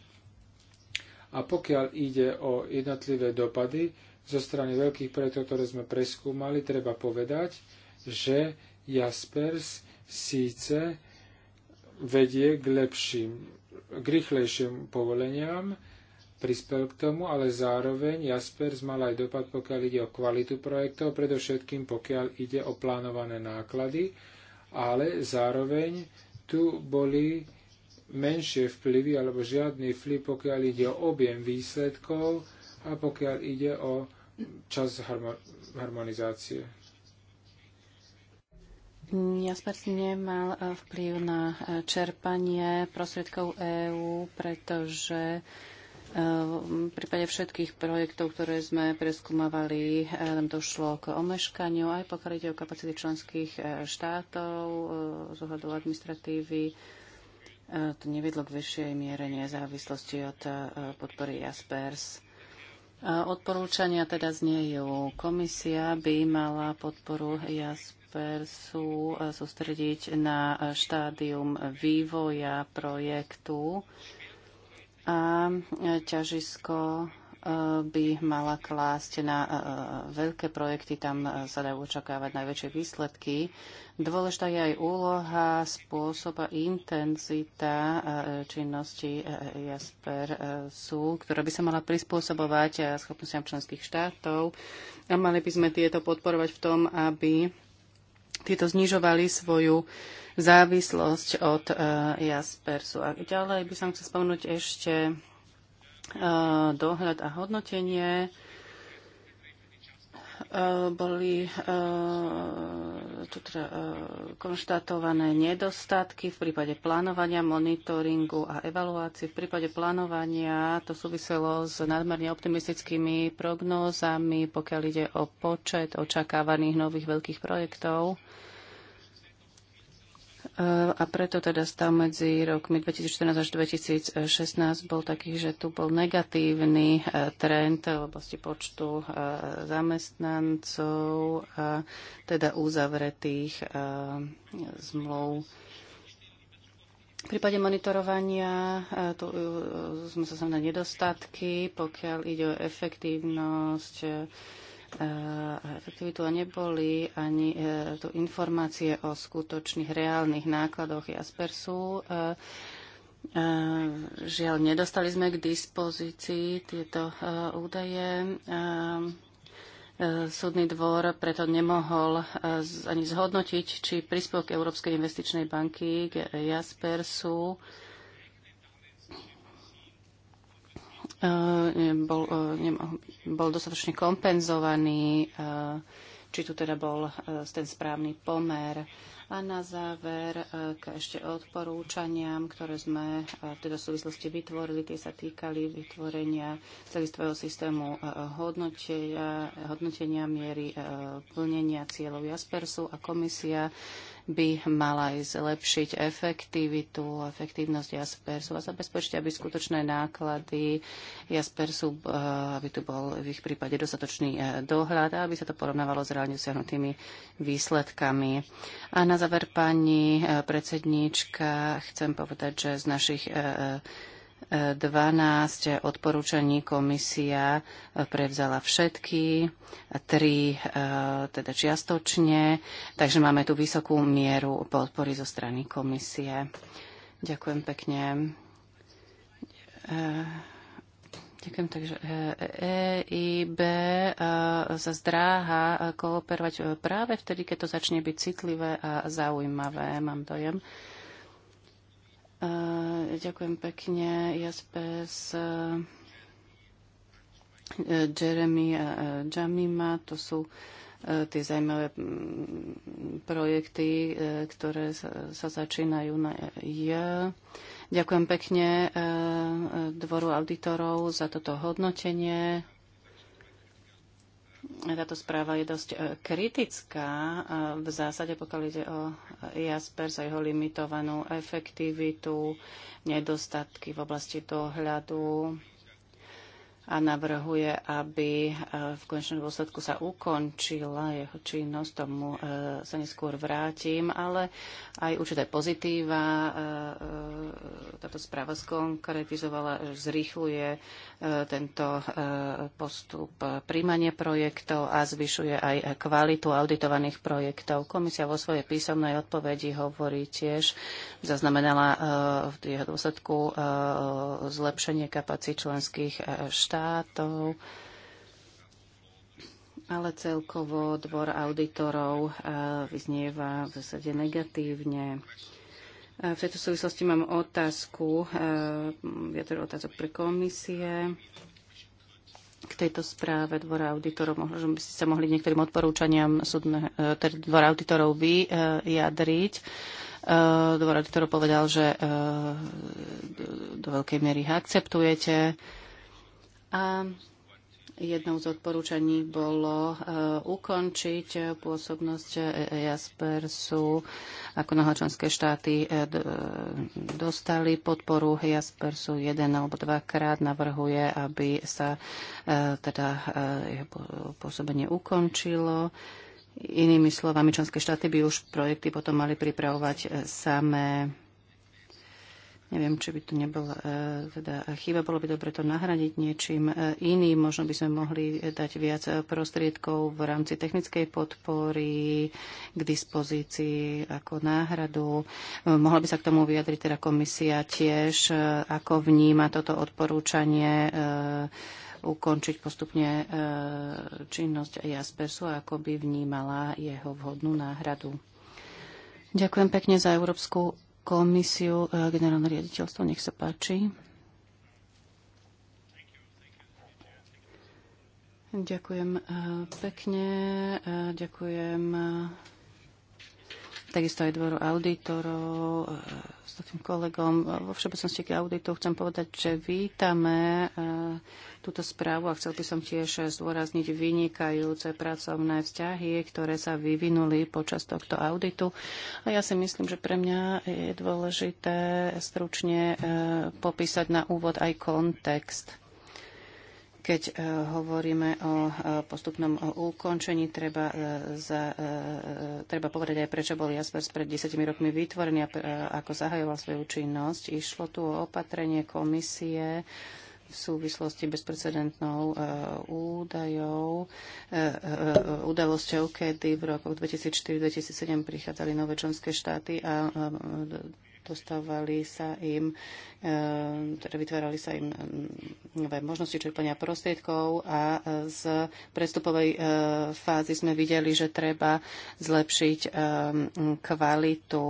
A pokiaľ ide o jednotlivé dopady zo strany veľkých projektov, ktoré sme preskúmali, treba povedať, že Jaspers síce vedie k lepším, k rýchlejším povoleniam, prispel k tomu, ale zároveň Jaspers mal aj dopad, pokiaľ ide o kvalitu projektov, predovšetkým pokiaľ ide o plánované náklady, ale zároveň tu boli menšie vplyvy alebo žiadny vplyv, pokiaľ ide o objem výsledkov a pokiaľ ide o čas harmonizácie. Jaspers nemal eh, vplyv na eh, čerpanie prostriedkov EÚ, pretože v prípade všetkých projektov, ktoré sme preskúmavali, eh, nám došlo k omeškaniu, aj pokrytie o kapacity členských eh, štátov, eh, zohľadu administratívy. To nevedlo k vyššej miere nezávislosti od podpory Jaspers. Odporúčania teda zniejú. Komisia by mala podporu Jaspersu sústrediť na štádium vývoja projektu a e, ťažisko e, by mala klásť na e, veľké projekty, tam sa dajú očakávať najväčšie výsledky. Dôležitá je aj úloha, spôsob a intenzita činnosti Jasper sú, ktorá by sa mala prispôsobovať schopnostiam členských štátov a mali by sme tieto podporovať v tom, aby Títo znižovali svoju závislosť od e, Jaspersu. A ďalej by som chcel spomenúť ešte e, dohľad a hodnotenie Eh, boli eh, tu teda, eh, konštatované nedostatky v prípade plánovania, monitoringu a evaluácie, V prípade plánovania to súviselo s nadmerne optimistickými prognózami, pokiaľ ide o počet očakávaných nových veľkých projektov a preto teda stav medzi rokmi 2014 až 2016 bol taký, že tu bol negatívny e, trend v oblasti počtu e, zamestnancov a teda uzavretých e, zmluv. V prípade monitorovania tu sme sa na nedostatky, pokiaľ ide o efektívnosť efektivitu a neboli ani e, tu informácie o skutočných reálnych nákladoch Jaspersu. E, e, žiaľ, nedostali sme k dispozícii tieto údaje. Súdny dvor preto nemohol ani zhodnotiť, či príspevok Európskej investičnej banky k Jaspersu Eh, bol, eh, bol dostatočne kompenzovaný, eh, či tu teda bol ten správny pomer. A na záver e, k ešte odporúčaniam, ktoré sme e, v tejto súvislosti vytvorili. Tie sa týkali vytvorenia celistvého systému e, hodnotenia, hodnotenia miery plnenia cieľov Jaspersu a komisia by mala aj zlepšiť efektivitu, efektívnosť Jaspersu a zabezpečiť, aby skutočné náklady Jaspersu, aby tu bol v ich prípade dostatočný dohľad a aby sa to porovnávalo s reálne dosiahnutými výsledkami. A na záver, pani e, predsedníčka, chcem povedať, že z našich 12 e, e, odporúčaní komisia prevzala všetky, tri teda čiastočne, takže máme tu vysokú mieru podpory zo strany komisie. Ďakujem pekne. Ďakujem, takže EIB e, e, e, sa zdráha kooperovať práve vtedy, keď to začne byť citlivé a zaujímavé, mám dojem. Ďakujem pekne, Jaspers, Jeremy a Jamima, to sú tie zaujímavé projekty, ktoré sa začínajú na J. Ja Ďakujem pekne eh, eh, dvoru auditorov za toto hodnotenie. Táto správa je dosť eh, kritická v zásade, pokiaľ ide o Jaspers a jeho limitovanú efektivitu, nedostatky v oblasti dohľadu a navrhuje, aby e, v konečnom dôsledku sa ukončila jeho činnosť, tomu e, sa neskôr vrátim, ale aj určité pozitíva. E, táto správa skonkretizovala, zrýchluje tento postup príjmanie projektov a zvyšuje aj kvalitu auditovaných projektov. Komisia vo svojej písomnej odpovedi hovorí tiež, zaznamenala v jeho dôsledku zlepšenie kapacít členských štátov štátov, ale celkovo dvor auditorov eh, vyznieva v zásade negatívne. V tejto súvislosti mám otázku, eh, viacero otázok pre komisie k tejto správe Dvora auditorov. Možno by ste sa mohli niektorým odporúčaniam súdne, teda Dvora auditorov vyjadriť. Dvor auditorov povedal, že do veľkej miery akceptujete a Jednou z odporúčaní bolo uh, ukončiť pôsobnosť e e Jaspersu, ako mnohé členské štáty uh, dostali podporu Jaspersu jeden alebo dvakrát navrhuje, aby sa uh, teda jeho pôsobenie ukončilo. Inými slovami, členské štáty by už projekty potom mali pripravovať samé Neviem, či by to nebol e, teda chyba, bolo by dobre to nahradiť niečím e, iným. Možno by sme mohli e, dať viac prostriedkov v rámci technickej podpory k dispozícii ako náhradu. Mohla by sa k tomu vyjadriť teda komisia tiež, ako vníma toto odporúčanie ukončiť postupne činnosť Jaspersu a ako by vnímala jeho vhodnú náhradu. Ďakujem pekne za Európsku komisiu, e, generálne riaditeľstvo. Nech sa páči. Ďakujem e, pekne. E, ďakujem takisto aj dvoru auditorov, e, s takým kolegom. E, vo všeobecnosti k auditu chcem povedať, že vítame e, túto správu a chcel by som tiež zdôrazniť vynikajúce pracovné vzťahy, ktoré sa vyvinuli počas tohto auditu. A ja si myslím, že pre mňa je dôležité stručne popísať na úvod aj kontext keď e, hovoríme o e, postupnom ukončení, treba, e, za, treba povedať aj, prečo bol Jaspers pred desetimi rokmi vytvorený a ako zahajoval svoju činnosť. Išlo tu o opatrenie komisie v súvislosti bezprecedentnou údajou udalosťou, kedy v rokoch 2004-2007 prichádzali nové členské štáty a dostávali sa im, e, teda vytvárali sa im e, nové možnosti čerpania prostriedkov a e, z prestupovej fázy sme videli, že treba zlepšiť kvalitu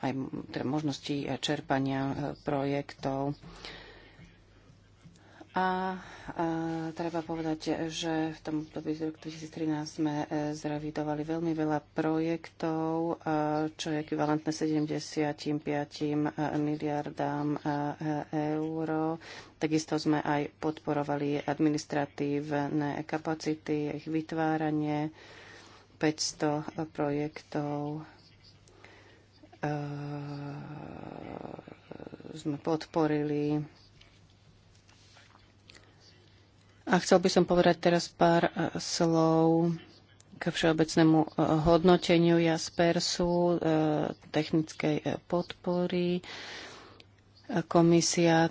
aj teda možnosti čerpania projektov. A, a treba povedať, že v tom období z roku 2013 sme e, zrevidovali veľmi veľa projektov, e, čo je ekvivalentné 75 e, miliardám eur. Takisto sme aj podporovali administratívne kapacity, ich vytváranie, 500 projektov sme podporili A chcel by som povedať teraz pár e, slov k všeobecnému e, hodnoteniu Jaspersu, e, technickej podpory. Komisia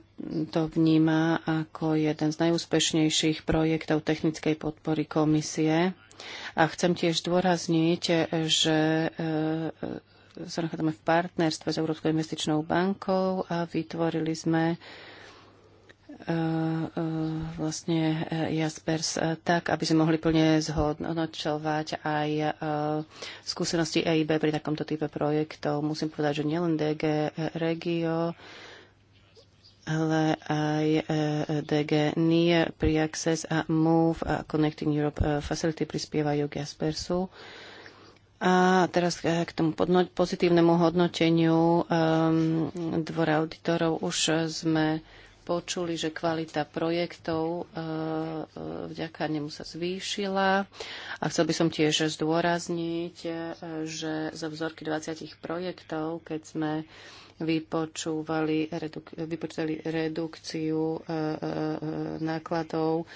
to vníma ako jeden z najúspešnejších projektov technickej podpory komisie. A chcem tiež dôrazniť, že sa nachádzame v partnerstve s Európskou investičnou bankou a vytvorili sme E, e, vlastne e, Jaspers tak, aby sme mohli plne zhodnočovať aj skúsenosti EIB pri takomto type projektov. Musím povedať, že nielen DG Regio, ale aj DG NIE, Preaccess a MOVE a Connecting Europe Facility prispievajú k Jaspersu. A teraz k tomu pozitívnemu hodnoteniu Dvora auditorov už sme počuli, že kvalita projektov e, e, vďaka nemu sa zvýšila. A chcel by som tiež zdôrazniť, e, že zo vzorky 20 projektov, keď sme vypočúvali, reduk- vypočítali redukciu nákladov,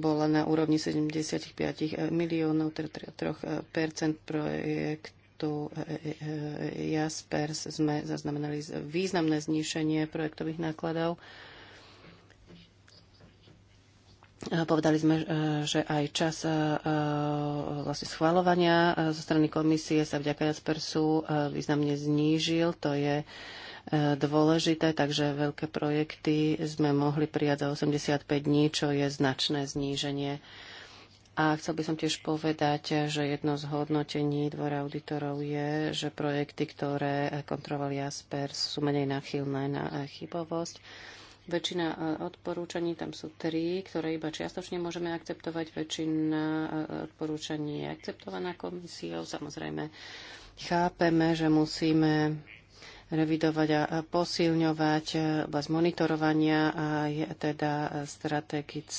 bola na úrovni 75 miliónov, teda 3 projekt projektu e, e, e, Jaspers sme zaznamenali významné zníšenie projektových nákladov. Povedali sme, že aj čas vlastne schvalovania zo strany komisie sa vďaka Jaspersu významne znížil. To je dôležité, takže veľké projekty sme mohli prijať za 85 dní, čo je značné zníženie a chcel by som tiež povedať, že jedno z hodnotení dvora auditorov je, že projekty, ktoré kontrolovali Asper, sú menej nachylné na eh, chybovosť. Väčšina eh, odporúčaní, tam sú tri, ktoré iba čiastočne môžeme akceptovať. Väčšina eh, odporúčaní je akceptovaná komisiou. Samozrejme, chápeme, že musíme revidovať a posilňovať e, oblasť monitorovania a je teda strategickej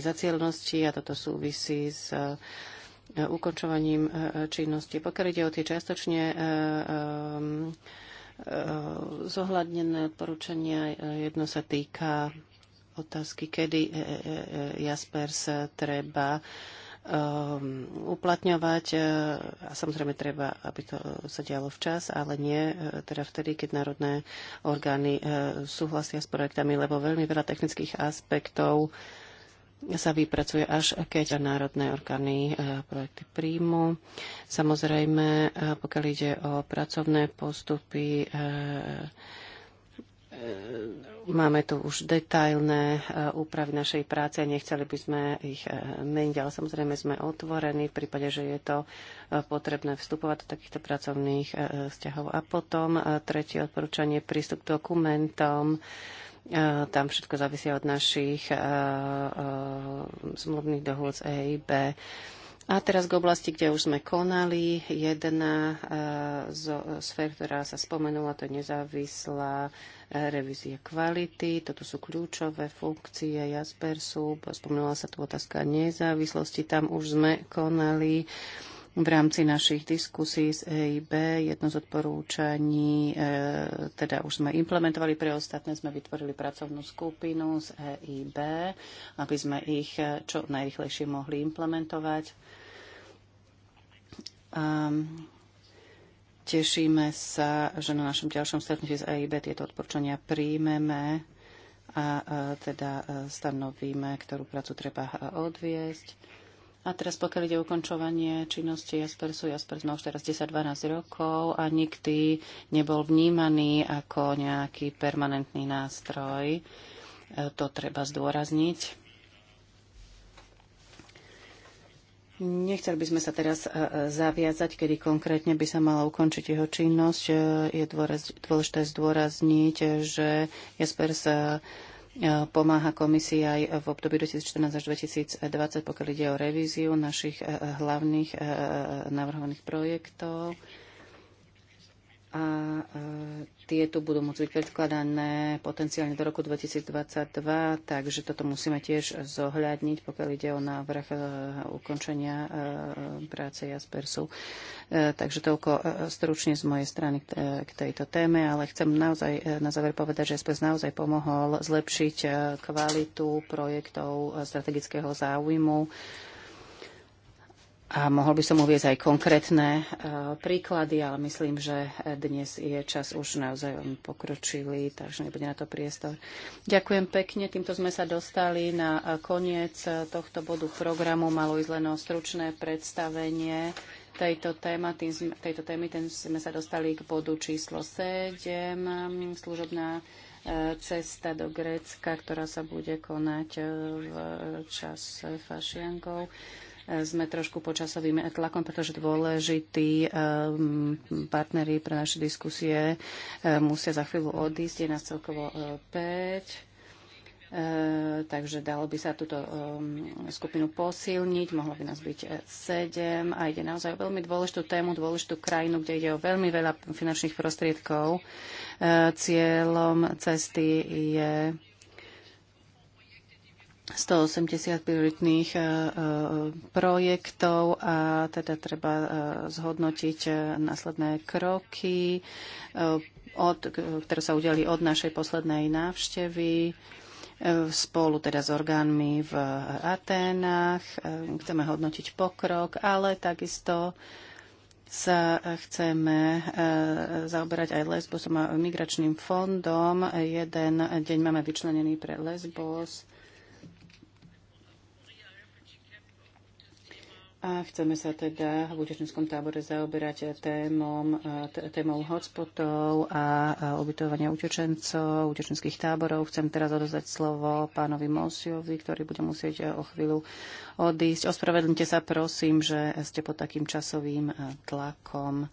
zacielnosti a toto súvisí s e, ukončovaním e, činnosti. Pokiaľ ide o tie čiastočne zohľadnené odporúčania, jedno sa týka otázky, kedy Jaspers treba um, uplatňovať e, a samozrejme treba, aby to sa dialo včas, ale nie e, teda vtedy, keď národné orgány e, súhlasia s projektami, lebo veľmi veľa technických aspektov sa vypracuje až keď národné orgány projekty príjmu. Samozrejme, pokiaľ ide o pracovné postupy, Máme tu už detailné e, úpravy našej práce a nechceli by sme ich e, meniť, ale samozrejme sme otvorení v prípade, že je to e, potrebné vstupovať do takýchto pracovných vzťahov. A potom tretie odporúčanie, prístup k dokumentom. Tam všetko závisí od našich zmluvných dohôd z EIB. A teraz k oblasti, kde už sme konali. Jedna e, z sfér, ktorá sa spomenula, to je nezávislá e, revízia kvality. Toto sú kľúčové funkcie Jaspersu. Spomenula sa tu otázka nezávislosti. Tam už sme konali v rámci našich diskusí s EIB. Jedno z odporúčaní, e, teda už sme implementovali pre ostatné, sme vytvorili pracovnú skupinu z EIB, aby sme ich čo najrychlejšie mohli implementovať Um, tešíme sa, že na našom ďalšom stretnutí z EIB tieto odporúčania príjmeme a teda e, stanovíme, ktorú prácu treba e, odviesť. A teraz pokiaľ ide o ukončovanie činnosti Jaspersu, Jaspers má už teraz 10-12 rokov a nikdy nebol vnímaný ako nejaký permanentný nástroj. E, to treba zdôrazniť. Nechceli by sme sa teraz e, e, zaviazať, kedy konkrétne by sa mala ukončiť jeho činnosť. E, je dôležité zdôrazniť, že Jaspers pomáha komisii aj v období 2014 až 2020, pokiaľ ide o revíziu našich hlavných navrhovaných projektov a e, tieto budú môcť byť predkladané potenciálne do roku 2022, takže toto musíme tiež zohľadniť, pokiaľ ide o návrh e, ukončenia e, práce Jaspersu. Takže toľko stručne z mojej strany k tejto téme, ale chcem naozaj na záver povedať, že Jaspers naozaj pomohol zlepšiť kvalitu projektov strategického záujmu a mohol by som uvieť aj konkrétne e, príklady, ale myslím, že dnes je čas už naozaj veľmi pokročilý, takže nebude na to priestor. Ďakujem pekne. Týmto sme sa dostali na e, koniec e, tohto bodu programu. Malo ísť len o stručné predstavenie tejto, téma, tým, tejto témy. Ten sme sa dostali k bodu číslo 7, služobná cesta do Grécka, ktorá sa bude konať v čase fašiankov. Sme trošku počasovým tlakom, pretože dôležití ehm, partneri pre naše diskusie ehm, musia za chvíľu odísť. Je nás celkovo 5 e, e, takže dalo by sa túto ehm, skupinu posilniť, mohlo by nás byť 7 e, a ide naozaj o veľmi dôležitú tému, dôležitú krajinu, kde ide o veľmi veľa finančných prostriedkov. Cieľom cesty je 180 prioritných e, e, projektov a teda treba e, zhodnotiť následné kroky, od, ktoré sa udeli od našej poslednej návštevy spolu teda s orgánmi v Aténach. Chceme hodnotiť pokrok, ale takisto sa chceme zaoberať aj Lesbosom a migračným fondom. Jeden deň máme vyčlenený pre Lesbos A chceme sa teda v útečnickom tábore zaoberať témom, témou hotspotov a ubytovania utečencov, utečenských táborov. Chcem teraz odozdať slovo pánovi Mosiovi, ktorý bude musieť e, o chvíľu odísť. Ospravedlňte sa prosím, že ste pod takým časovým e, tlakom.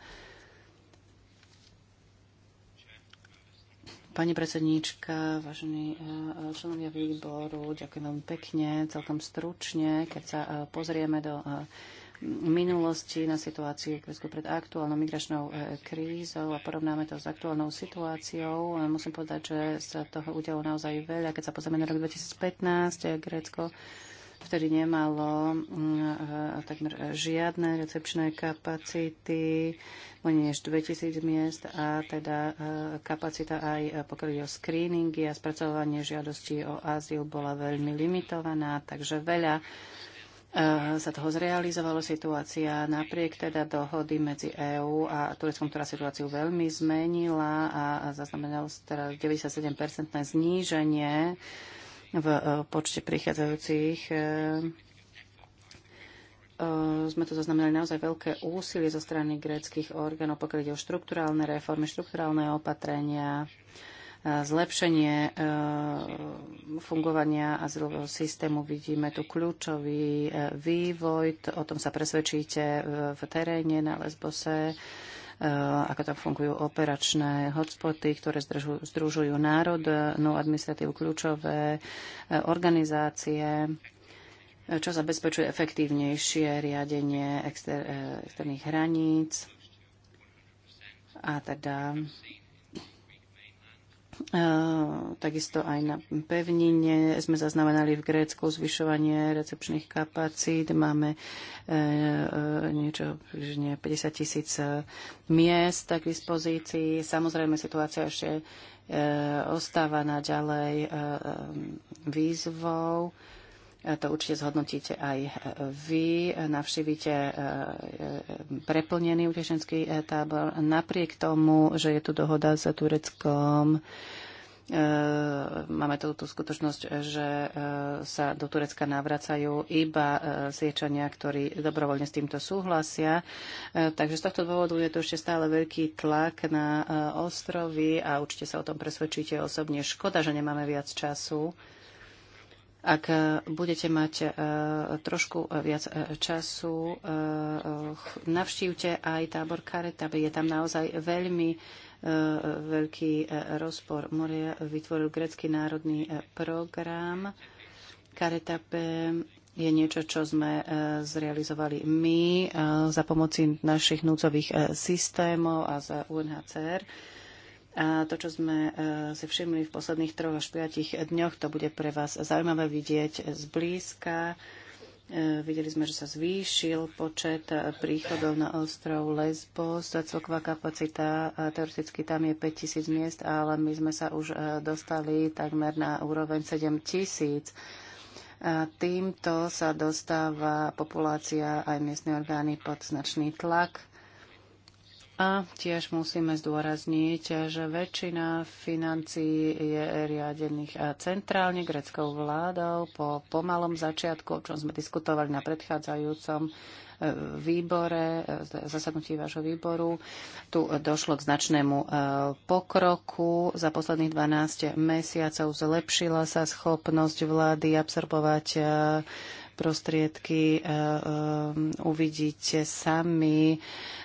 Pani predsedníčka, vážení e, e, členovia výboru, ďakujem veľmi pekne, celkom stručne. Keď sa e, pozrieme do minulosti na situáciu pred aktuálnou migračnou krízou a porovnáme to s aktuálnou situáciou, musím povedať, že sa toho udialo naozaj veľa. Keď sa pozrieme na rok 2015, Grécko vtedy nemalo mm, takmer žiadne recepčné kapacity, menej než 2000 miest a teda e, kapacita aj e, pokiaľ ide o screeningy a spracovanie žiadostí o azyl bola veľmi limitovaná, takže veľa e, sa toho zrealizovalo situácia napriek teda dohody medzi EÚ a Tureckom, ktorá situáciu veľmi zmenila a, a zaznamenalo sa teda 97-percentné zníženie v e, počte prichádzajúcich e, e, sme tu zaznamenali naozaj veľké úsilie zo strany gréckých orgánov, pokiaľ ide o štruktúrálne reformy, štruktúrálne opatrenia, zlepšenie fungovania azylového systému. Vidíme tu kľúčový vývoj, o tom sa presvedčíte v teréne na Lesbose Eh, ako tam fungujú operačné hotspoty, ktoré združujú národnú administratívu, kľúčové eh, organizácie, eh, čo zabezpečuje efektívnejšie riadenie externých hraníc a teda Takisto aj na pevnine sme zaznamenali v Grécku zvyšovanie recepčných kapacít. Máme e, e, niečo približne 50 tisíc e, miest tak k dispozícii. Samozrejme, situácia ešte ostáva naďalej výzvou to určite zhodnotíte aj vy. Navštívite e, e, preplnený utečenský e, tábor. Napriek tomu, že je tu dohoda s Tureckom, máme tu tú skutočnosť, že sa do Turecka navracajú iba siečania, ktorí dobrovoľne s týmto súhlasia. Takže z tohto dôvodu je tu ešte stále veľký tlak na ostrovy a určite sa o tom presvedčíte osobne. Škoda, že nemáme viac času ak e, budete mať e, trošku e, viac času, navštívte aj tábor Kareta. je tam naozaj veľmi veľký rozpor. Moria vytvoril grecký národný program. Karetape je niečo, čo sme zrealizovali my za pomoci našich núcových systémov a za UNHCR a to, čo sme e, si všimli v posledných troch až piatich dňoch, to bude pre vás zaujímavé vidieť zblízka. E, videli sme, že sa zvýšil počet príchodov na ostrov Lesbos. Celková kapacita e, teoreticky tam je 5000 miest, ale my sme sa už dostali takmer na úroveň 7000. A týmto sa dostáva populácia aj miestne orgány pod značný tlak a tiež musíme zdôrazniť, že väčšina financií je riadených centrálne greckou vládou po pomalom začiatku, o čom sme diskutovali na predchádzajúcom e, výbore, e, zasadnutí vášho výboru. Tu došlo k značnému e, pokroku. Za posledných 12 mesiacov zlepšila sa schopnosť vlády absorbovať prostriedky. E, e, uvidíte sami,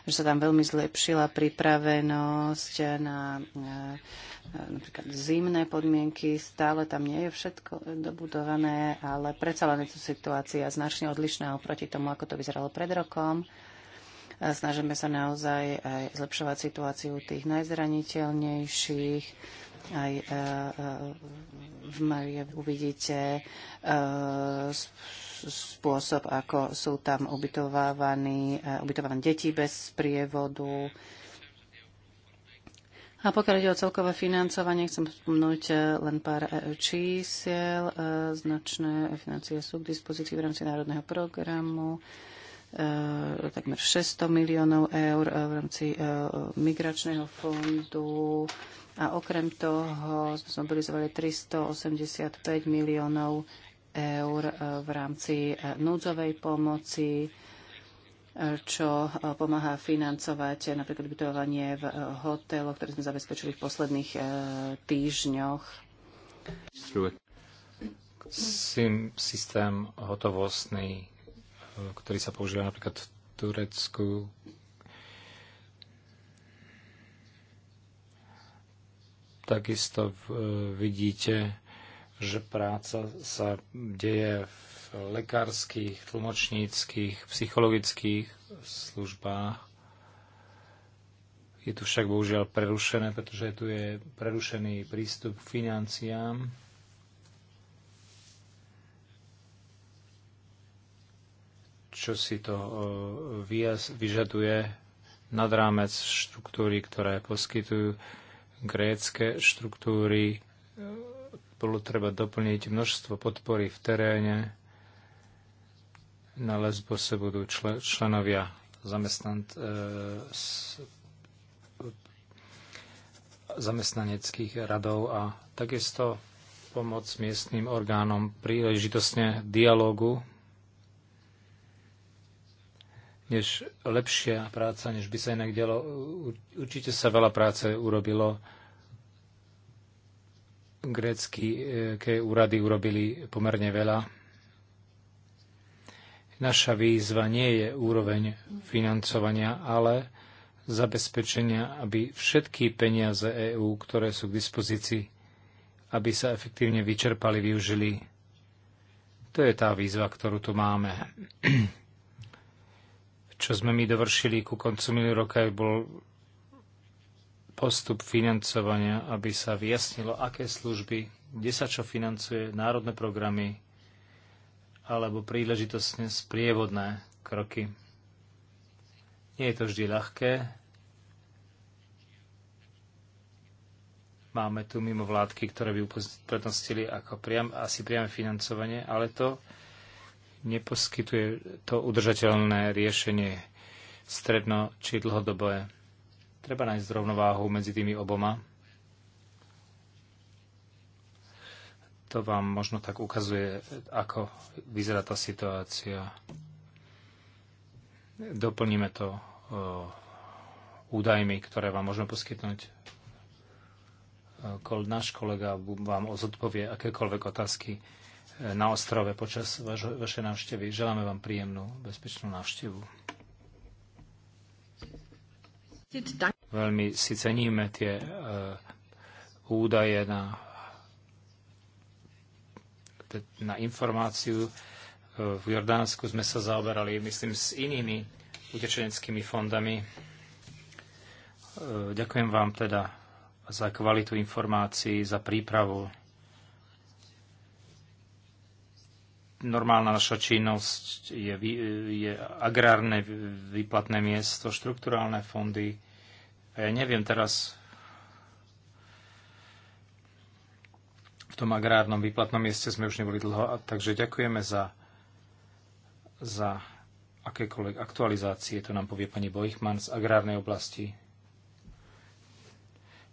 že sa tam veľmi zlepšila pripravenosť na e, napríklad zimné podmienky, stále tam nie je všetko dobudované, ale predsa len je to situácia značne odlišná oproti tomu, ako to vyzeralo pred rokom. Snažíme sa naozaj aj zlepšovať situáciu tých najzraniteľnejších. Aj e, e, v Marie uvidíte e, spôsob, ako sú tam ubytovávaní, ubytovávané deti bez prievodu. A pokiaľ ide o celkové financovanie, chcem spomnúť len pár čísiel. Značné financie sú k dispozícii v rámci národného programu. E, takmer 600 miliónov eur e, v rámci e, migračného fondu a okrem toho sme zmobilizovali 385 miliónov eur v rámci núdzovej pomoci čo pomáha financovať napríklad bytovanie v hoteloch, ktoré sme zabezpečili v posledných týždňoch. systém hotovostný E, ktorý sa používa napríklad v Turecku. Takisto e, vidíte, že práca sa deje v lekárskych, tlmočníckých, psychologických službách. Je tu však bohužiaľ prerušené, pretože tu je prerušený prístup k financiám. čo si to e, vyžaduje nad rámec štruktúry, ktoré poskytujú grécké štruktúry. E, bolo treba doplniť množstvo podpory v teréne. Na se budú členovia zamestnant, e, zamestnaneckých radov a takisto pomoc miestnym orgánom príležitostne dialogu než lepšia práca, než by sa inak dialo. Určite sa veľa práce urobilo. Grécké eh, úrady urobili pomerne veľa. Naša výzva nie je úroveň financovania, ale zabezpečenia, aby všetky peniaze EÚ, ktoré sú k dispozícii, aby sa efektívne vyčerpali, využili. To je tá výzva, ktorú tu máme. čo sme my dovršili ku koncu minulého roka, bol postup financovania, aby sa vyjasnilo, aké služby, kde sa čo financuje, národné programy alebo príležitostne sprievodné kroky. Nie je to vždy ľahké. Máme tu mimo vládky, ktoré by uprednostili ako priam, asi priame financovanie, ale to neposkytuje to udržateľné riešenie stredno- či dlhodobé. Treba nájsť rovnováhu medzi tými oboma. To vám možno tak ukazuje, ako vyzerá tá situácia. Doplníme to o, údajmi, ktoré vám môžeme poskytnúť. Náš kolega vám zodpovie akékoľvek otázky na ostrove počas vaš, vašej návštevy. Želáme vám príjemnú, bezpečnú návštevu. Veľmi si ceníme tie uh, údaje na, na informáciu. E, v Jordánsku sme sa zaoberali, myslím, s inými utečeneckými fondami. Uh, ďakujem vám teda za kvalitu informácií, za prípravu normálna naša činnosť je, je agrárne výplatné miesto, štrukturálne fondy. A ja neviem teraz v tom agrárnom výplatnom mieste sme už neboli dlho, takže ďakujeme za, za akékoľvek aktualizácie, to nám povie pani Bojchman z agrárnej oblasti.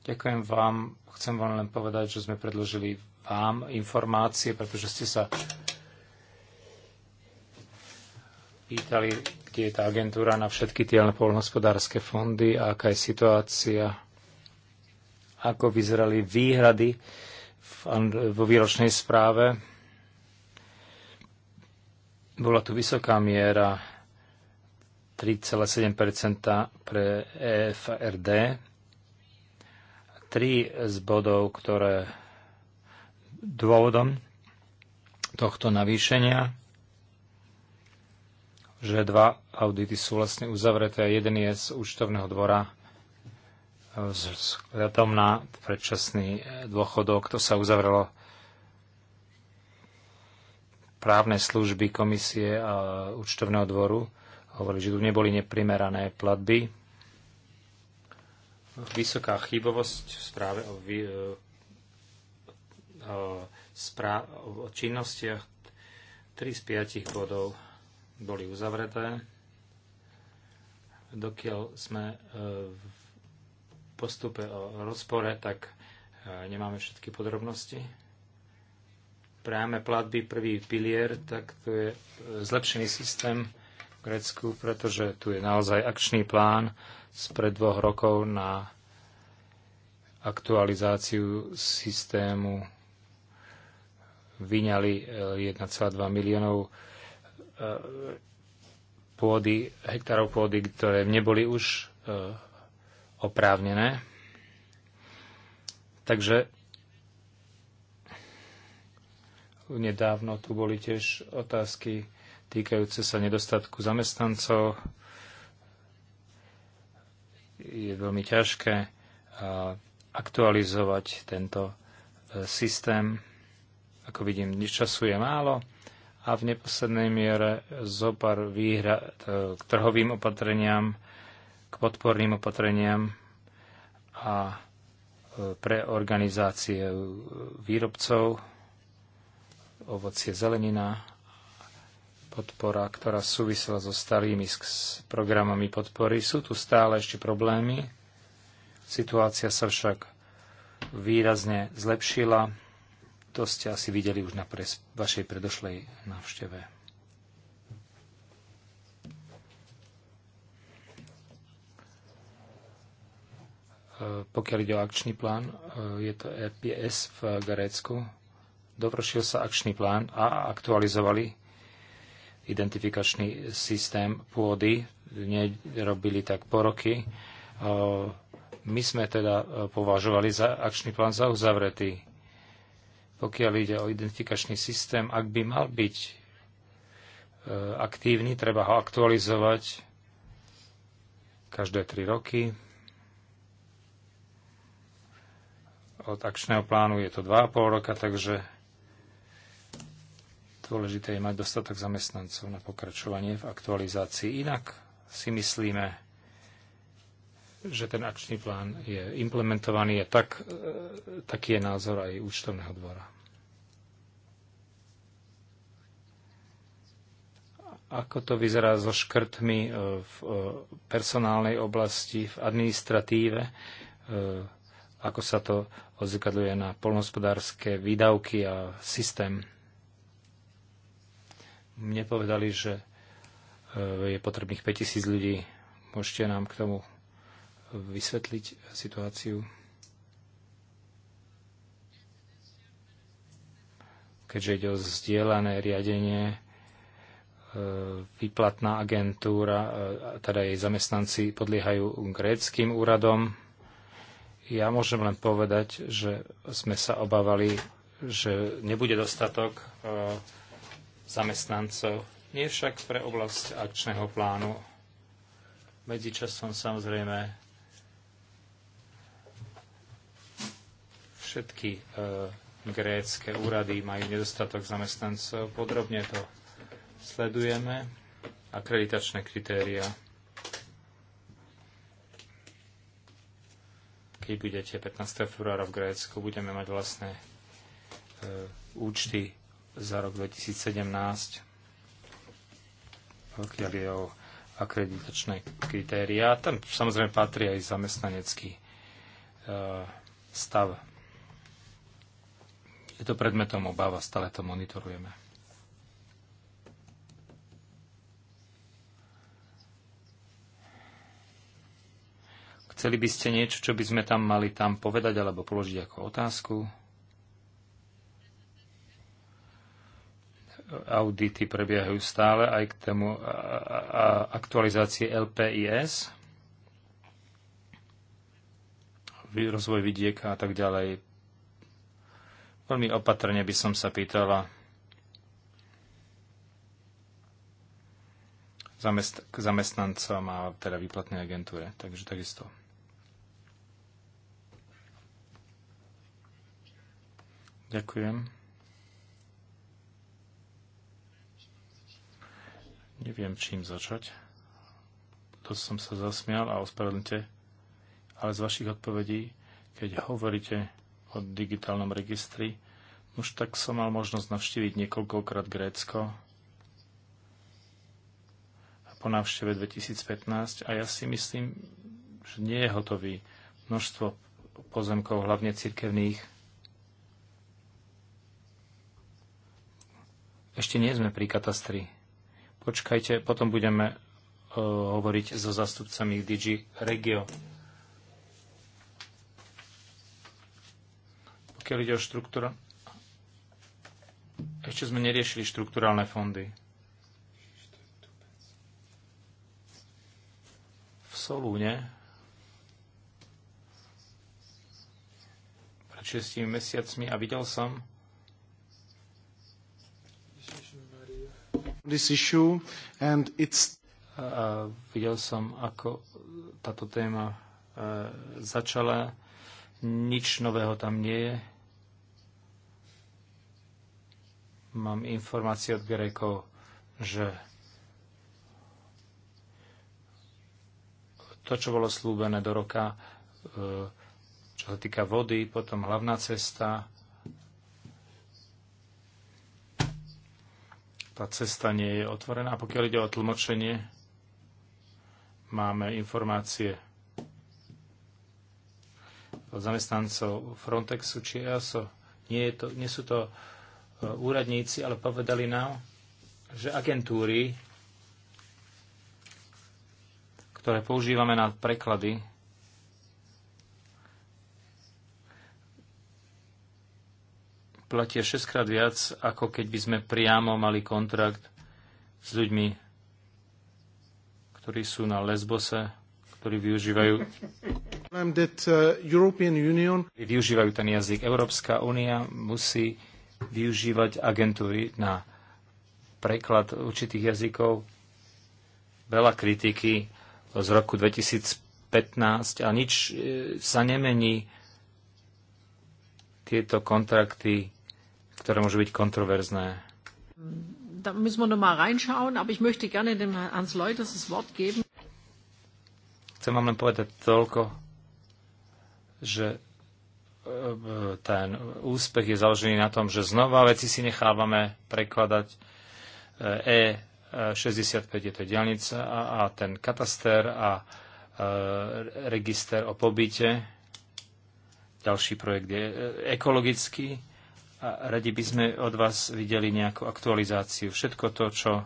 Ďakujem vám, chcem vám len povedať, že sme predložili vám informácie, pretože ste sa pýtali, kde je tá agentúra na všetky tie poľnohospodárske fondy a aká je situácia, ako vyzerali výhrady vo výročnej správe. Bola tu vysoká miera 3,7 pre EFRD. Tri z bodov, ktoré dôvodom tohto navýšenia že dva audity sú vlastne uzavreté a jeden je z účtovného dvora e, s hľadom na predčasný e, dôchodok. To sa uzavrelo právne služby komisie a účtovného dvoru. Hovorili, že tu neboli neprimerané platby. Vysoká chybovosť v správe o, e, o, správ, o činnostiach 3 z 5 bodov boli uzavreté. Dokiaľ sme e, v postupe o rozpore, tak e, nemáme všetky podrobnosti. Práme platby prvý pilier, tak to je e, zlepšený systém v Grécku, pretože tu je naozaj akčný plán spred dvoch rokov na aktualizáciu systému vyňali 1,2 miliónov E, pôdy, hektárov pôdy, ktoré neboli už e, oprávnené. Takže nedávno tu boli tiež otázky týkajúce sa nedostatku zamestnancov. Je veľmi ťažké e, aktualizovať tento systém. Ako vidím, času je málo a v neposlednej miere zopar výhra e, k trhovým opatreniam, k podporným opatreniam a e, pre organizácie výrobcov ovocie zelenina, podpora, ktorá súvisela so starými programami podpory. Sú tu stále ešte problémy. Situácia sa však výrazne zlepšila to ste asi videli už na pres- vašej predošlej návšteve. E, pokiaľ ide o akčný plán, e, je to EPS v Garecku. Dovršil sa akčný plán a aktualizovali identifikačný systém pôdy. Nerobili tak po roky. E, my sme teda považovali za akčný plán za uzavretý pokiaľ ide o identifikačný systém, ak by mal byť e, aktívny, treba ho aktualizovať každé tri roky. Od akčného plánu je to 2,5 roka, takže dôležité je mať dostatok zamestnancov na pokračovanie v aktualizácii. Inak si myslíme, že ten akčný plán je implementovaný a tak, e, taký je názor aj účtovného dvora. Ako to vyzerá so škrtmi e, v e, personálnej oblasti, v administratíve? Ako sa to odzrkadľuje na polnospodárske výdavky a systém? Mne povedali, že je potrebných 5000 ľudí. Môžete nám k tomu vysvetliť situáciu. Keďže ide o zdieľané riadenie, e, výplatná agentúra, e, teda jej zamestnanci podliehajú gréckým úradom. Ja môžem len povedať, že sme sa obávali, že nebude dostatok e, zamestnancov, nie však pre oblasť akčného plánu. Medzičasom samozrejme všetky e, grécké úrady majú nedostatok zamestnancov. Podrobne to sledujeme. Akreditačné kritéria. Keď budete 15. februára v Grécku, budeme mať vlastné e, účty za rok 2017, pokiaľ je o akreditačné kritériá. Tam samozrejme patrí aj zamestnanecký e, stav je to predmetom obáva, stále to monitorujeme. Chceli by ste niečo, čo by sme tam mali tam povedať alebo položiť ako otázku? Audity prebiehajú stále aj k tomu aktualizácie LPIS, rozvoj vidieka a tak ďalej. Veľmi opatrne by som sa pýtala zamest- k zamestnancom a teda výplatnej agentúre. Takže takisto. Ďakujem. Neviem, čím začať. To som sa zasmial a ospravedlňte. Ale z vašich odpovedí, keď hovoríte o digitálnom registri. Už tak som mal možnosť navštíviť niekoľkokrát Grécko a po návšteve 2015 a ja si myslím, že nie je hotový množstvo pozemkov, hlavne cirkevných. Ešte nie sme pri katastri. Počkajte, potom budeme eh, hovoriť so zastupcami DG Regio. pokiaľ ide o štruktúra... Ešte sme neriešili štruktúralne fondy. V Solúne pred 6 mesiacmi a videl som this issue and it's a videl som, ako táto téma e, začala. Nič nového tam nie je. Mám informácie od Grekov, že to, čo bolo slúbené do roka, e, čo sa týka vody, potom hlavná cesta, tá cesta nie je otvorená. Pokiaľ ide o tlmočenie, máme informácie od zamestnancov Frontexu či EASO. Nie, je to, nie sú to úradníci, ale povedali nám, že agentúry, ktoré používame na preklady, platia 6 krát viac, ako keď by sme priamo mali kontrakt s ľuďmi, ktorí sú na Lesbose, ktorí využívajú uh, využívajú ten jazyk. Európska únia musí využívať agentúry na preklad určitých jazykov. Veľa kritiky z roku 2015 a nič e, sa nemení. Tieto kontrakty, ktoré môžu byť kontroverzné. Da müssen wir nochmal reinschauen, aber ich möchte gerne dem Hans Leuters das Wort geben. Chcem vám len povedať toľko, že ten úspech je založený na tom, že znova veci si nechávame prekladať. E65 e je to diálnica a, a ten kataster a e, register o pobyte. Ďalší projekt je e, ekologický. A radi by sme od vás videli nejakú aktualizáciu. Všetko to, čo e,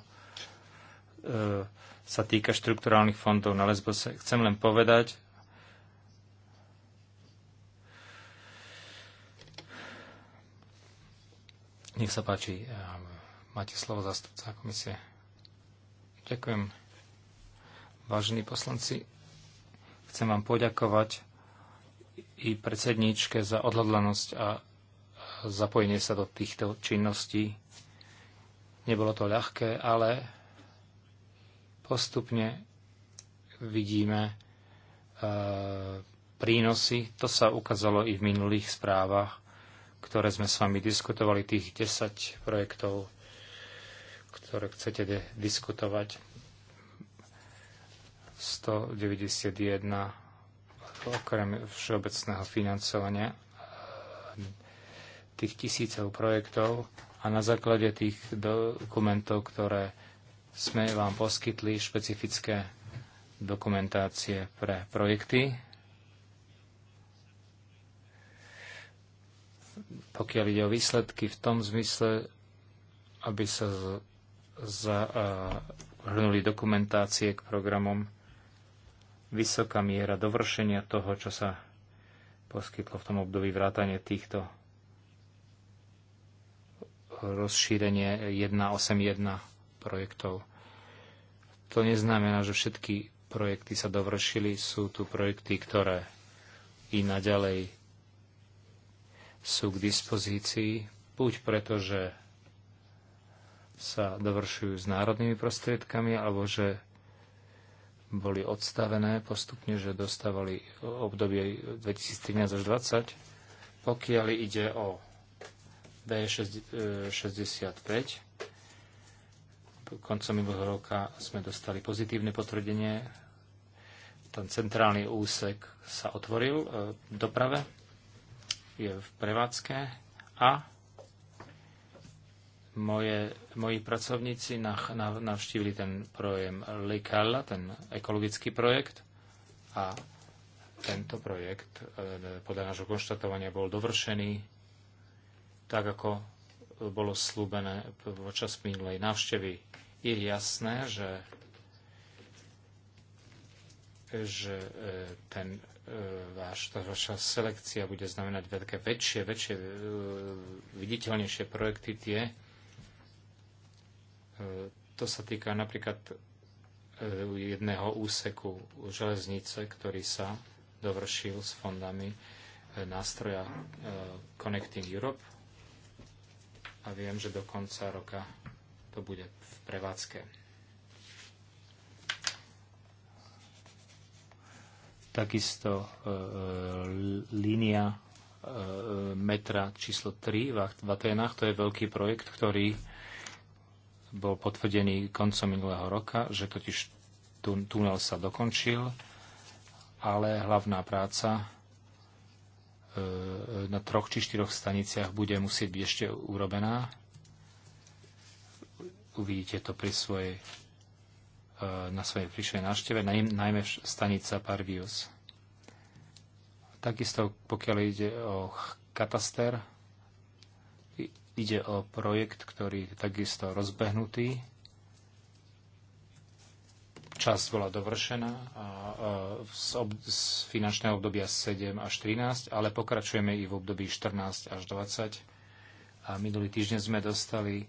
sa týka štrukturálnych fondov na Lesbose. Chcem len povedať, Nech sa páči, eh, máte slovo zastupca komisie. Ďakujem. Vážení poslanci, chcem vám poďakovať i predsedníčke za odhodlanosť a zapojenie sa do týchto činností. Nebolo to ľahké, ale postupne vidíme eh, prínosy. To sa ukázalo i v minulých správach ktoré sme s vami diskutovali, tých 10 projektov, ktoré chcete diskutovať. 191 okrem všeobecného financovania tých tisícov projektov a na základe tých dokumentov, ktoré sme vám poskytli, špecifické dokumentácie pre projekty, pokiaľ ide o výsledky v tom zmysle, aby sa zahrnuli dokumentácie k programom, vysoká miera dovršenia toho, čo sa poskytlo v tom období vrátanie týchto rozšírenie 181 projektov. To neznamená, že všetky projekty sa dovršili, sú tu projekty, ktoré i naďalej sú k dispozícii, buď preto, že sa dovršujú s národnými prostriedkami, alebo že boli odstavené postupne, že dostávali obdobie 2013 až 2020. Pokiaľ ide o e, D65, koncom minulého roka sme dostali pozitívne potvrdenie. Ten centrálny úsek sa otvoril e, v doprave je v prevádzke a moje, moji pracovníci navštívili ten projem Likala, ten ekologický projekt a tento projekt e, podľa nášho konštatovania bol dovršený tak, ako bolo slúbené počas minulej návštevy. Je jasné, že že e, ten e, váš, tá vaša selekcia bude znamenať veľké, väčšie, väčšie, e, viditeľnejšie projekty tie. To sa týka napríklad jedného úseku železnice, ktorý sa dovršil s fondami nástroja Connecting Europe a viem, že do konca roka to bude v prevádzke. takisto e, e, línia e, metra číslo 3 v Atenách. To je veľký projekt, ktorý bol potvrdený koncom minulého roka, že totiž tunel sa dokončil, ale hlavná práca na troch či štyroch staniciach bude musieť byť ešte urobená. Uvidíte to pri svojej Eh, na svojej prišlej návšteve, najmä stanica Parvius. Takisto, pokiaľ ide o kataster, ide o projekt, ktorý je takisto rozbehnutý. Časť bola dovršená a z, ob- z finančného obdobia 7 až 13, ale pokračujeme i v období 14 až 20. A minulý týždeň sme dostali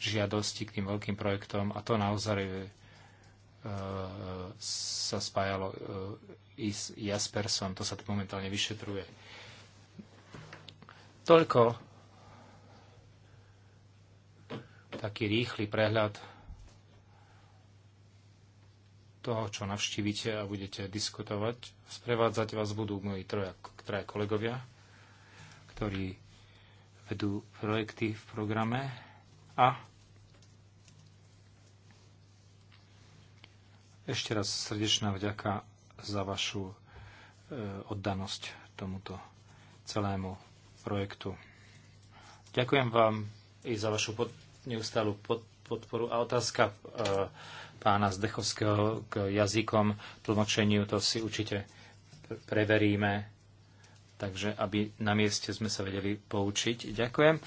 žiadosti k tým veľkým projektom a to naozaj E, sa spájalo e, i s Jaspersom, to sa tu momentálne vyšetruje. Toľko taký rýchly prehľad toho, čo navštívite a budete diskutovať. Sprevádzať vás budú moji troja, troja kolegovia, ktorí vedú projekty v programe a Ešte raz srdečná vďaka za vašu e, oddanosť tomuto celému projektu. Ďakujem vám i za vašu pod, neustálu pod, podporu. A otázka e, pána Zdechovského k jazykom, tlmočeniu, to si určite preveríme, takže aby na mieste sme sa vedeli poučiť. Ďakujem. E,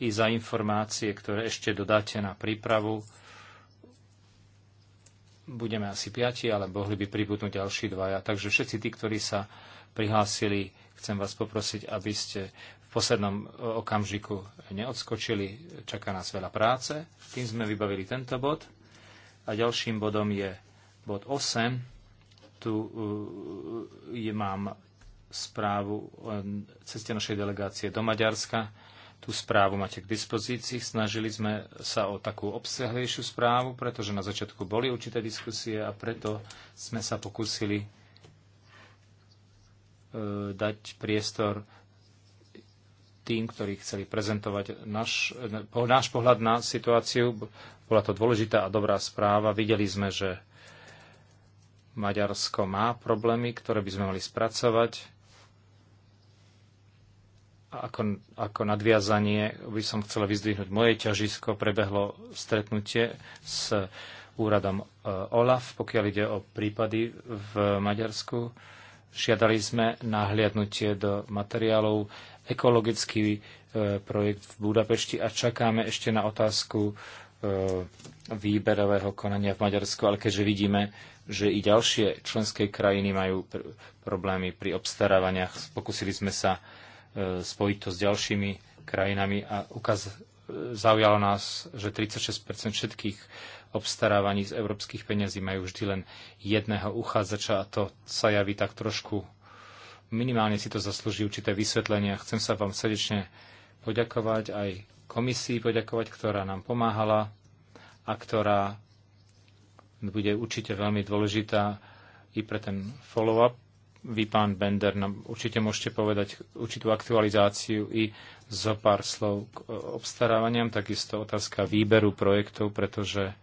I za informácie, ktoré ešte dodáte na prípravu budeme asi piati, ale mohli by pribudnúť ďalší dvaja. Takže všetci tí, ktorí sa prihlásili, chcem vás poprosiť, aby ste v poslednom e, okamžiku neodskočili. Čaká nás veľa práce. Tým sme vybavili tento bod. A ďalším bodom je bod 8. Tu e, je, mám správu o e, ceste našej delegácie do Maďarska. Tú správu máte k dispozícii. Snažili sme sa o takú obsahlejšiu správu, pretože na začiatku boli určité diskusie a preto sme sa pokúsili e, dať priestor tým, ktorí chceli prezentovať náš, e, náš pohľad na situáciu. Bola to dôležitá a dobrá správa. Videli sme, že Maďarsko má problémy, ktoré by sme mali spracovať ako, ako nadviazanie by som chcela vyzdvihnúť moje ťažisko. Prebehlo stretnutie s úradom e, OLAF, pokiaľ ide o prípady v Maďarsku. Žiadali sme nahliadnutie do materiálov ekologický e, projekt v Budapešti a čakáme ešte na otázku e, výberového konania v Maďarsku, ale keďže vidíme, že i ďalšie členské krajiny majú pr- problémy pri obstarávaniach, pokúsili sme sa E, spojiť to s ďalšími krajinami a ukaz, zaujalo nás, že 36 všetkých obstarávaní z európskych peňazí majú vždy len jedného uchádzača a to sa javí tak trošku minimálne si to zaslúži určité vysvetlenie. Chcem sa vám srdečne poďakovať aj komisii poďakovať, ktorá nám pomáhala a ktorá bude určite veľmi dôležitá i pre ten follow-up vy, pán Bender, nám určite môžete povedať určitú aktualizáciu i zo pár slov k e, obstarávaniam, takisto otázka výberu projektov, pretože e,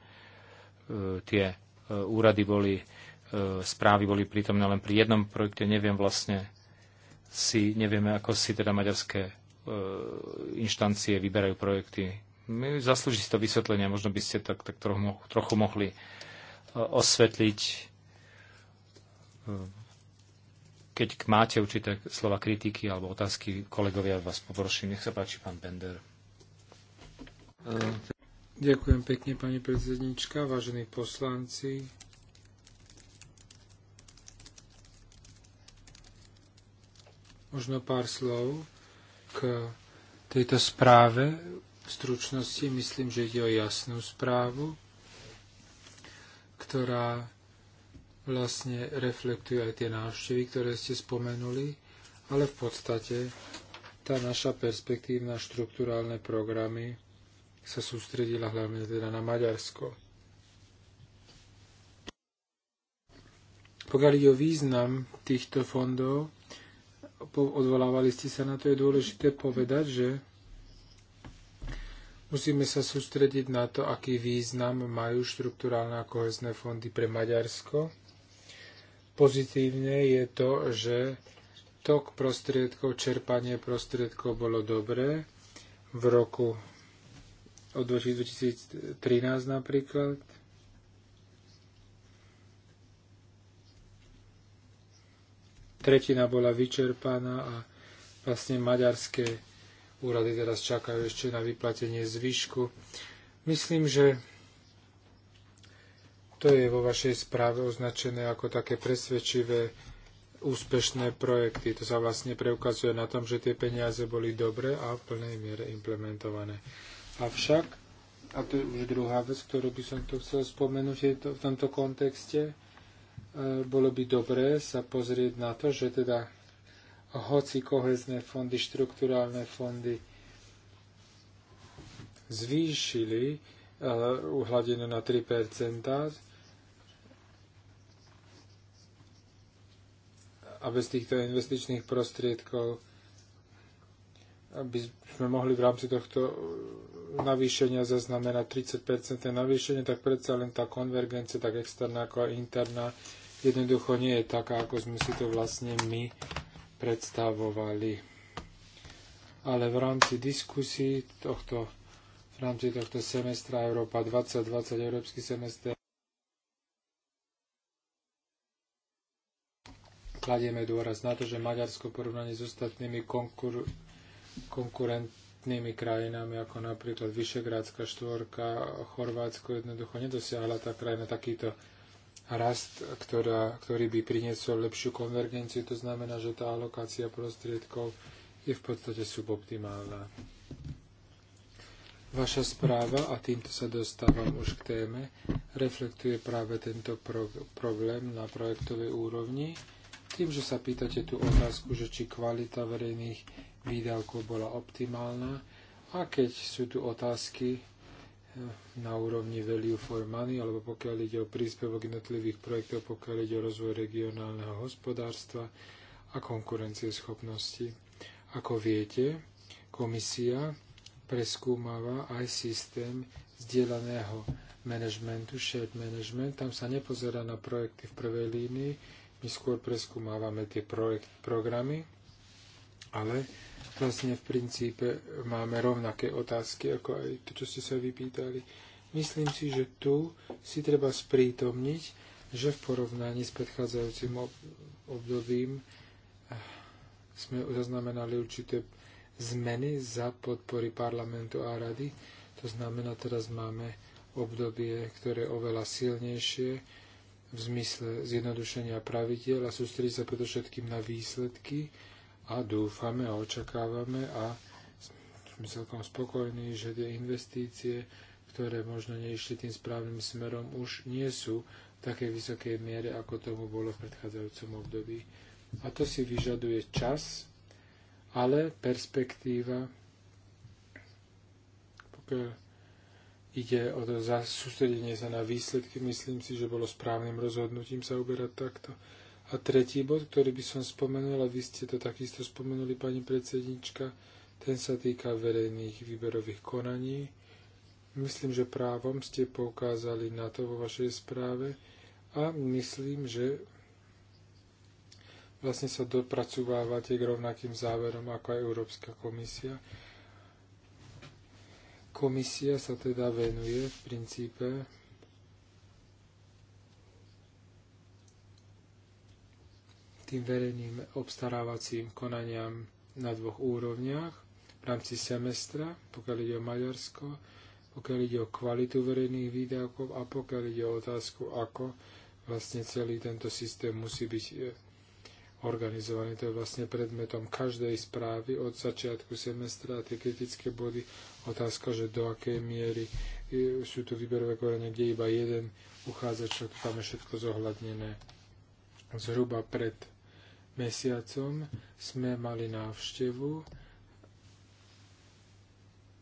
tie e, úrady boli, správy boli prítomné len pri jednom projekte. Neviem vlastne si, nevieme, ako si teda maďarské inštancie vyberajú projekty. My zaslúži si to vysvetlenie, možno by ste tak, tak trochu, trochu mohli osvetliť keď máte určité slova kritiky alebo otázky, kolegovia vás poprosím. Nech sa páči, pán Bender. Ďakujem pekne, pani predsednička, vážení poslanci. Možno pár slov k tejto správe. V stručnosti myslím, že ide o jasnú správu, ktorá vlastne reflektujú aj tie návštevy, ktoré ste spomenuli, ale v podstate tá naša perspektívna štruktúrálne programy sa sústredila hlavne teda na Maďarsko. Pokiaľ ide o význam týchto fondov, odvolávali ste sa na to, je dôležité povedať, že musíme sa sústrediť na to, aký význam majú štruktúrálne a kohezné fondy pre Maďarsko. Pozitívne je to, že tok prostriedkov, čerpanie prostriedkov bolo dobré v roku od 2013 napríklad. Tretina bola vyčerpaná a vlastne maďarské úrady teraz čakajú ešte na vyplatenie zvyšku. Myslím, že to je vo vašej správe označené ako také presvedčivé úspešné projekty. To sa vlastne preukazuje na tom, že tie peniaze boli dobre a v plnej miere implementované. Avšak, a to je už druhá vec, ktorú by som tu chcel spomenúť je to, v tomto kontexte, e, bolo by dobré sa pozrieť na to, že teda hoci kohezné fondy, štrukturálne fondy zvýšili uh, na 3%, a bez týchto investičných prostriedkov aby sme mohli v rámci tohto navýšenia zaznamenať 30% navýšenie, tak predsa len tá konvergencia, tak externá ako aj interná, jednoducho nie je taká, ako sme si to vlastne my predstavovali. Ale v rámci diskusí tohto, v rámci tohto semestra Európa 2020, Európsky semestr kladieme dôraz na to, že Maďarsko v porovnaní s ostatnými konkur- konkurentnými krajinami, ako napríklad Vyšegrádska štvorka, Chorvátsko jednoducho nedosiahla tá krajina takýto rast, ktorá, ktorý by priniesol lepšiu konvergenciu. To znamená, že tá alokácia prostriedkov je v podstate suboptimálna. Vaša správa, a týmto sa dostávam už k téme, reflektuje práve tento pro- problém na projektovej úrovni tým, že sa pýtate tú otázku, že či kvalita verejných výdavkov bola optimálna a keď sú tu otázky eh, na úrovni value for money, alebo pokiaľ ide o príspevok jednotlivých projektov, pokiaľ ide o rozvoj regionálneho hospodárstva a konkurencieschopnosti. Ako viete, komisia preskúmava aj systém zdieľaného managementu, shared management. Tam sa nepozerá na projekty v prvej línii, my skôr preskúmávame tie projekt, programy, ale vlastne v princípe máme rovnaké otázky, ako aj to, čo ste sa vypýtali. Myslím si, že tu si treba sprítomniť, že v porovnaní s predchádzajúcim obdobím eh, sme zaznamenali určité zmeny za podpory parlamentu a rady. To znamená, teraz máme obdobie, ktoré je oveľa silnejšie, v zmysle zjednodušenia pravidel, a sústrediť sa predovšetkým na výsledky a dúfame a očakávame a sme celkom spokojní, že tie investície, ktoré možno neišli tým správnym smerom, už nie sú v takej vysokej miere, ako tomu bolo v predchádzajúcom období. A to si vyžaduje čas, ale perspektíva, pokiaľ ide o to sústredenie sa na výsledky. Myslím si, že bolo správnym rozhodnutím sa uberať takto. A tretí bod, ktorý by som spomenul, a vy ste to takisto spomenuli, pani predsednička, ten sa týka verejných výberových konaní. Myslím, že právom ste poukázali na to vo vašej správe a myslím, že vlastne sa dopracovávate k rovnakým záverom ako aj Európska komisia. Komisia sa teda venuje v princípe tým verejným obstarávacím konaniam na dvoch úrovniach v rámci semestra, pokiaľ ide o Maďarsko, pokiaľ ide o kvalitu verejných výdavkov a pokiaľ ide o otázku, ako vlastne celý tento systém musí byť e, organizovaný. To je vlastne predmetom každej správy od začiatku semestra a tie kritické body. Otázka, že do akej miery e, sú tu výberové korene, kde iba jeden uchádzač, tam je všetko zohľadnené. Zhruba pred mesiacom sme mali návštevu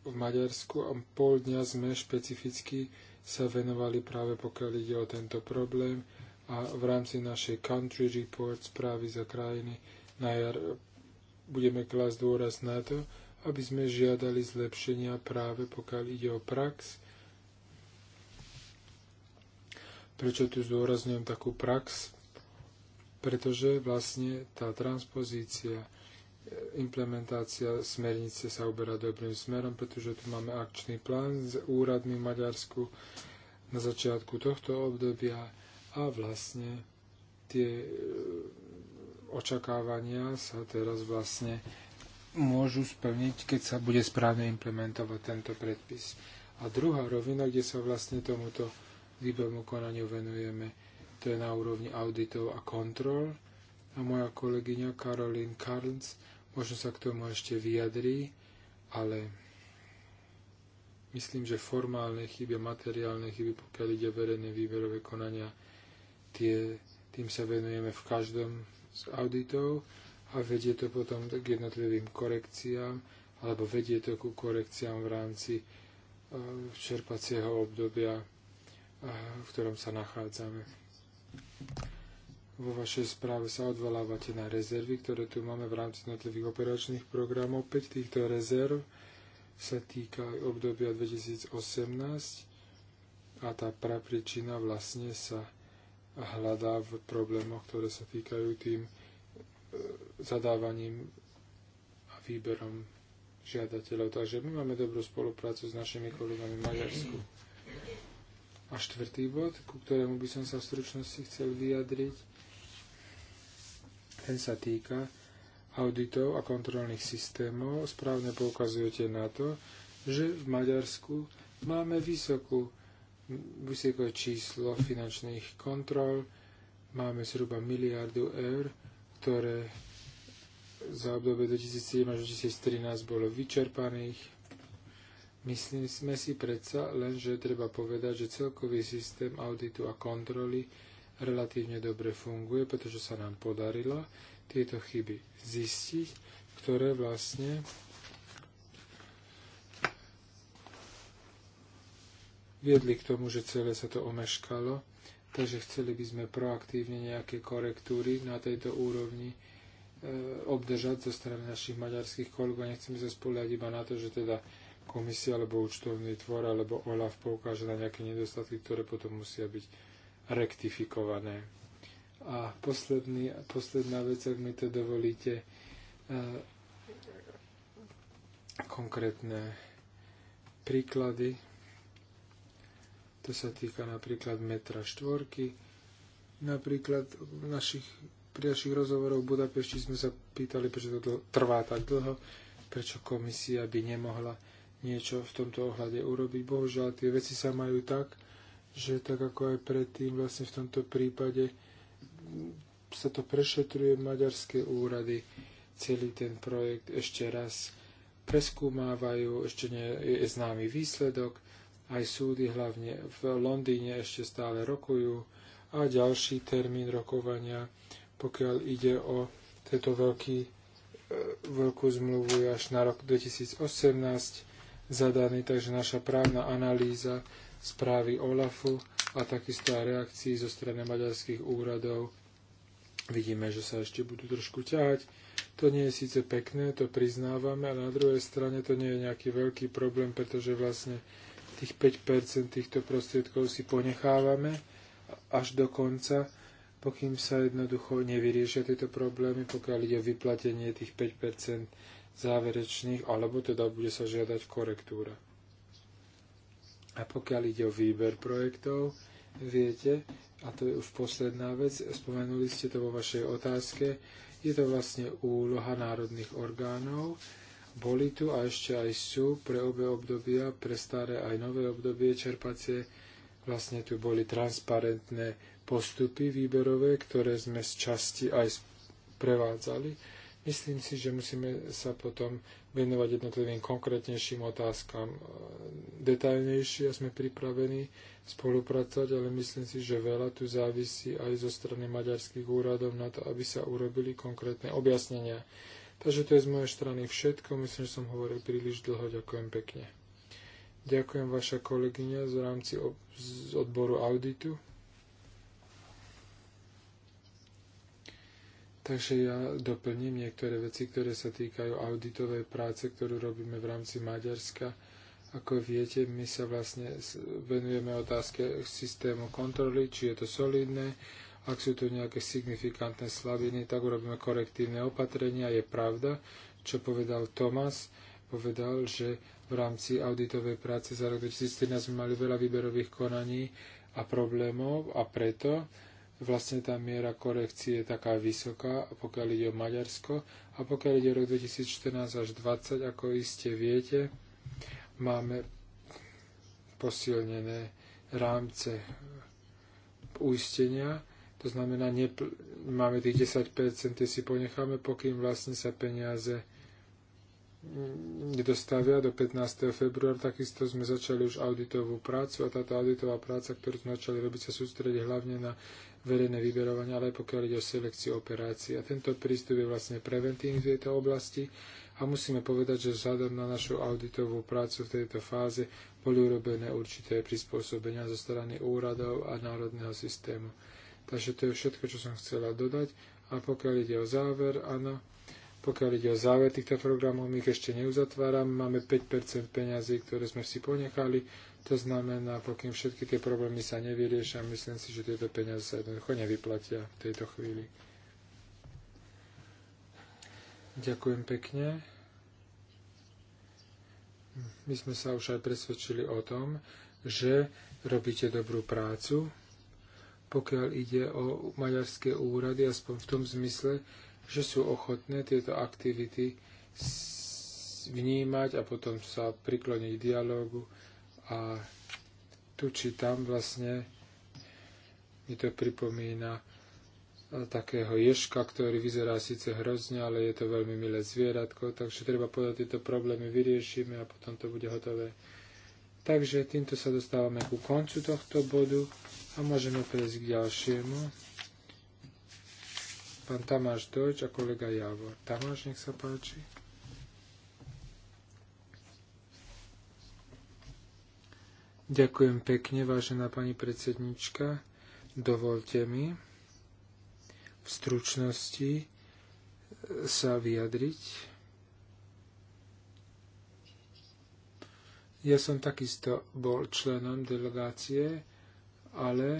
v Maďarsku a pol dňa sme špecificky sa venovali práve pokiaľ ide o tento problém a v rámci našej country report správy za krajiny na jar budeme klásť dôraz na to, aby sme žiadali zlepšenia práve pokiaľ ide o prax. Prečo tu zdôrazňujem takú prax? Pretože vlastne tá transpozícia, e, implementácia smernice sa uberá dobrým smerom, pretože tu máme akčný plán s úradmi v Maďarsku na začiatku tohto obdobia a vlastne tie e, očakávania sa teraz vlastne môžu splniť, keď sa bude správne implementovať tento predpis. A druhá rovina, kde sa vlastne tomuto výbornému konaniu venujeme, to je na úrovni auditov a kontrol. A moja kolegyňa Karolín Karls možno sa k tomu ešte vyjadrí, ale myslím, že formálne chyby a materiálne chyby, pokiaľ ide verejné výberové konania, Tie, tým sa venujeme v každom z auditov a vedie to potom k jednotlivým korekciám alebo vedie to ku korekciám v rámci e, čerpacieho obdobia, e, v ktorom sa nachádzame. Vo vašej správe sa odvolávate na rezervy, ktoré tu máme v rámci jednotlivých operačných programov. 5 týchto rezerv sa týka aj obdobia 2018 a tá prapričina vlastne sa hľadá v problémoch, ktoré sa týkajú tým e, zadávaním a výberom žiadateľov. Takže my máme dobrú spoluprácu s našimi kolegami v Maďarsku. A štvrtý bod, ku ktorému by som sa v stručnosti chcel vyjadriť, ten sa týka auditov a kontrolných systémov. Správne poukazujete na to, že v Maďarsku máme vysokú vysoké číslo finančných kontrol. Máme zhruba miliardu eur, ktoré za obdobie 2007 až 2013 bolo vyčerpaných. Myslím sme si predsa len, že treba povedať, že celkový systém auditu a kontroly relatívne dobre funguje, pretože sa nám podarilo tieto chyby zistiť, ktoré vlastne viedli k tomu, že celé sa to omeškalo, takže chceli by sme proaktívne nejaké korektúry na tejto úrovni e, obdržať zo strany našich maďarských kolegov a nechceme sa spoliať iba na to, že teda komisia alebo účtovný tvor alebo OLAF poukáže na nejaké nedostatky, ktoré potom musia byť rektifikované. A posledný, posledná vec, ak mi to dovolíte, e, konkrétne príklady to sa týka napríklad metra štvorky. Napríklad v našich priašich rozhovoroch v Budapešti sme sa pýtali, prečo to trvá tak dlho, prečo komisia by nemohla niečo v tomto ohľade urobiť. Bohužiaľ, tie veci sa majú tak, že tak ako aj predtým, vlastne v tomto prípade sa to prešetruje maďarské úrady, celý ten projekt ešte raz preskúmávajú, ešte nie je známy výsledok, aj súdy hlavne v Londýne ešte stále rokujú a ďalší termín rokovania, pokiaľ ide o tento veľký, e, veľkú zmluvu je až na rok 2018 zadaný, takže naša právna analýza správy OLAFu a takisto aj reakcií zo strany maďarských úradov. Vidíme, že sa ešte budú trošku ťahať. To nie je síce pekné, to priznávame, ale na druhej strane to nie je nejaký veľký problém, pretože vlastne Tých 5% týchto prostriedkov si ponechávame až do konca, pokým sa jednoducho nevyriešia tieto problémy, pokiaľ ide o vyplatenie tých 5% záverečných, alebo teda bude sa žiadať korektúra. A pokiaľ ide o výber projektov, viete, a to je už posledná vec, spomenuli ste to vo vašej otázke, je to vlastne úloha národných orgánov, boli tu a ešte aj sú pre obe obdobia, pre staré aj nové obdobie čerpacie. Vlastne tu boli transparentné postupy výberové, ktoré sme z časti aj prevádzali. Myslím si, že musíme sa potom venovať jednotlivým konkrétnejším otázkam detailnejšie a sme pripravení spolupracovať, ale myslím si, že veľa tu závisí aj zo strany maďarských úradov na to, aby sa urobili konkrétne objasnenia. Takže to je z mojej strany všetko. Myslím, že som hovoril príliš dlho. Ďakujem pekne. Ďakujem vaša kolegyňa z rámci z odboru auditu. Takže ja doplním niektoré veci, ktoré sa týkajú auditovej práce, ktorú robíme v rámci Maďarska. Ako viete, my sa vlastne venujeme otázke systému kontroly, či je to solidné, ak sú tu nejaké signifikantné slabiny, tak urobíme korektívne opatrenia. Je pravda, čo povedal Tomas, povedal, že v rámci auditovej práce za rok 2013 sme mali veľa výberových konaní a problémov a preto vlastne tá miera korekcie je taká vysoká, pokiaľ ide o Maďarsko a pokiaľ ide o rok 2014 až 2020, ako iste viete, máme posilnené rámce uistenia to znamená, nepl- máme tých 10%, tie si ponecháme, pokým vlastne sa peniaze nedostavia do 15. februára. Takisto sme začali už auditovú prácu a táto auditová práca, ktorú sme začali robiť, sa sústredí hlavne na verejné vyberovanie, ale aj pokiaľ ide o selekciu operácií. A tento prístup je vlastne preventívny v tejto oblasti a musíme povedať, že vzhľadom na našu auditovú prácu v tejto fáze boli urobené určité prispôsobenia zo strany úradov a národného systému. Takže to je všetko, čo som chcela dodať. A pokiaľ ide o záver, áno, pokiaľ ide o záver týchto programov, my ich ešte neuzatváram. Máme 5% peňazí, ktoré sme si ponechali. To znamená, pokým všetky tie problémy sa nevyriešia, myslím si, že tieto peniaze sa jednoducho nevyplatia v tejto chvíli. Ďakujem pekne. My sme sa už aj presvedčili o tom, že robíte dobrú prácu pokiaľ ide o maďarské úrady, aspoň v tom zmysle, že sú ochotné tieto aktivity vnímať a potom sa prikloniť dialógu dialogu a tu či tam vlastne mi to pripomína e, takého ješka, ktorý vyzerá síce hrozne, ale je to veľmi milé zvieratko, takže treba podať tieto problémy vyriešime a potom to bude hotové. Takže týmto sa dostávame ku koncu tohto bodu a môžeme prejsť k ďalšiemu. Pán Tamáš Dojč a kolega Javor. Tamáš, nech sa páči. Ďakujem pekne, vážená pani predsednička. Dovolte mi v stručnosti sa vyjadriť Ja som takisto bol členom delegácie, ale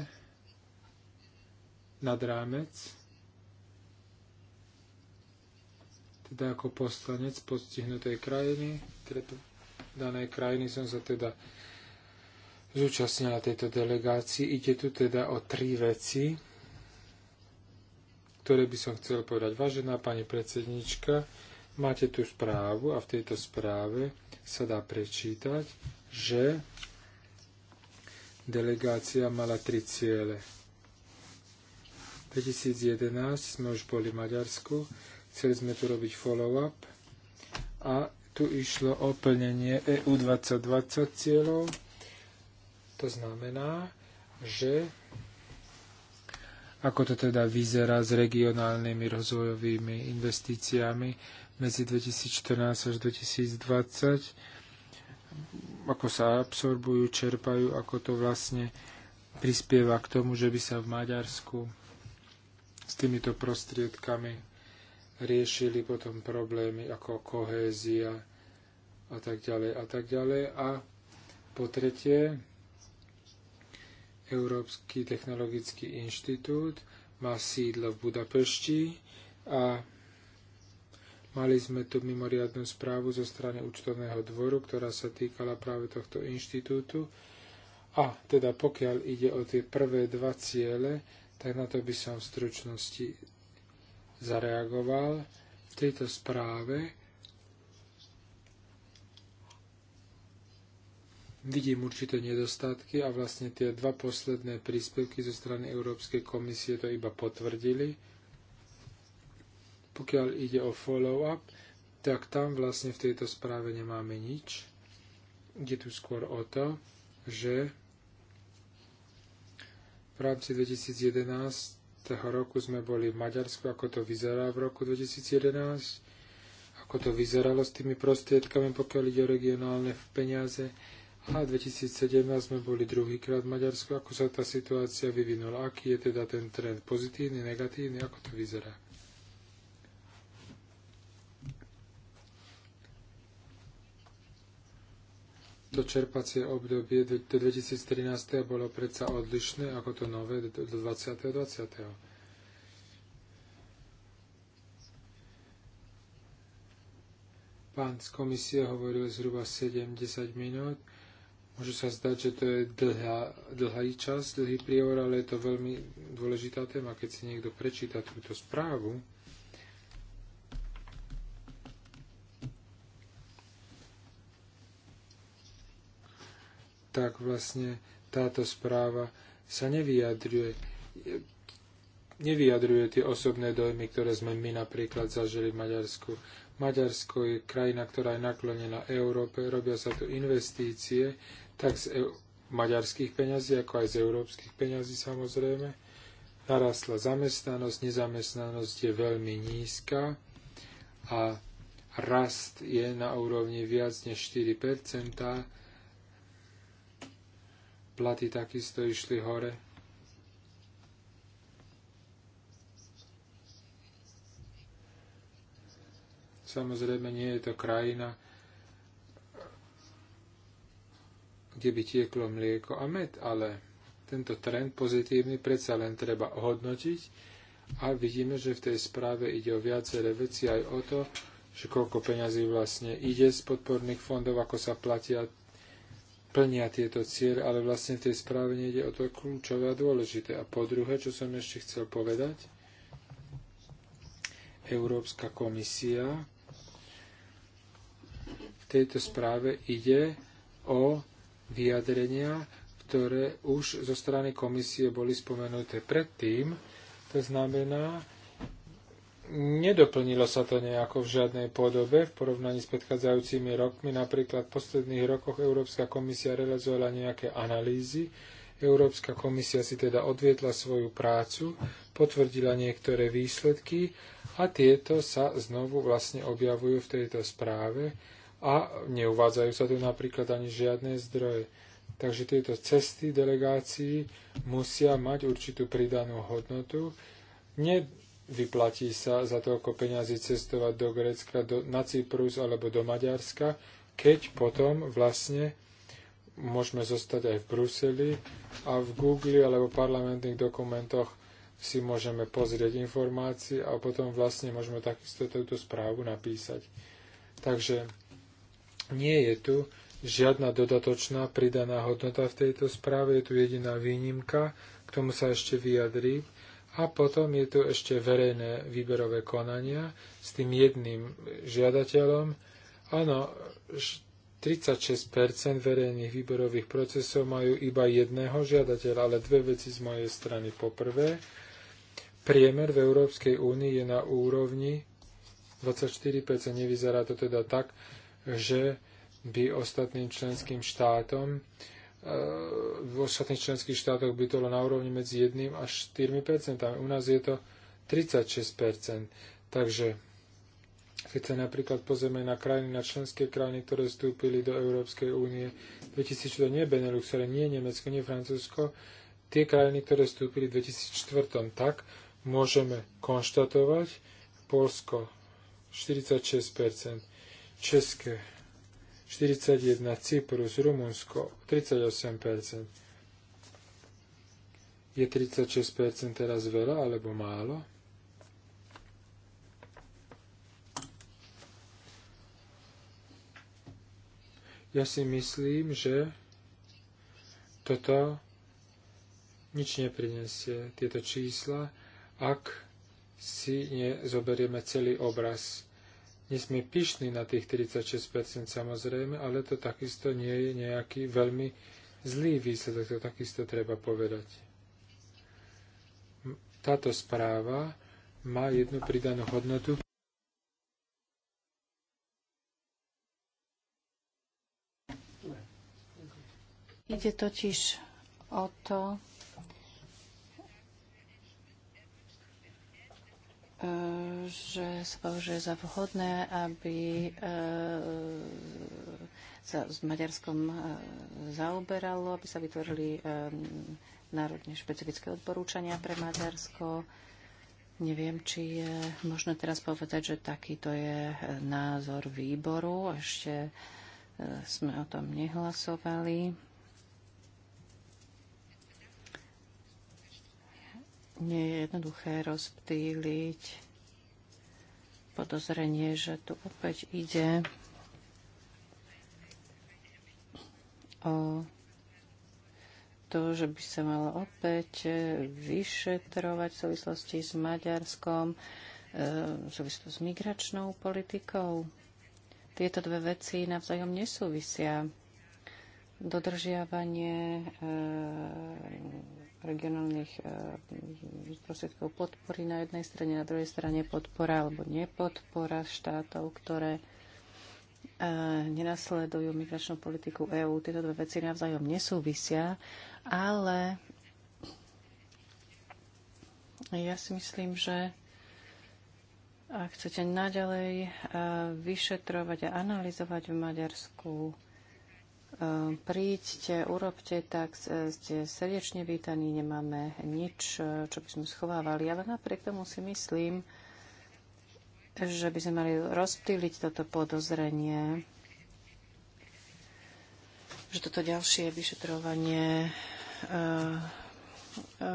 nad rámec, teda ako poslanec postihnutej krajiny, teda danej krajiny som sa teda zúčastnila tejto delegácii. Ide tu teda o tri veci, ktoré by som chcel povedať. Vážená pani predsednička, Máte tu správu a v tejto správe sa dá prečítať, že delegácia mala tri ciele. 2011 sme už boli v Maďarsku, chceli sme tu robiť follow-up a tu išlo o plnenie EU 2020 cieľov. To znamená, že ako to teda vyzerá s regionálnymi rozvojovými investíciami medzi 2014 až 2020, ako sa absorbujú, čerpajú, ako to vlastne prispieva k tomu, že by sa v Maďarsku s týmito prostriedkami riešili potom problémy ako kohézia a tak ďalej a tak ďalej. A po tretie, Európsky technologický inštitút má sídlo v Budapešti a Mali sme tu mimoriadnú správu zo strany účtovného dvoru, ktorá sa týkala práve tohto inštitútu. A teda pokiaľ ide o tie prvé dva ciele, tak na to by som v stručnosti zareagoval. V tejto správe vidím určité nedostatky a vlastne tie dva posledné príspevky zo strany Európskej komisie to iba potvrdili pokiaľ ide o follow-up, tak tam vlastne v tejto správe nemáme nič. Ide tu skôr o to, že v rámci 2011 roku sme boli v Maďarsku, ako to vyzerá v roku 2011, ako to vyzeralo s tými prostriedkami, pokiaľ ide o regionálne peniaze. A 2017 sme boli druhýkrát v Maďarsku, ako sa tá situácia vyvinula, aký je teda ten trend, pozitívny, negatívny, ako to vyzerá. to čerpacie obdobie do 2013. bolo predsa odlišné ako to nové do 20. 20. pán z komisie hovoril zhruba 7-10 minút. Môže sa zdať, že to je dlhá, dlhý čas, dlhý prior, ale je to veľmi dôležitá téma. Keď si niekto prečíta túto správu, tak vlastne táto správa sa nevyjadruje, nevyjadruje tie osobné dojmy, ktoré sme my napríklad zažili v Maďarsku. Maďarsko je krajina, ktorá je naklonená Európe, robia sa tu investície, tak z e- maďarských peňazí, ako aj z európskych peňazí samozrejme. Narastla zamestnanosť, nezamestnanosť je veľmi nízka a rast je na úrovni viac než 4 Platy takisto išli hore. Samozrejme, nie je to krajina, kde by tieklo mlieko a med, ale tento trend pozitívny predsa len treba hodnotiť a vidíme, že v tej správe ide o viaceré veci aj o to, že koľko peňazí vlastne ide z podporných fondov, ako sa platia plnia tieto cieľ, ale vlastne v tej správe nejde o to kľúčové a dôležité. A po druhé, čo som ešte chcel povedať, Európska komisia v tejto správe ide o vyjadrenia, ktoré už zo strany komisie boli spomenuté predtým. To znamená, nedoplnilo sa to nejako v žiadnej podobe v porovnaní s predchádzajúcimi rokmi. Napríklad v posledných rokoch Európska komisia realizovala nejaké analýzy. Európska komisia si teda odvietla svoju prácu, potvrdila niektoré výsledky a tieto sa znovu vlastne objavujú v tejto správe a neuvádzajú sa tu napríklad ani žiadne zdroje. Takže tieto cesty delegácií musia mať určitú pridanú hodnotu. Nie vyplatí sa za toľko peňazí cestovať do Grécka, do, na Cyprus alebo do Maďarska, keď potom vlastne môžeme zostať aj v Bruseli a v Google alebo parlamentných dokumentoch si môžeme pozrieť informácie a potom vlastne môžeme takisto túto správu napísať. Takže nie je tu žiadna dodatočná pridaná hodnota v tejto správe, je tu jediná výnimka, k tomu sa ešte vyjadrí a potom je tu ešte verejné výberové konania s tým jedným žiadateľom. Áno, 36 verejných výberových procesov majú iba jedného žiadateľa, ale dve veci z mojej strany. Poprvé, priemer v Európskej únii je na úrovni 24 Nevyzerá to teda tak, že by ostatným členským štátom v ostatných členských štátoch by to bolo na úrovni medzi 1 až 4 percentami. U nás je to 36 percent. Takže keď sa napríklad pozrieme na krajiny, na členské krajiny, ktoré vstúpili do Európskej únie 2004, nie Benelux, ale nie Nemecko, nie Francúzsko, tie krajiny, ktoré vstúpili v 2004, tak môžeme konštatovať Polsko 46%, České 41 Cyprus, Rumunsko 38%. Je 36% teraz veľa alebo málo? Ja si myslím, že toto nič neprinesie, tieto čísla, ak si nezoberieme celý obraz my sme pyšní na tých 36% samozrejme, ale to takisto nie je nejaký veľmi zlý výsledok, to takisto treba povedať. Táto správa má jednu pridanú hodnotu. Ide totiž o to, že sa považuje za vhodné, aby e, sa s Maďarskom e, zaoberalo, aby sa vytvorili e, národne špecifické odporúčania pre Maďarsko. Neviem, či je možno teraz povedať, že takýto je názor výboru. Ešte sme o tom nehlasovali. nie je jednoduché rozptýliť podozrenie, že tu opäť ide o to, že by sa malo opäť vyšetrovať v súvislosti s Maďarskom, e, v súvislosti s migračnou politikou. Tieto dve veci navzájom nesúvisia. Dodržiavanie e, regionálnych eh, prostriedkov podpory na jednej strane, na druhej strane podpora alebo nepodpora štátov, ktoré eh, nenasledujú migračnú politiku EÚ. Tieto dve veci navzájom nesúvisia, ale ja si myslím, že ak chcete naďalej eh, vyšetrovať a analyzovať v Maďarsku Ehm, príďte, urobte tak, ste srdečne vítaní, nemáme nič, e, čo by sme schovávali, ale napriek tomu si myslím, že by sme mali rozptýliť toto podozrenie, že toto ďalšie vyšetrovanie e, e,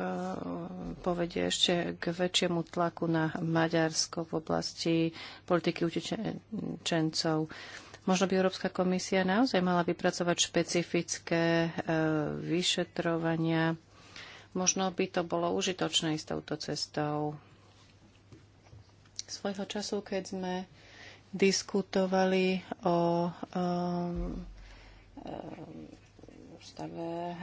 povedie ešte k väčšiemu tlaku na Maďarsko v oblasti politiky utečencov. Utečen- Možno by Európska komisia naozaj mala vypracovať špecifické e, vyšetrovania. Možno by to bolo užitočné s touto cestou. Svojho času, keď sme diskutovali o um, um, stave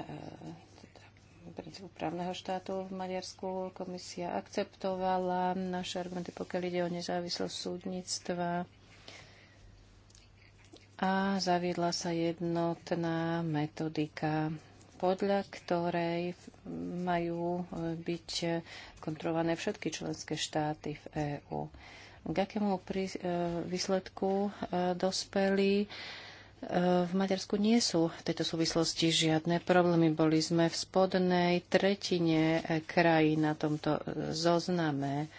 princípu právneho štátu v Maďarsku. Komisia akceptovala naše argumenty, pokiaľ ide o nezávislosť súdnictva a zaviedla sa jednotná metodika, podľa ktorej majú e, byť e, kontrolované všetky členské štáty v EÚ. K akému prí, e, výsledku dospeli? V Maďarsku nie sú v tejto súvislosti žiadne problémy. Boli sme v spodnej tretine krajín na tomto zozname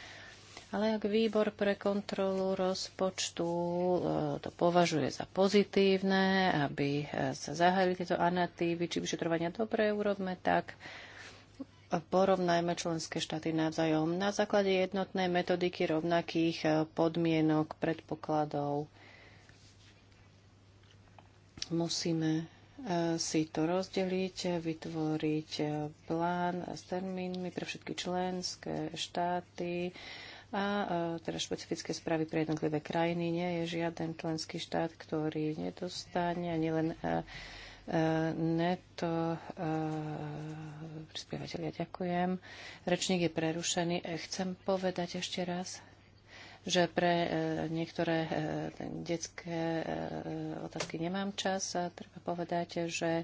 ale ak výbor pre kontrolu rozpočtu e, to považuje za pozitívne, aby e, sa zahájili tieto anatívy či vyšetrovania dobre, urobme tak, porovnajme členské štáty navzájom na základe jednotnej metodiky rovnakých e, podmienok, predpokladov. Musíme si to rozdeliť, vytvoriť plán s termínmi pre všetky členské štáty, a teda špecifické správy pre jednotlivé krajiny nie je žiaden členský štát, ktorý nedostane ani len neto prispievateľia. Ďakujem. Rečník je prerušený. E, chcem povedať ešte raz, že pre e, niektoré e, detské otázky nemám čas. a Treba povedať, že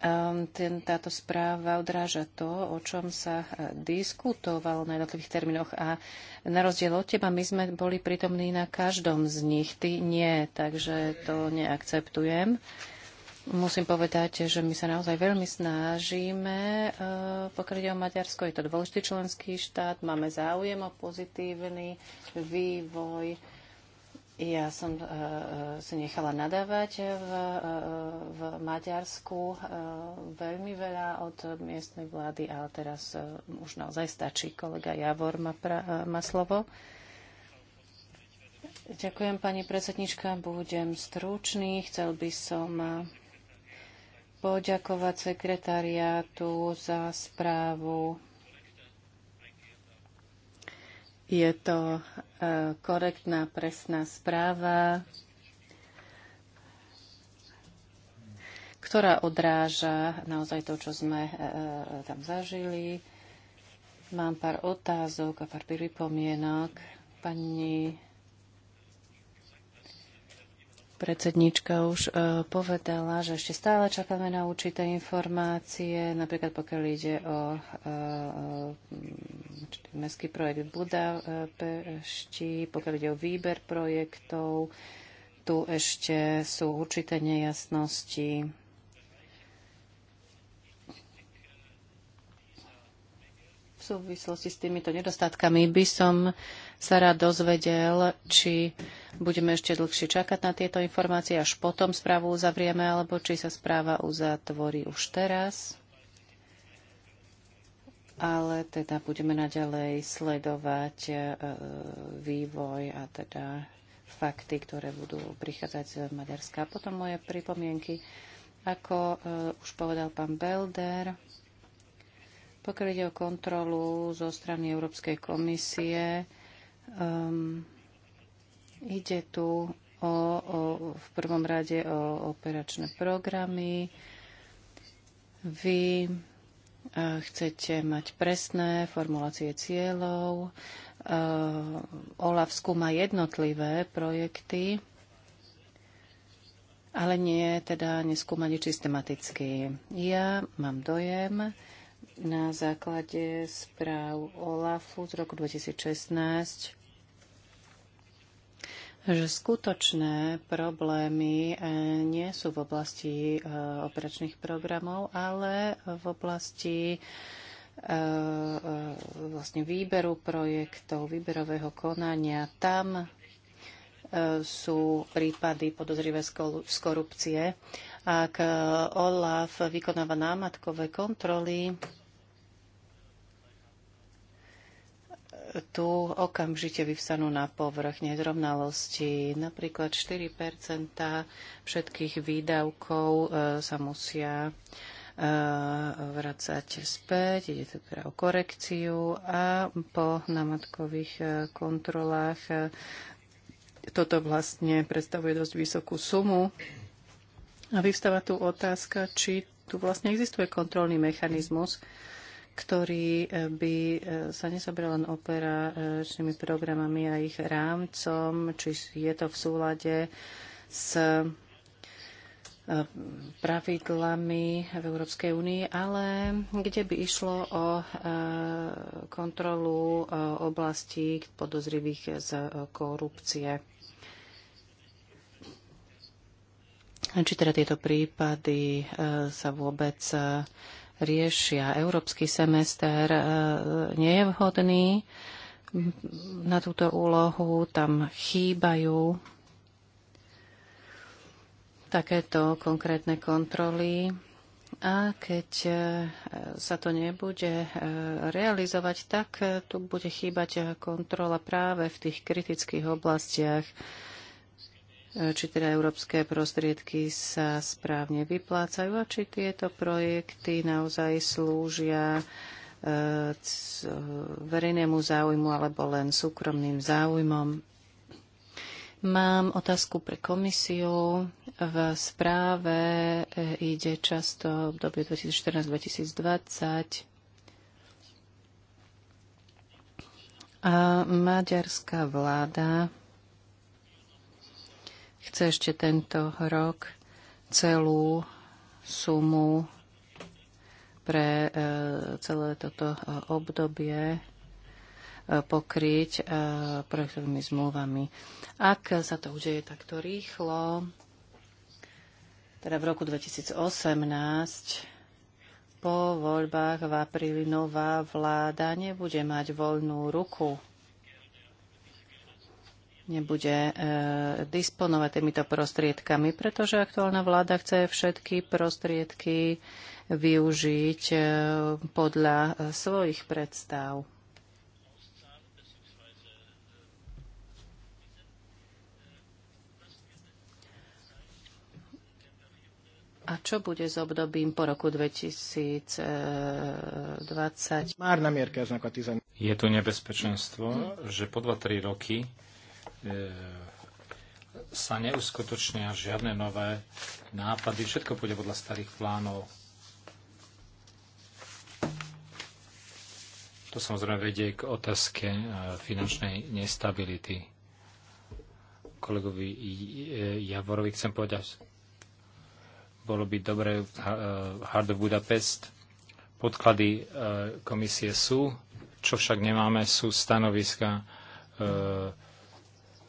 Ehm, ten, táto správa odráža to, o čom sa eh, diskutovalo na jednotlivých termínoch a na rozdiel od teba my sme boli prítomní na každom z nich. Ty nie, takže to neakceptujem. Musím povedať, že my sa naozaj veľmi snažíme. Eh, pokiaľ ide o Maďarsko, je to dôležitý členský štát, máme záujem o pozitívny vývoj ja som uh, si nechala nadávať v, e, v Maďarsku uh, veľmi veľa od miestnej vlády, ale teraz uh, už naozaj stačí. Kolega Javor má, pra, má slovo. Ďakujem, pani predsednička. Budem stručný. Chcel by som poďakovať sekretariátu za správu je to e, korektná, presná správa, ktorá odráža naozaj to, čo sme e, e, tam zažili. Mám pár otázok a pár pripomienok. Pani Predsednička už e, povedala, že ešte stále čakáme na určité informácie, napríklad pokiaľ ide o e, e, mestský projekt v Budapešti, pokiaľ ide o výber projektov, tu ešte sú určité nejasnosti. V súvislosti s týmito nedostatkami by som sa rád dozvedel, či budeme ešte dlhšie čakať na tieto informácie, až potom správu uzavrieme, alebo či sa správa uzatvorí už teraz. Ale teda budeme naďalej sledovať e, vývoj a teda fakty, ktoré budú prichádzať z Maďarska. Potom moje pripomienky, ako e, už povedal pán Belder, pokiaľ ide o kontrolu zo strany Európskej komisie, Um, ide tu o, o, v prvom rade o operačné programy. Vy eh, chcete mať presné formulácie cieľov. Eh, OLAF skúma jednotlivé projekty, ale nie, teda neskúma nič systematicky. Ja mám dojem na základe správ OLAFu z roku 2016, že skutočné problémy eh, nie sú v oblasti eh, operačných programov, ale v oblasti eh, vlastne výberu projektov, výberového konania. Tam sú prípady podozrivé z korupcie. Ak OLAF vykonáva námatkové kontroly, tu okamžite vyvstanú na povrch nezrovnalosti. Napríklad 4 všetkých výdavkov e, sa musia e, vracať späť, ide tu teda o korekciu a po namatkových e, kontrolách toto vlastne predstavuje dosť vysokú sumu. A vyvstáva tu otázka, či tu vlastne existuje kontrolný mechanizmus, ktorý e, by e, sa nesoberal len operačnými programami a ich rámcom, či je to v súlade s e, pravidlami v Európskej únii, ale kde by išlo o kontrolu oblastí podozrivých z korupcie. Či teda tieto prípady sa vôbec riešia. Európsky semester e, nie je vhodný na túto úlohu, tam chýbajú takéto konkrétne kontroly. A keď e, sa to nebude e, realizovať, tak tu bude chýbať kontrola práve v tých kritických oblastiach, E, či teda európske prostriedky sa správne vyplácajú a či tieto projekty naozaj slúžia e, verejnému záujmu alebo len súkromným záujmom. Mám otázku pre komisiu. V správe e, ide často v dobe 2014-2020 a maďarská vláda chce ešte tento rok celú sumu pre e, celé toto e, obdobie e, pokryť projektovými zmluvami. Ak sa to udeje takto rýchlo, teda v roku 2018, po voľbách v apríli nová vláda nebude mať voľnú ruku nebude e, disponovať týmito prostriedkami, pretože aktuálna vláda chce všetky prostriedky využiť e, podľa svojich predstav. A čo bude s obdobím po roku 2020? Je tu nebezpečenstvo, že po 2-3 roky E, sa neuskutočnia žiadne nové nápady. Všetko pôjde podľa starých plánov. To samozrejme vedie k otázke e, finančnej nestability. Kolegovi e, Javorovi chcem povedať, bolo by dobre Hard of Budapest. Podklady komisie sú, čo však nemáme, sú stanoviska e,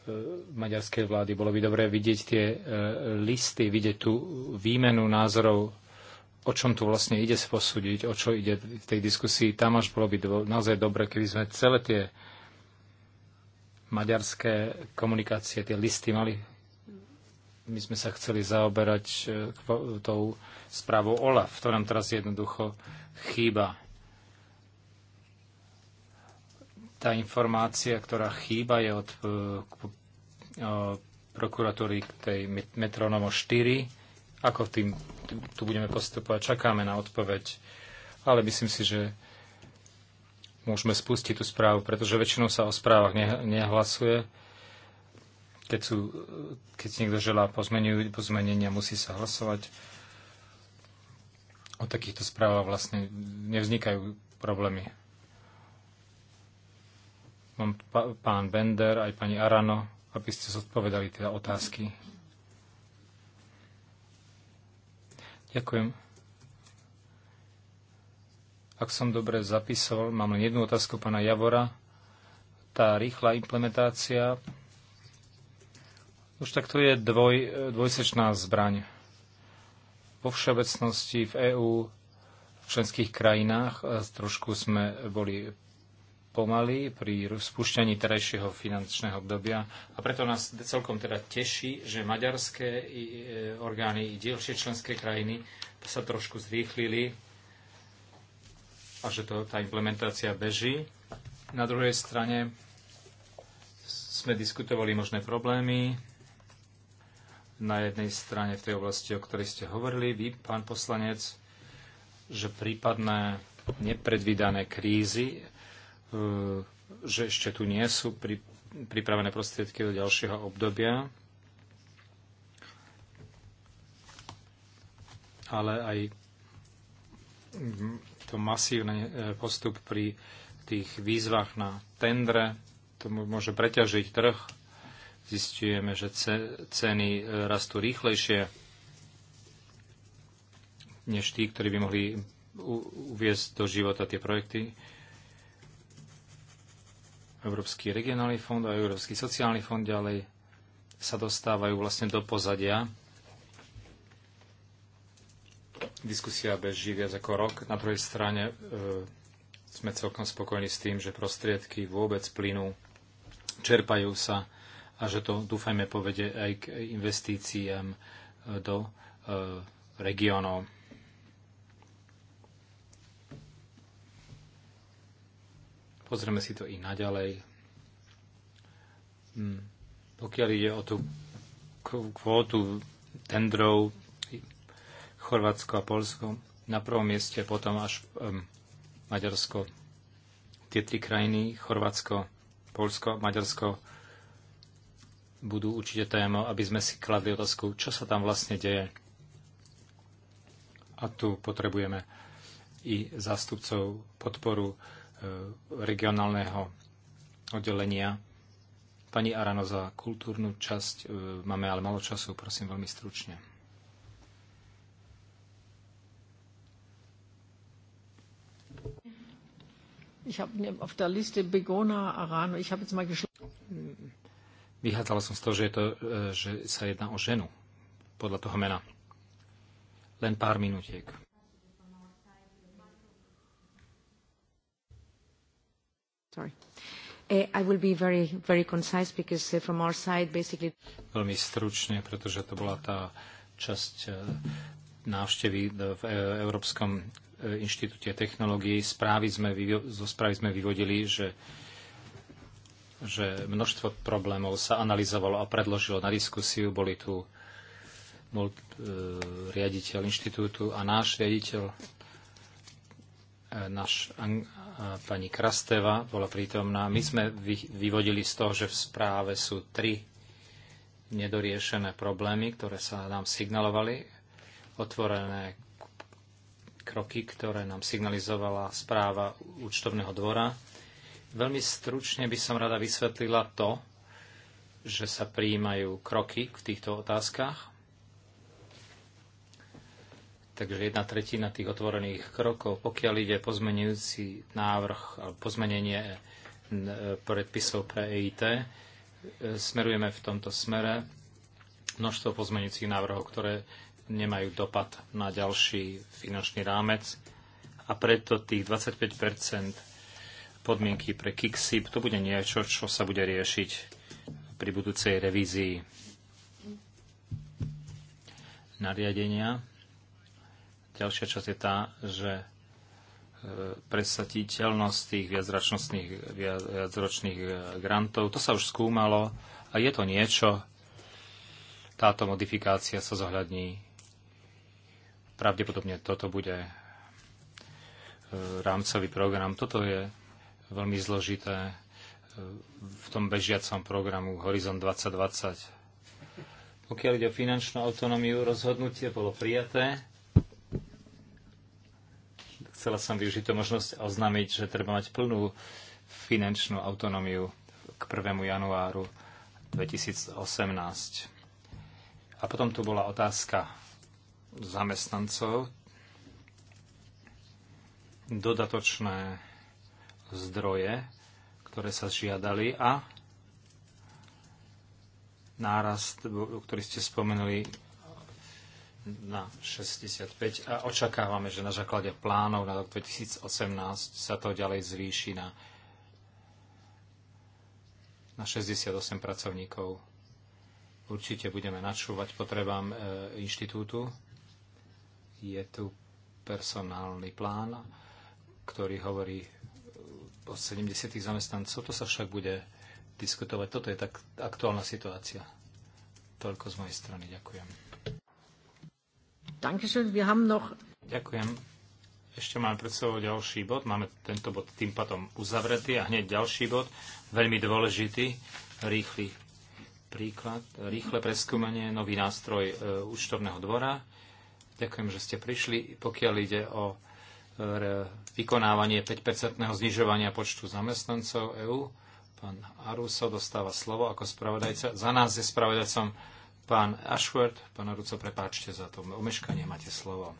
E, maďarskej vlády. Bolo by dobré vidieť tie e, listy, vidieť tú výmenu názorov, o čom tu vlastne ide posúdiť, o čo ide v tej diskusii. Tam až bolo by do, naozaj dobre, keby sme celé tie maďarské komunikácie, tie listy mali. My sme sa chceli zaoberať e, tou správou OLAF, to nám teraz jednoducho chýba. Tá informácia, ktorá chýba, je od e, e, prokuratúry k tej metronomo 4. Ako tým tu budeme postupovať, čakáme na odpoveď. Ale myslím si, že môžeme spustiť tú správu, pretože väčšinou sa o správach nehlasuje. Keď, sú, e, keď niekto želá pozmenenia, musí sa hlasovať. O takýchto správach vlastne nevznikajú problémy aspoň pán Bender, aj pani Arano, aby ste zodpovedali teda otázky. Ďakujem. Ak som dobre zapísal, mám len jednu otázku pána Javora. Tá rýchla implementácia, už tak to je dvoj, dvojsečná zbraň. Vo všeobecnosti v EÚ v členských krajinách trošku sme boli pomaly pri spúšťaní terajšieho finančného obdobia a preto nás celkom teda teší, že maďarské e, orgány i ďalšie členské krajiny sa trošku zrýchlili a že to, tá implementácia beží. Na druhej strane sme diskutovali možné problémy. Na jednej strane v tej oblasti, o ktorej ste hovorili, vy, pán poslanec, že prípadné nepredvídané krízy E, že ešte tu nie sú pri, pripravené prostriedky do ďalšieho obdobia, ale aj to masívny e, postup pri tých výzvach na tendre, to môže preťažiť trh. Zistujeme, že ceny e, rastú rýchlejšie než tí, ktorí by mohli uviezť do života tie projekty. Európsky regionálny fond a Európsky sociálny fond ďalej sa dostávajú vlastne do pozadia. Diskusia beží viac ako rok. Na druhej strane e, sme celkom spokojní s tým, že prostriedky vôbec plynú, čerpajú sa a že to dúfajme povede aj k investíciám do e, regiónov. Pozrieme si to i naďalej. Hm. Pokiaľ ide o tú kvótu tendrov Chorvátsko a Polsko, na prvom mieste potom až um, Maďarsko. Tie tri krajiny, Chorvátsko, Polsko, Maďarsko, budú určite téma, aby sme si kladli otázku, čo sa tam vlastne deje. A tu potrebujeme i zástupcov podporu E, regionálneho oddelenia. Pani Arano, za kultúrnu časť e, máme ale malo času, prosím veľmi stručne. Ich habe auf der Liste Begona Arano, ich habe jetzt mal geschlafen. Vychádzala som z toho, že, je to, e, že sa jedná o ženu podľa toho mena. Len pár minutiek. Eh, eh, Veľmi stručne, pretože to bola tá časť eh, návštevy v Európskom inštitúte technológií. Správy sme, zo správy sme vyvodili, že že množstvo problémov sa analyzovalo a predložilo na diskusiu. Boli tu bol e, riaditeľ inštitútu a náš riaditeľ Naš, pani Krasteva bola prítomná. My sme vyvodili z toho, že v správe sú tri nedoriešené problémy, ktoré sa nám signalovali, otvorené kroky, ktoré nám signalizovala správa účtovného dvora. Veľmi stručne by som rada vysvetlila to, že sa prijímajú kroky v týchto otázkach takže jedna tretina tých otvorených krokov, pokiaľ ide pozmenujúci návrh alebo pozmenenie e, e, predpisov pre EIT, e, smerujeme v tomto smere množstvo pozmenujúcich návrhov, ktoré nemajú dopad na ďalší finančný rámec a preto tých 25 podmienky pre KICSIP, to bude niečo, čo sa bude riešiť pri budúcej revízii nariadenia Ďalšia časť je tá, že e, presaditeľnosť tých viacročných, viacročných e, grantov, to sa už skúmalo a je to niečo, táto modifikácia sa zohľadní. Pravdepodobne toto bude e, rámcový program. Toto je veľmi zložité v tom bežiacom programu Horizon 2020. Pokiaľ ide o finančnú autonómiu, rozhodnutie bolo prijaté Chcela som využiť to možnosť oznámiť, že treba mať plnú finančnú autonómiu k 1. januáru 2018. A potom tu bola otázka zamestnancov. Dodatočné zdroje, ktoré sa žiadali a nárast, ktorý ste spomenuli, na 65 a očakávame, že na základe plánov na rok 2018 sa to ďalej zvýši na, na 68 pracovníkov. Určite budeme načúvať potrebám e, inštitútu. Je tu personálny plán, ktorý hovorí o 70 zamestnancov. To sa však bude diskutovať. Toto je tak aktuálna situácia. Toľko z mojej strany. Ďakujem. Ďakujem. Ešte máme pred sebou ďalší bod. Máme tento bod tým potom uzavretý a hneď ďalší bod. Veľmi dôležitý, rýchly príklad, rýchle preskúmanie, nový nástroj e, účtovného dvora. Ďakujem, že ste prišli. Pokiaľ ide o e, vykonávanie 5-percentného znižovania počtu zamestnancov EÚ, pán Aruso dostáva slovo ako spravodajca. Za nás je spravodajcom Pán Ashworth, pán Ruco, prepáčte za to omeškanie, máte slovo.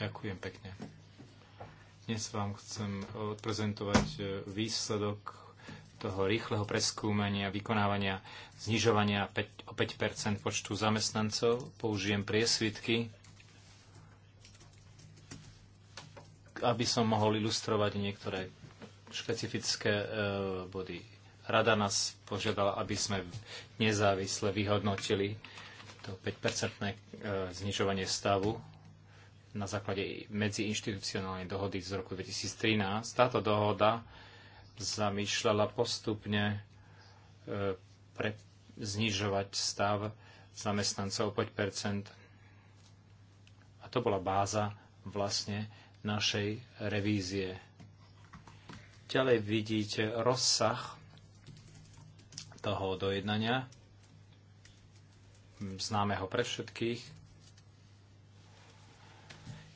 Ďakujem pekne. Dnes vám chcem odprezentovať e, výsledok toho rýchleho preskúmania, vykonávania, znižovania 5, o 5 počtu zamestnancov. Použijem priesvitky, aby som mohol ilustrovať niektoré špecifické e, body. Rada nás požiadala, aby sme nezávisle vyhodnotili to 5-percentné e, znižovanie stavu na základe medziinštitucionálnej dohody z roku 2013. Táto dohoda zamýšľala postupne e, pre znižovať stav zamestnancov o 5 A to bola báza vlastne našej revízie Ďalej vidíte rozsah toho dojednania, známeho pre všetkých.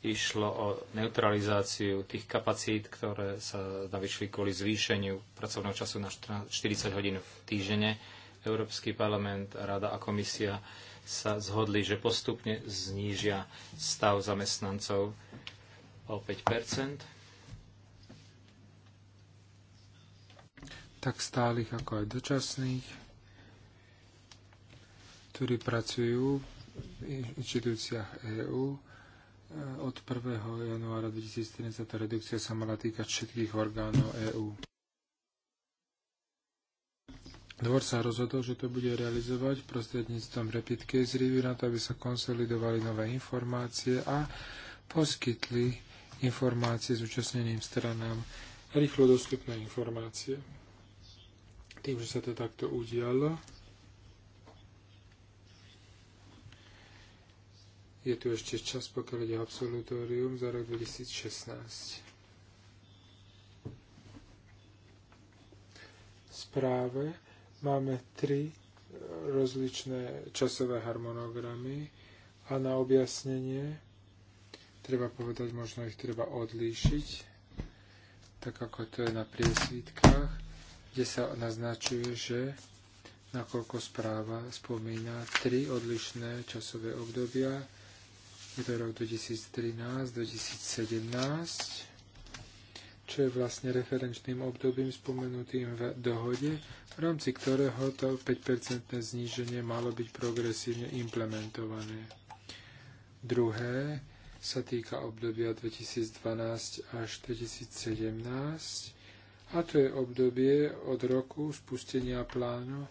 Išlo o neutralizáciu tých kapacít, ktoré sa navyšli kvôli zvýšeniu pracovného času na 40 hodín v týždene. Európsky parlament, Rada a komisia sa zhodli, že postupne znížia stav zamestnancov o 5 tak stálych ako aj dočasných, ktorí pracujú v inštitúciách EÚ. E, od 1. januára 2013 táto redukcia sa mala týkať všetkých orgánov EÚ. Dvor sa rozhodol, že to bude realizovať prostredníctvom Rapid Case Review na to, aby sa konsolidovali nové informácie a poskytli informácie s účastneným stranám rýchlo dostupné informácie tým, že sa to takto udialo. Je tu ešte čas, pokiaľ ide absolutórium za rok 2016. Správe máme tri rozličné časové harmonogramy a na objasnenie treba povedať, možno ich treba odlíšiť, tak ako to je na priesvítkach kde sa naznačuje, že nakoľko správa spomína tri odlišné časové obdobia, je to rok 2013-2017, čo je vlastne referenčným obdobím spomenutým v dohode, v rámci ktorého to 5-percentné zníženie malo byť progresívne implementované. Druhé sa týka obdobia 2012 až 2017, a to je obdobie od roku spustenia plánu,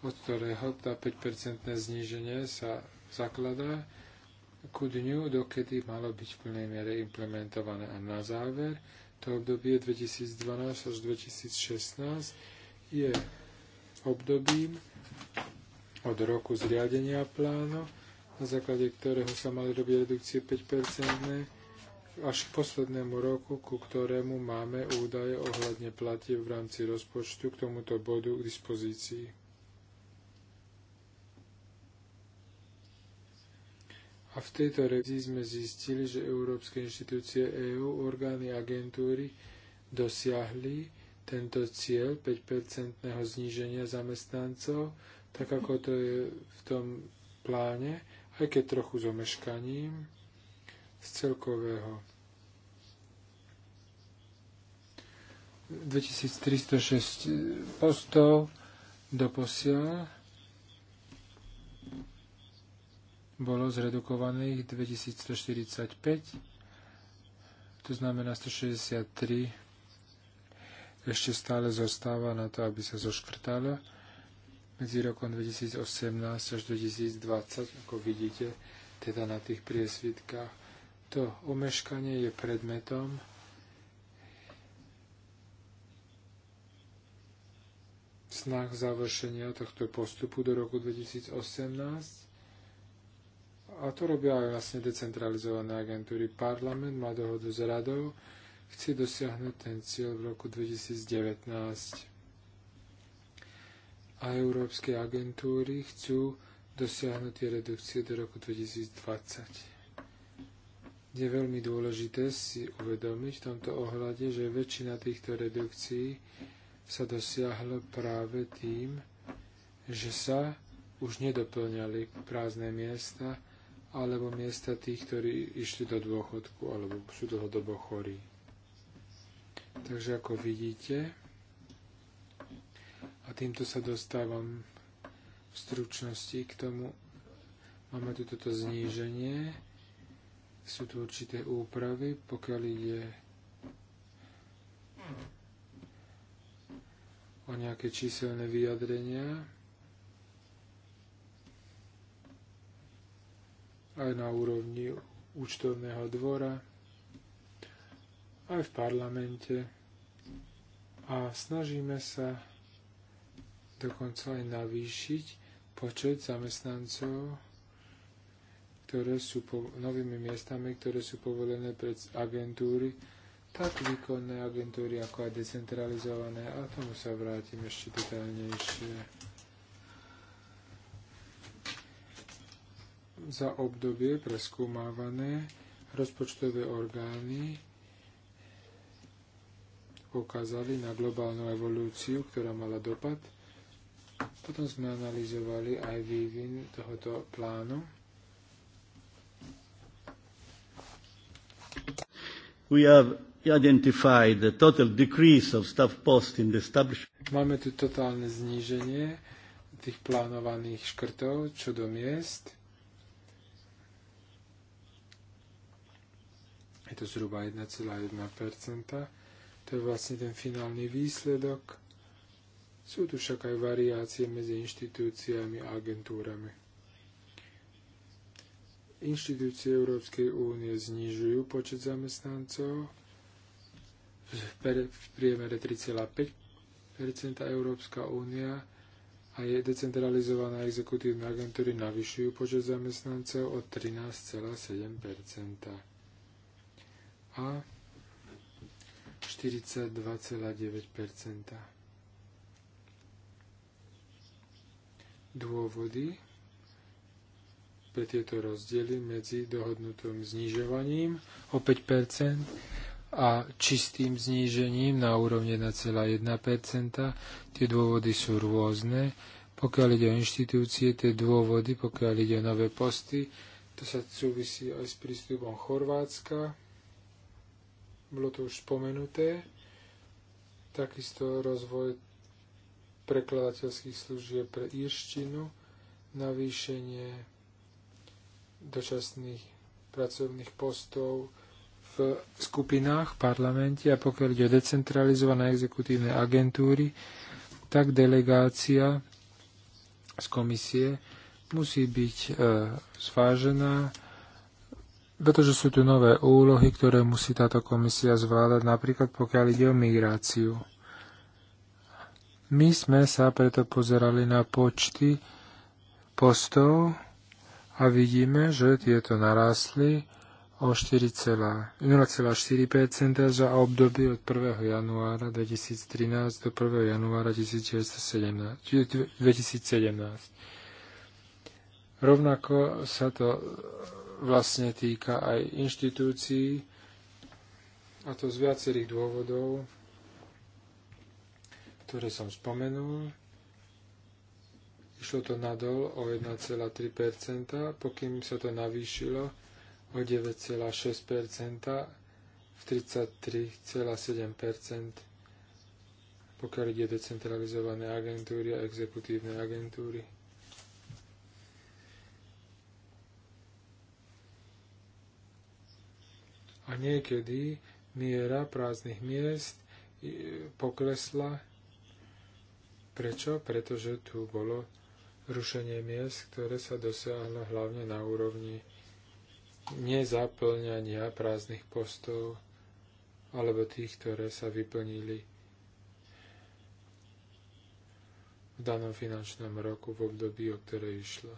od ktorého tá 5-percentné zníženie sa zakladá ku dňu, dokedy malo byť v plnej miere implementované. A na záver, to obdobie 2012 až 2016 je obdobím od roku zriadenia plánu, na základe ktorého sa mali robiť redukcie 5-percentné až k poslednému roku, ku ktorému máme údaje ohľadne platie v rámci rozpočtu k tomuto bodu k dispozícii. A v tejto revízii sme zistili, že európske inštitúcie EÚ, EU, orgány agentúry dosiahli tento cieľ 5-percentného zníženia zamestnancov, tak ako to je v tom pláne, aj keď trochu s omeškaním z celkového 2306 postov do posiaľ bolo zredukovaných 2145, to znamená 163 ešte stále zostáva na to, aby sa zoškrtalo medzi rokom 2018 až 2020, ako vidíte, teda na tých priesvitkách to omeškanie je predmetom snah završenia tohto postupu do roku 2018 a to robia aj vlastne decentralizované agentúry. Parlament má dohodu s radou, chce dosiahnuť ten cieľ v roku 2019 a európske agentúry chcú dosiahnuť tie redukcie do roku 2020 je veľmi dôležité si uvedomiť v tomto ohľade, že väčšina týchto redukcií sa dosiahla práve tým, že sa už nedoplňali prázdne miesta alebo miesta tých, ktorí išli do dôchodku alebo sú dlhodobo chorí. Takže ako vidíte, a týmto sa dostávam v stručnosti k tomu, máme tu toto zníženie sú tu určité úpravy, pokiaľ ide o nejaké číselné vyjadrenia. Aj na úrovni účtovného dvora, aj v parlamente. A snažíme sa dokonca aj navýšiť počet zamestnancov ktoré sú po, novými miestami, ktoré sú povolené pre agentúry, tak výkonné agentúry, ako aj decentralizované. A tomu sa vrátim ešte detaľnejšie. Za obdobie preskúmávané rozpočtové orgány pokázali na globálnu evolúciu, ktorá mala dopad. Potom sme analyzovali aj vývin tohoto plánu we have identified the total decrease of staff post in the establishment. Máme tu totálne zníženie tých plánovaných škrtov čo do miest. Je to zhruba 1,1%. To je vlastne ten finálny výsledok. Sú tu však aj variácie medzi inštitúciami a agentúrami inštitúcie Európskej únie znižujú počet zamestnancov v priemere 3,5 Európska únia a je decentralizovaná exekutívna agentúry navyšujú počet zamestnancov o 13,7 a 42,9 Dôvody pre tieto rozdiely medzi dohodnutým znižovaním o 5 a čistým znížením na úrovne 1,1 Tie dôvody sú rôzne. Pokiaľ ide o inštitúcie, tie dôvody, pokiaľ ide o nové posty, to sa súvisí aj s prístupom Chorvátska. Bolo to už spomenuté. Takisto rozvoj prekladateľských služieb pre írštinu, navýšenie dočasných pracovných postov v skupinách v parlamente a pokiaľ ide o decentralizované exekutívne agentúry, tak delegácia z komisie musí byť e, zvážená, pretože sú tu nové úlohy, ktoré musí táto komisia zvládať, napríklad pokiaľ ide o migráciu. My sme sa preto pozerali na počty postov a vidíme, že tieto narástli o 0,4% za obdobie od 1. januára 2013 do 1. januára 2017. 2017. Rovnako sa to vlastne týka aj inštitúcií, a to z viacerých dôvodov, ktoré som spomenul. Išlo to nadol o 1,3%, pokým sa to navýšilo o 9,6% v 33,7%, pokiaľ ide decentralizované agentúry a exekutívne agentúry. A niekedy miera prázdnych miest eh, poklesla. Prečo? Pretože tu bolo rušenie miest, ktoré sa dosiahlo hlavne na úrovni nezaplňania prázdnych postov alebo tých, ktoré sa vyplnili v danom finančnom roku v období, o ktoré išlo.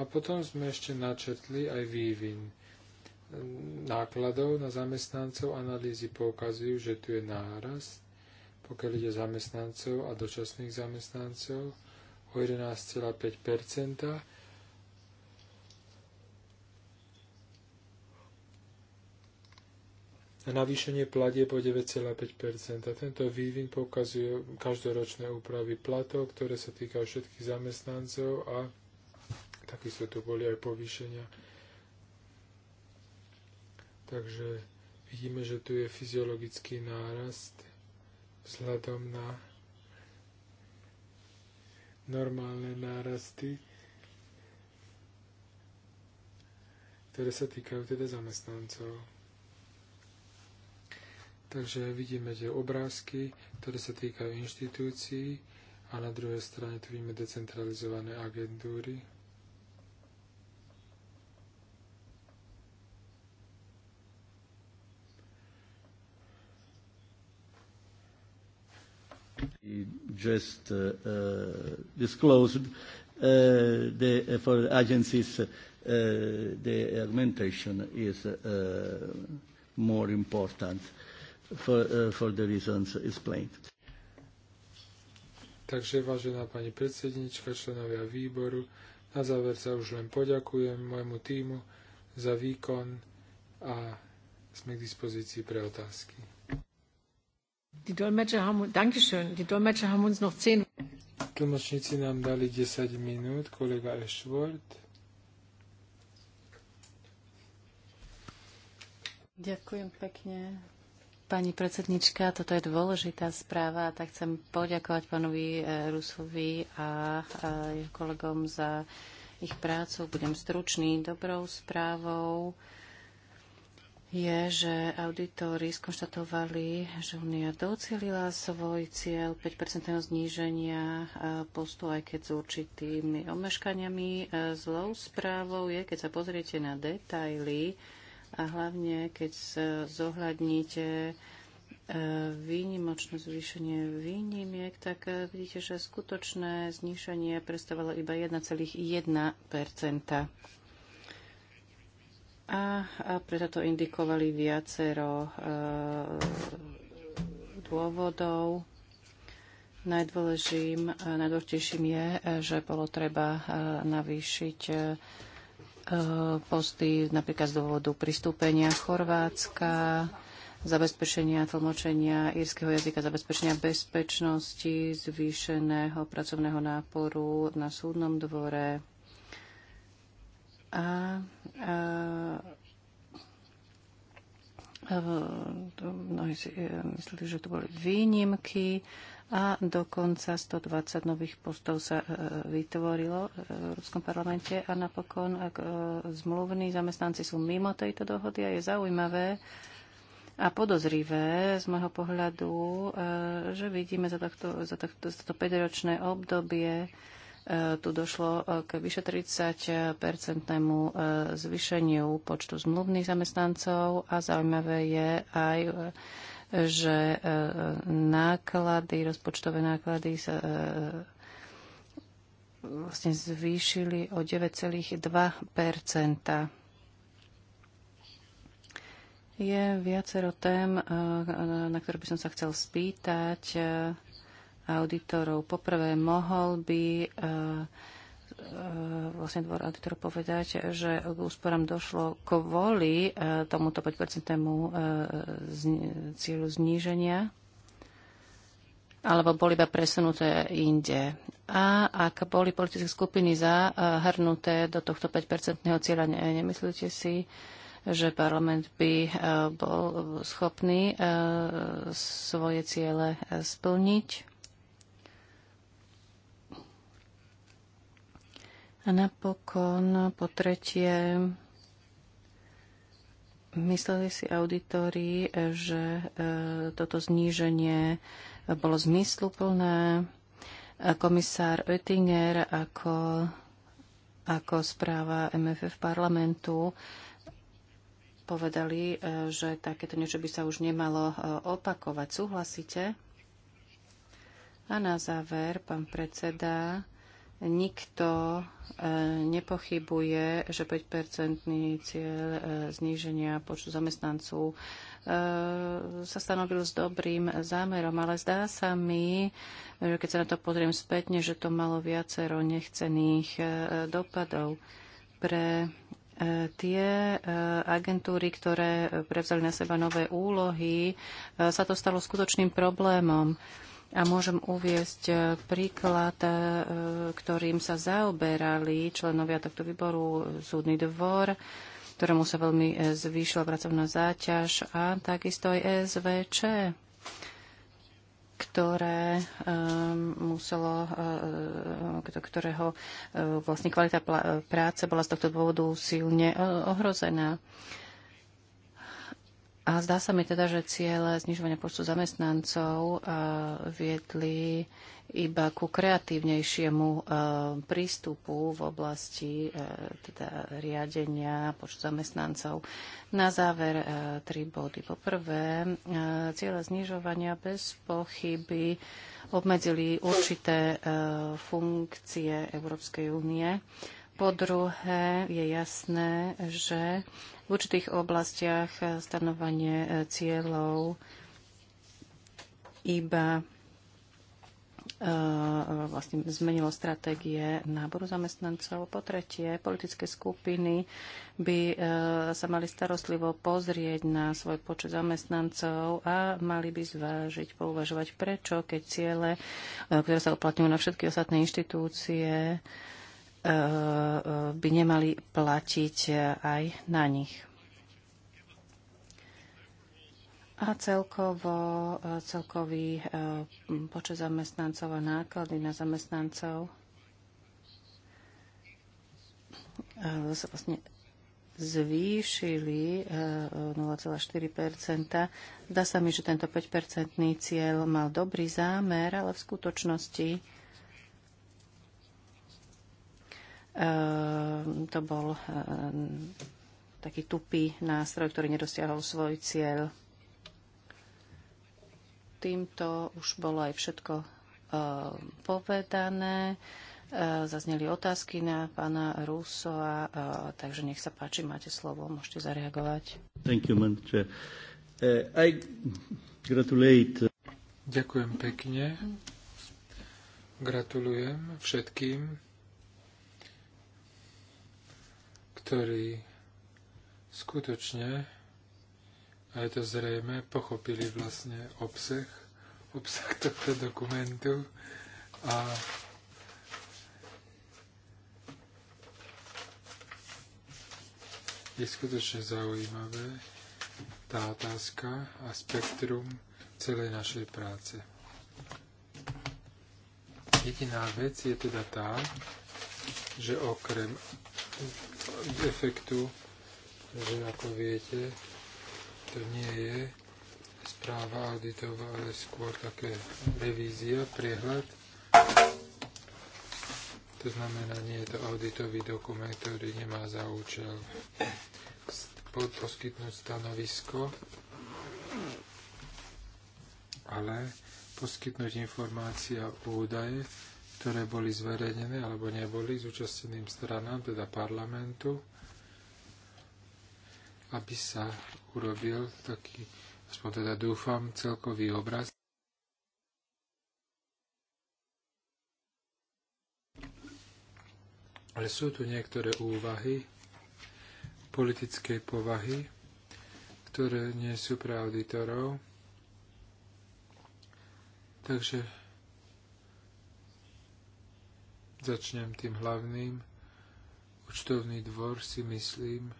A potom sme ešte načetli aj vývin nákladov na zamestnancov. Analýzy poukazujú, že tu je nárast pokiaľ ide zamestnancov a dočasných zamestnancov, o 11,5 a navýšenie platie po 9,5 Tento vývin pokazuje každoročné úpravy platov, ktoré sa týkajú všetkých zamestnancov a takisto tu boli aj povýšenia. Takže vidíme, že tu je fyziologický nárast vzhľadom na normálne nárasty, ktoré sa týkajú teda zamestnancov. Takže vidíme tie obrázky, ktoré sa týkajú inštitúcií a na druhej strane tu vidíme decentralizované agentúry, just uh, uh, disclosed, uh, the, uh, for agencies, uh, the augmentation is uh, more important for, uh, for the reasons explained. Takže, vážená pani predsednička, členovia výboru, na záver sa už len poďakujem môjmu týmu za výkon a sme k dispozícii pre otázky. Tlmočníci nám dali 10 minút, kolega Ešvort. Ďakujem pekne. Pani predsednička, toto je dôležitá správa, tak chcem poďakovať pánovi e, Rusovi a e, jeho kolegom za ich prácu. Budem stručný dobrou správou je, že auditori skonštatovali, že Unia docelila svoj cieľ 5% zníženia e, postu, aj keď s určitými omeškaniami. E, zlou správou je, keď sa pozriete na detaily a hlavne, keď zohľadníte e, výnimočné zvýšenie výnimiek, tak vidíte, že skutočné zníženie predstavovalo iba 1,1 a, a preto to indikovali viacero e, dôvodov. Najdôležitým, e, najdôležitejším je, e, že bolo treba e, navýšiť posty napríklad z dôvodu pristúpenia Chorvátska, zabezpečenia tlmočenia írskeho jazyka, zabezpečenia bezpečnosti, zvýšeného pracovného náporu na súdnom dvore a Mnohí si e, mysleli, že to boli výnimky a dokonca 120 nových postov sa e, vytvorilo v Európskom parlamente a napokon, ak e, zmluvní zamestnanci sú mimo tejto dohody a je zaujímavé a podozrivé z môjho pohľadu, že vidíme za, takto, za, takto, za to 5-ročné obdobie E, tu došlo e, k vyše 30-percentnému e, zvýšeniu počtu zmluvných zamestnancov a zaujímavé je aj, že náklady, rozpočtové náklady sa vlastne zvýšili o 9,2 Je viacero tém, na ktoré by som sa chcel spýtať auditorov. Poprvé, mohol by eh, eh, vlastne dvor auditorov povedať, že k úsporám došlo kvôli eh, tomuto 5-percentnému cieľu zníženia alebo boli iba presunuté inde. A ak boli politické skupiny zahrnuté do tohto 5-percentného cieľa, ne, nemyslíte si, že parlament by bol schopný svoje ciele splniť? A napokon, po tretie, mysleli si auditori, že e, toto zníženie bolo zmysluplné. Komisár Oettinger ako, ako správa MFF parlamentu povedali, e, že takéto niečo by sa už nemalo e, opakovať. Súhlasíte? A na záver, pán predseda, Nikto e, nepochybuje, že 5-percentný cieľ e, zníženia počtu zamestnancov e, sa stanovil s dobrým zámerom, ale zdá sa mi, keď sa na to pozriem spätne, že to malo viacero nechcených dopadov pre tie agentúry, ktoré prevzali na seba nové úlohy, sa to stalo skutočným problémom. A môžem uviesť e, príklad, e, ktorým sa zaoberali členovia tohto výboru e, súdny dvor, ktorému sa veľmi zvýšila pracovná záťaž a takisto aj SVČ, ktoré um, muselo, uh, ktorého uh, vlastne kvalita práce bola z tohto dôvodu silne ohrozená. Uh, a zdá sa mi teda, že ciele znižovania počtu zamestnancov eh, viedli iba ku kreatívnejšiemu eh, prístupu v oblasti eh, teda riadenia počtu zamestnancov. Na záver tri body. Po prvé, ciele znižovania bez pochyby obmedzili určité funkcie Európskej únie po druhé, je jasné, že v určitých oblastiach stanovanie e, cieľov iba e, vlastne zmenilo stratégie náboru zamestnancov. Po tretie, politické skupiny by e, sa mali starostlivo pozrieť na svoj počet zamestnancov a mali by zvážiť, pouvažovať prečo, keď ciele, ktoré sa uplatňujú na všetky ostatné inštitúcie, Eh, by nemali platiť eh, aj na nich. A celkovo, eh, celkový počet zamestnancov a náklady na zamestnancov sa vlastne zvýšili 0,4 Zdá sa mi, že tento 5-percentný cieľ mal dobrý zámer, ale v skutočnosti Ehm, to bol ehm, taký tupý nástroj, ktorý nedosiahol svoj cieľ. Týmto už bolo aj všetko ehm, povedané. Zazneli otázky na pána Rusova, takže nech sa páči, máte slovo, môžete zareagovať. Thank you, eh, I gratulate. Ďakujem pekne. Gratulujem všetkým ktorí skutočne, a je to zrejme, pochopili vlastne obsah, obsah tohto dokumentu a je skutočne zaujímavé tá otázka a spektrum celej našej práce. Jediná vec je teda tá, že okrem efektu, že ako viete, to nie je správa auditová, ale skôr také revízia, prehľad. To znamená, nie je to auditový dokument, ktorý nemá za účel poskytnúť stanovisko, ale poskytnúť informácia o údaje, ktoré boli zverejnené alebo neboli zúčastneným stranám, teda parlamentu, aby sa urobil taký, aspoň teda dúfam, celkový obraz. Ale sú tu niektoré úvahy politickej povahy, ktoré nie sú pre auditorov. Takže Začnem tým hlavným. Účtovný dvor si myslím,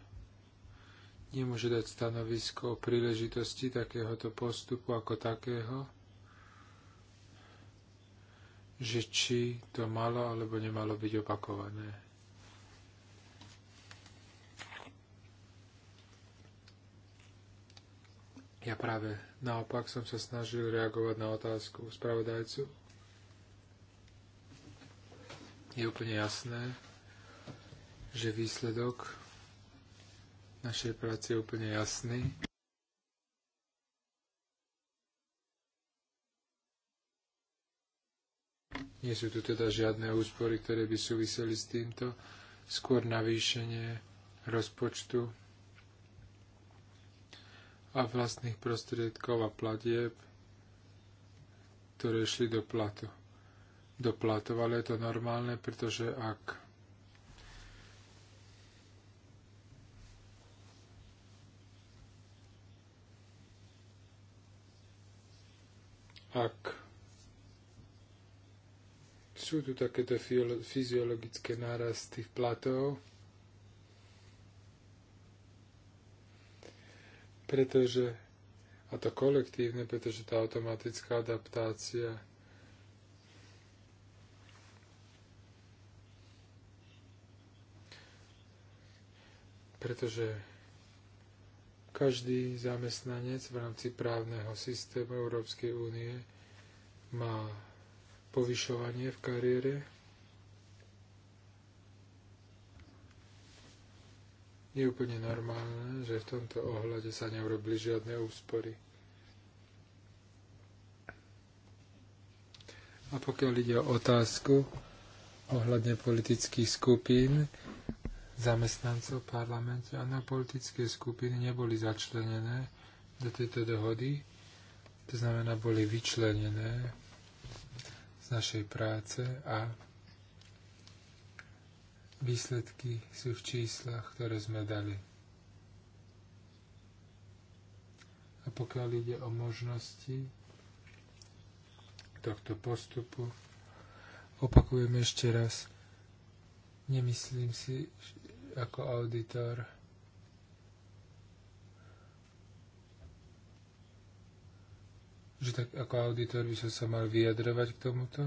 nemôže dať stanovisko o príležitosti takéhoto postupu ako takého, že či to malo alebo nemalo byť opakované. Ja práve naopak som sa snažil reagovať na otázku spravodajcu, je úplne jasné, že výsledok našej práce je úplne jasný. Nie sú tu teda žiadne úspory, ktoré by súviseli s týmto, skôr navýšenie rozpočtu a vlastných prostriedkov a platieb, ktoré šli do platu do platov, ale je to normálne, pretože ak ak sú tu takéto fyziologické nárasty platov, pretože, a to kolektívne, pretože tá automatická adaptácia pretože každý zamestnanec v rámci právneho systému Európskej únie má povyšovanie v kariére. Je úplne normálne, že v tomto ohľade sa neurobili žiadne úspory. A pokiaľ ide o otázku ohľadne politických skupín, zamestnancov parlamentu a na politické skupiny neboli začlenené do tejto dohody, to znamená, boli vyčlenené z našej práce a výsledky sú v číslach, ktoré sme dali. A pokiaľ ide o možnosti tohto postupu, opakujem ešte raz, nemyslím si, ako auditor. Že tak ako auditor by som sa mal vyjadrovať k tomuto?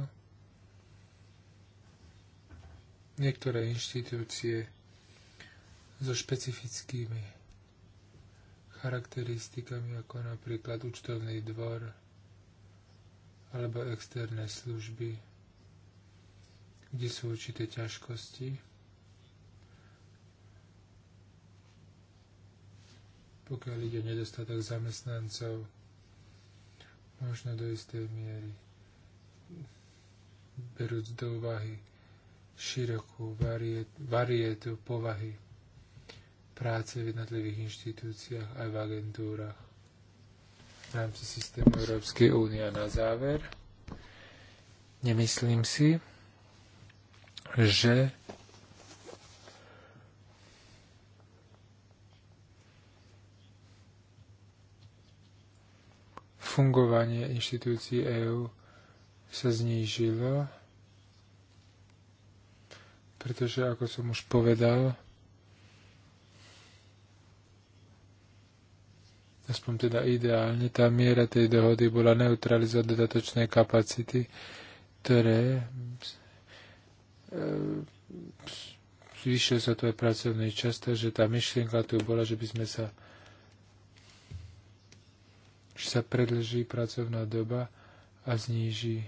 Niektoré inštitúcie so špecifickými charakteristikami, ako napríklad účtovný dvor alebo externé služby, kde sú určité ťažkosti. pokiaľ ide o nedostatok zamestnancov, možno do istej miery berúc do úvahy širokú variet, varietu povahy práce v jednotlivých inštitúciách aj v agentúrach v rámci systému Európskej únie. A na záver, nemyslím si, že fungovanie inštitúcií EÚ sa znížilo, pretože, ako som už povedal, aspoň teda ideálne, tá miera tej dohody bola neutralizovať dodatočné kapacity, ktoré e, zvyšil sa to aj pracovný čas, takže tá myšlienka tu bola, že by sme sa že sa predlží pracovná doba a zníži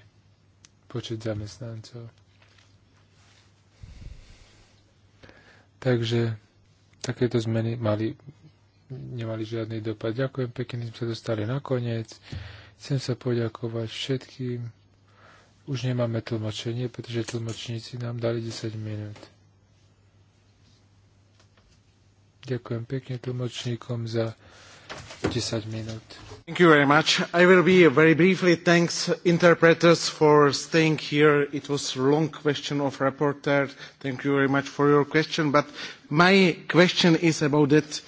počet zamestnancov. Takže takéto zmeny mali, nemali žiadny dopad. Ďakujem pekne, sme sa dostali na koniec. Chcem sa poďakovať všetkým. Už nemáme tlmočenie, pretože tlmočníci nám dali 10 minút. Ďakujem pekne tlmočníkom za 10 minút. Thank you very much. I will be very briefly. Thanks interpreters for staying here. It was a long question of reporter. Thank you very much for your question. But my question is about that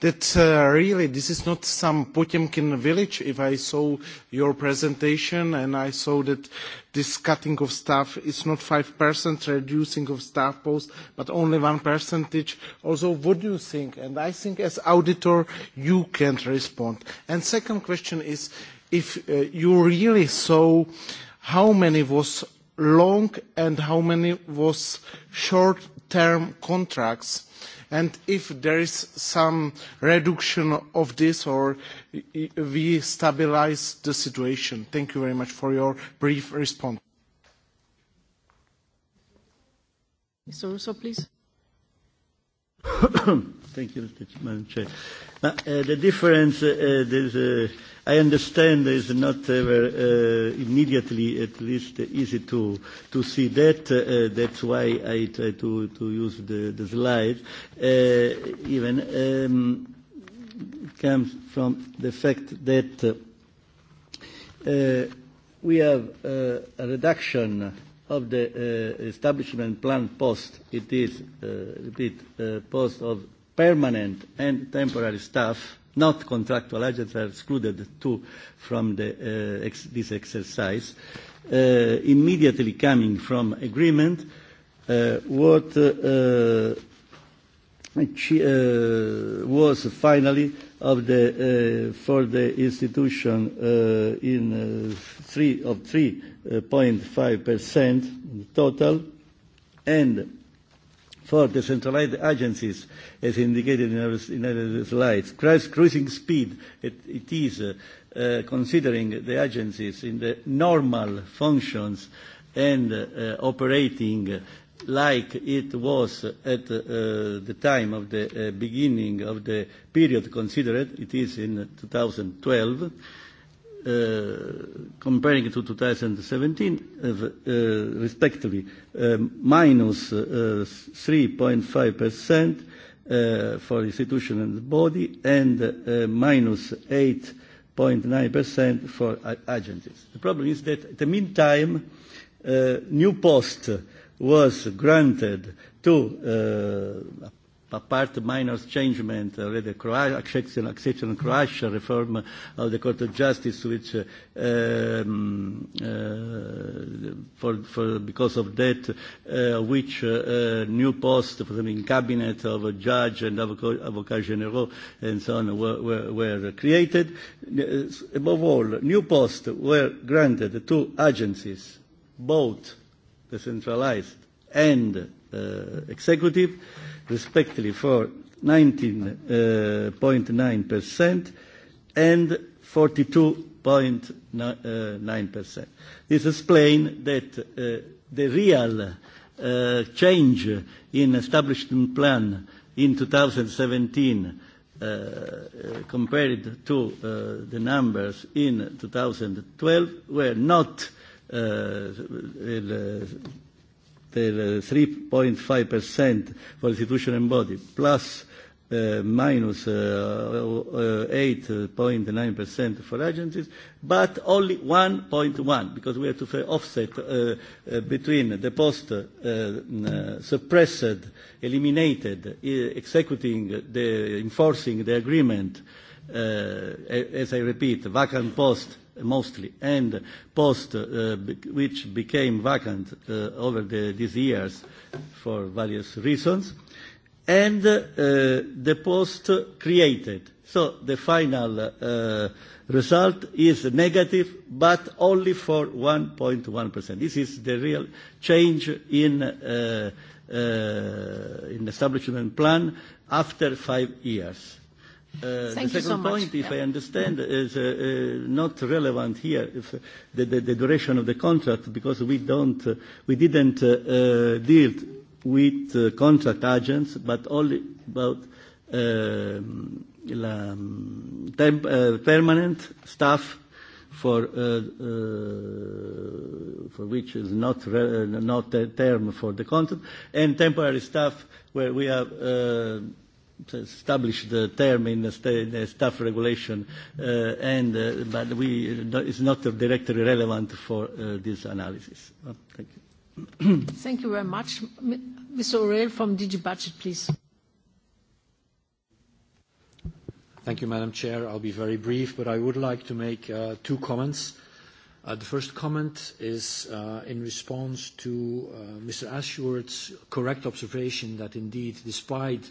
that uh, really this is not some Potemkin village. If I saw your presentation and I saw that this cutting of staff is not 5% reducing of staff posts, but only one percentage. Also, what do you think? And I think as auditor, you can respond. And second question is, if uh, you really saw how many was long and how many was short-term contracts, and if there is some reduction of this or we stabilize the situation? Thank you very much for your brief response. Mr. Russo, please. Thank you, Madam Chair. Uh, uh, the difference, uh, there's a i understand it's not uh, uh, immediately, at least, easy to, to see that. Uh, that's why I try to, to use the, the slide. Uh, even um, comes from the fact that uh, we have uh, a reduction of the uh, establishment plan post. It is, uh, repeat, uh, post of permanent and temporary staff not contractual agents are excluded too from the, uh, ex this exercise. Uh, immediately coming from agreement, uh, what uh, uh, uh was finally of the, uh, for the institution uh, in uh, three of 3.5% uh, total and for decentralized agencies, as indicated in our, in our slides. Cruising speed, it, it is uh, uh, considering the agencies in the normal functions and uh, operating like it was at uh, the time of the uh, beginning of the period considered, it is in 2012 uh, comparing it to 2017, uh, uh, respectively, uh, minus uh, 3.5% uh, for institution and body and uh, minus 8.9% for agencies. The problem is that at the meantime, uh, new post was granted to uh, apart minor changement, uh, the Croatia, exception, exception Croatia reform of the Court of Justice, which uh, um, uh, for, for, because of that, uh, which uh, uh, new post for the cabinet of a judge and avocat general and so on were, were, were created. Uh, above all, new posts were granted to agencies, both decentralized and uh, executive. Uh, respectively for 19.9% uh, and 42.9%. Uh, This explain that uh, the real uh, change in establishment plan in 2017 Uh, compared to uh, the numbers in 2012 were not uh, 3.5% uh, for institution and body, plus uh, minus uh, uh, 8.9% for agencies, but only 1.1, because we have to offset uh, uh, between the post uh, uh, suppressed, eliminated, uh, executing, the enforcing the agreement, uh, as I repeat, vacant post mostly, and post, uh, which became vacant uh, over the, these years for various reasons, and uh, the post created. So the final uh, result is negative, but only for 1.1%. This is the real change in, uh, uh, in establishment plan after five years Uh, Thank the second you so point, much. if yeah. I understand, is uh, uh, not relevant here, if uh, the, the, the duration of the contract, because we don't, uh, we didn't uh, uh, deal with uh, contract agents, but only about uh, um, temp, uh, permanent staff for uh, uh, for which is not re, uh, not a term for the contract, and temporary staff where we have. Uh, establish the term in the, st the staff regulation, uh, and, uh, but we, no, it's not directly relevant for uh, this analysis. Oh, thank you. thank you very much. Mr. O'Reilly from DG Budget, please. Thank you, Madam Chair. I'll be very brief, but I would like to make uh, two comments. Uh, the first comment is uh, in response to uh Mr. Ashworth's correct observation that indeed, despite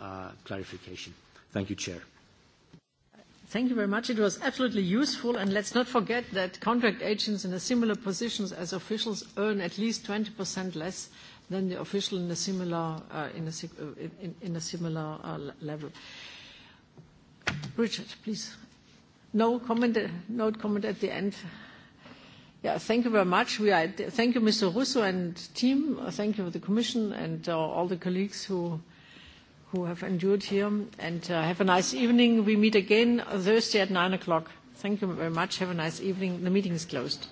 uh, clarification. Thank you, Chair. Thank you very much. It was absolutely useful. And let's not forget that contract agents in a similar positions as officials earn at least 20% less than the official in a similar, uh, in a, uh, in a similar uh, level. Richard, please. No comment, no comment at the end. Yeah, thank you very much. We are, thank you, Mr. Russo and team. Thank you, the Commission and all the colleagues who who have endured here. And uh, have a nice evening. We meet again Thursday at nine o'clock. Thank you very much. Have a nice evening. The meeting is closed.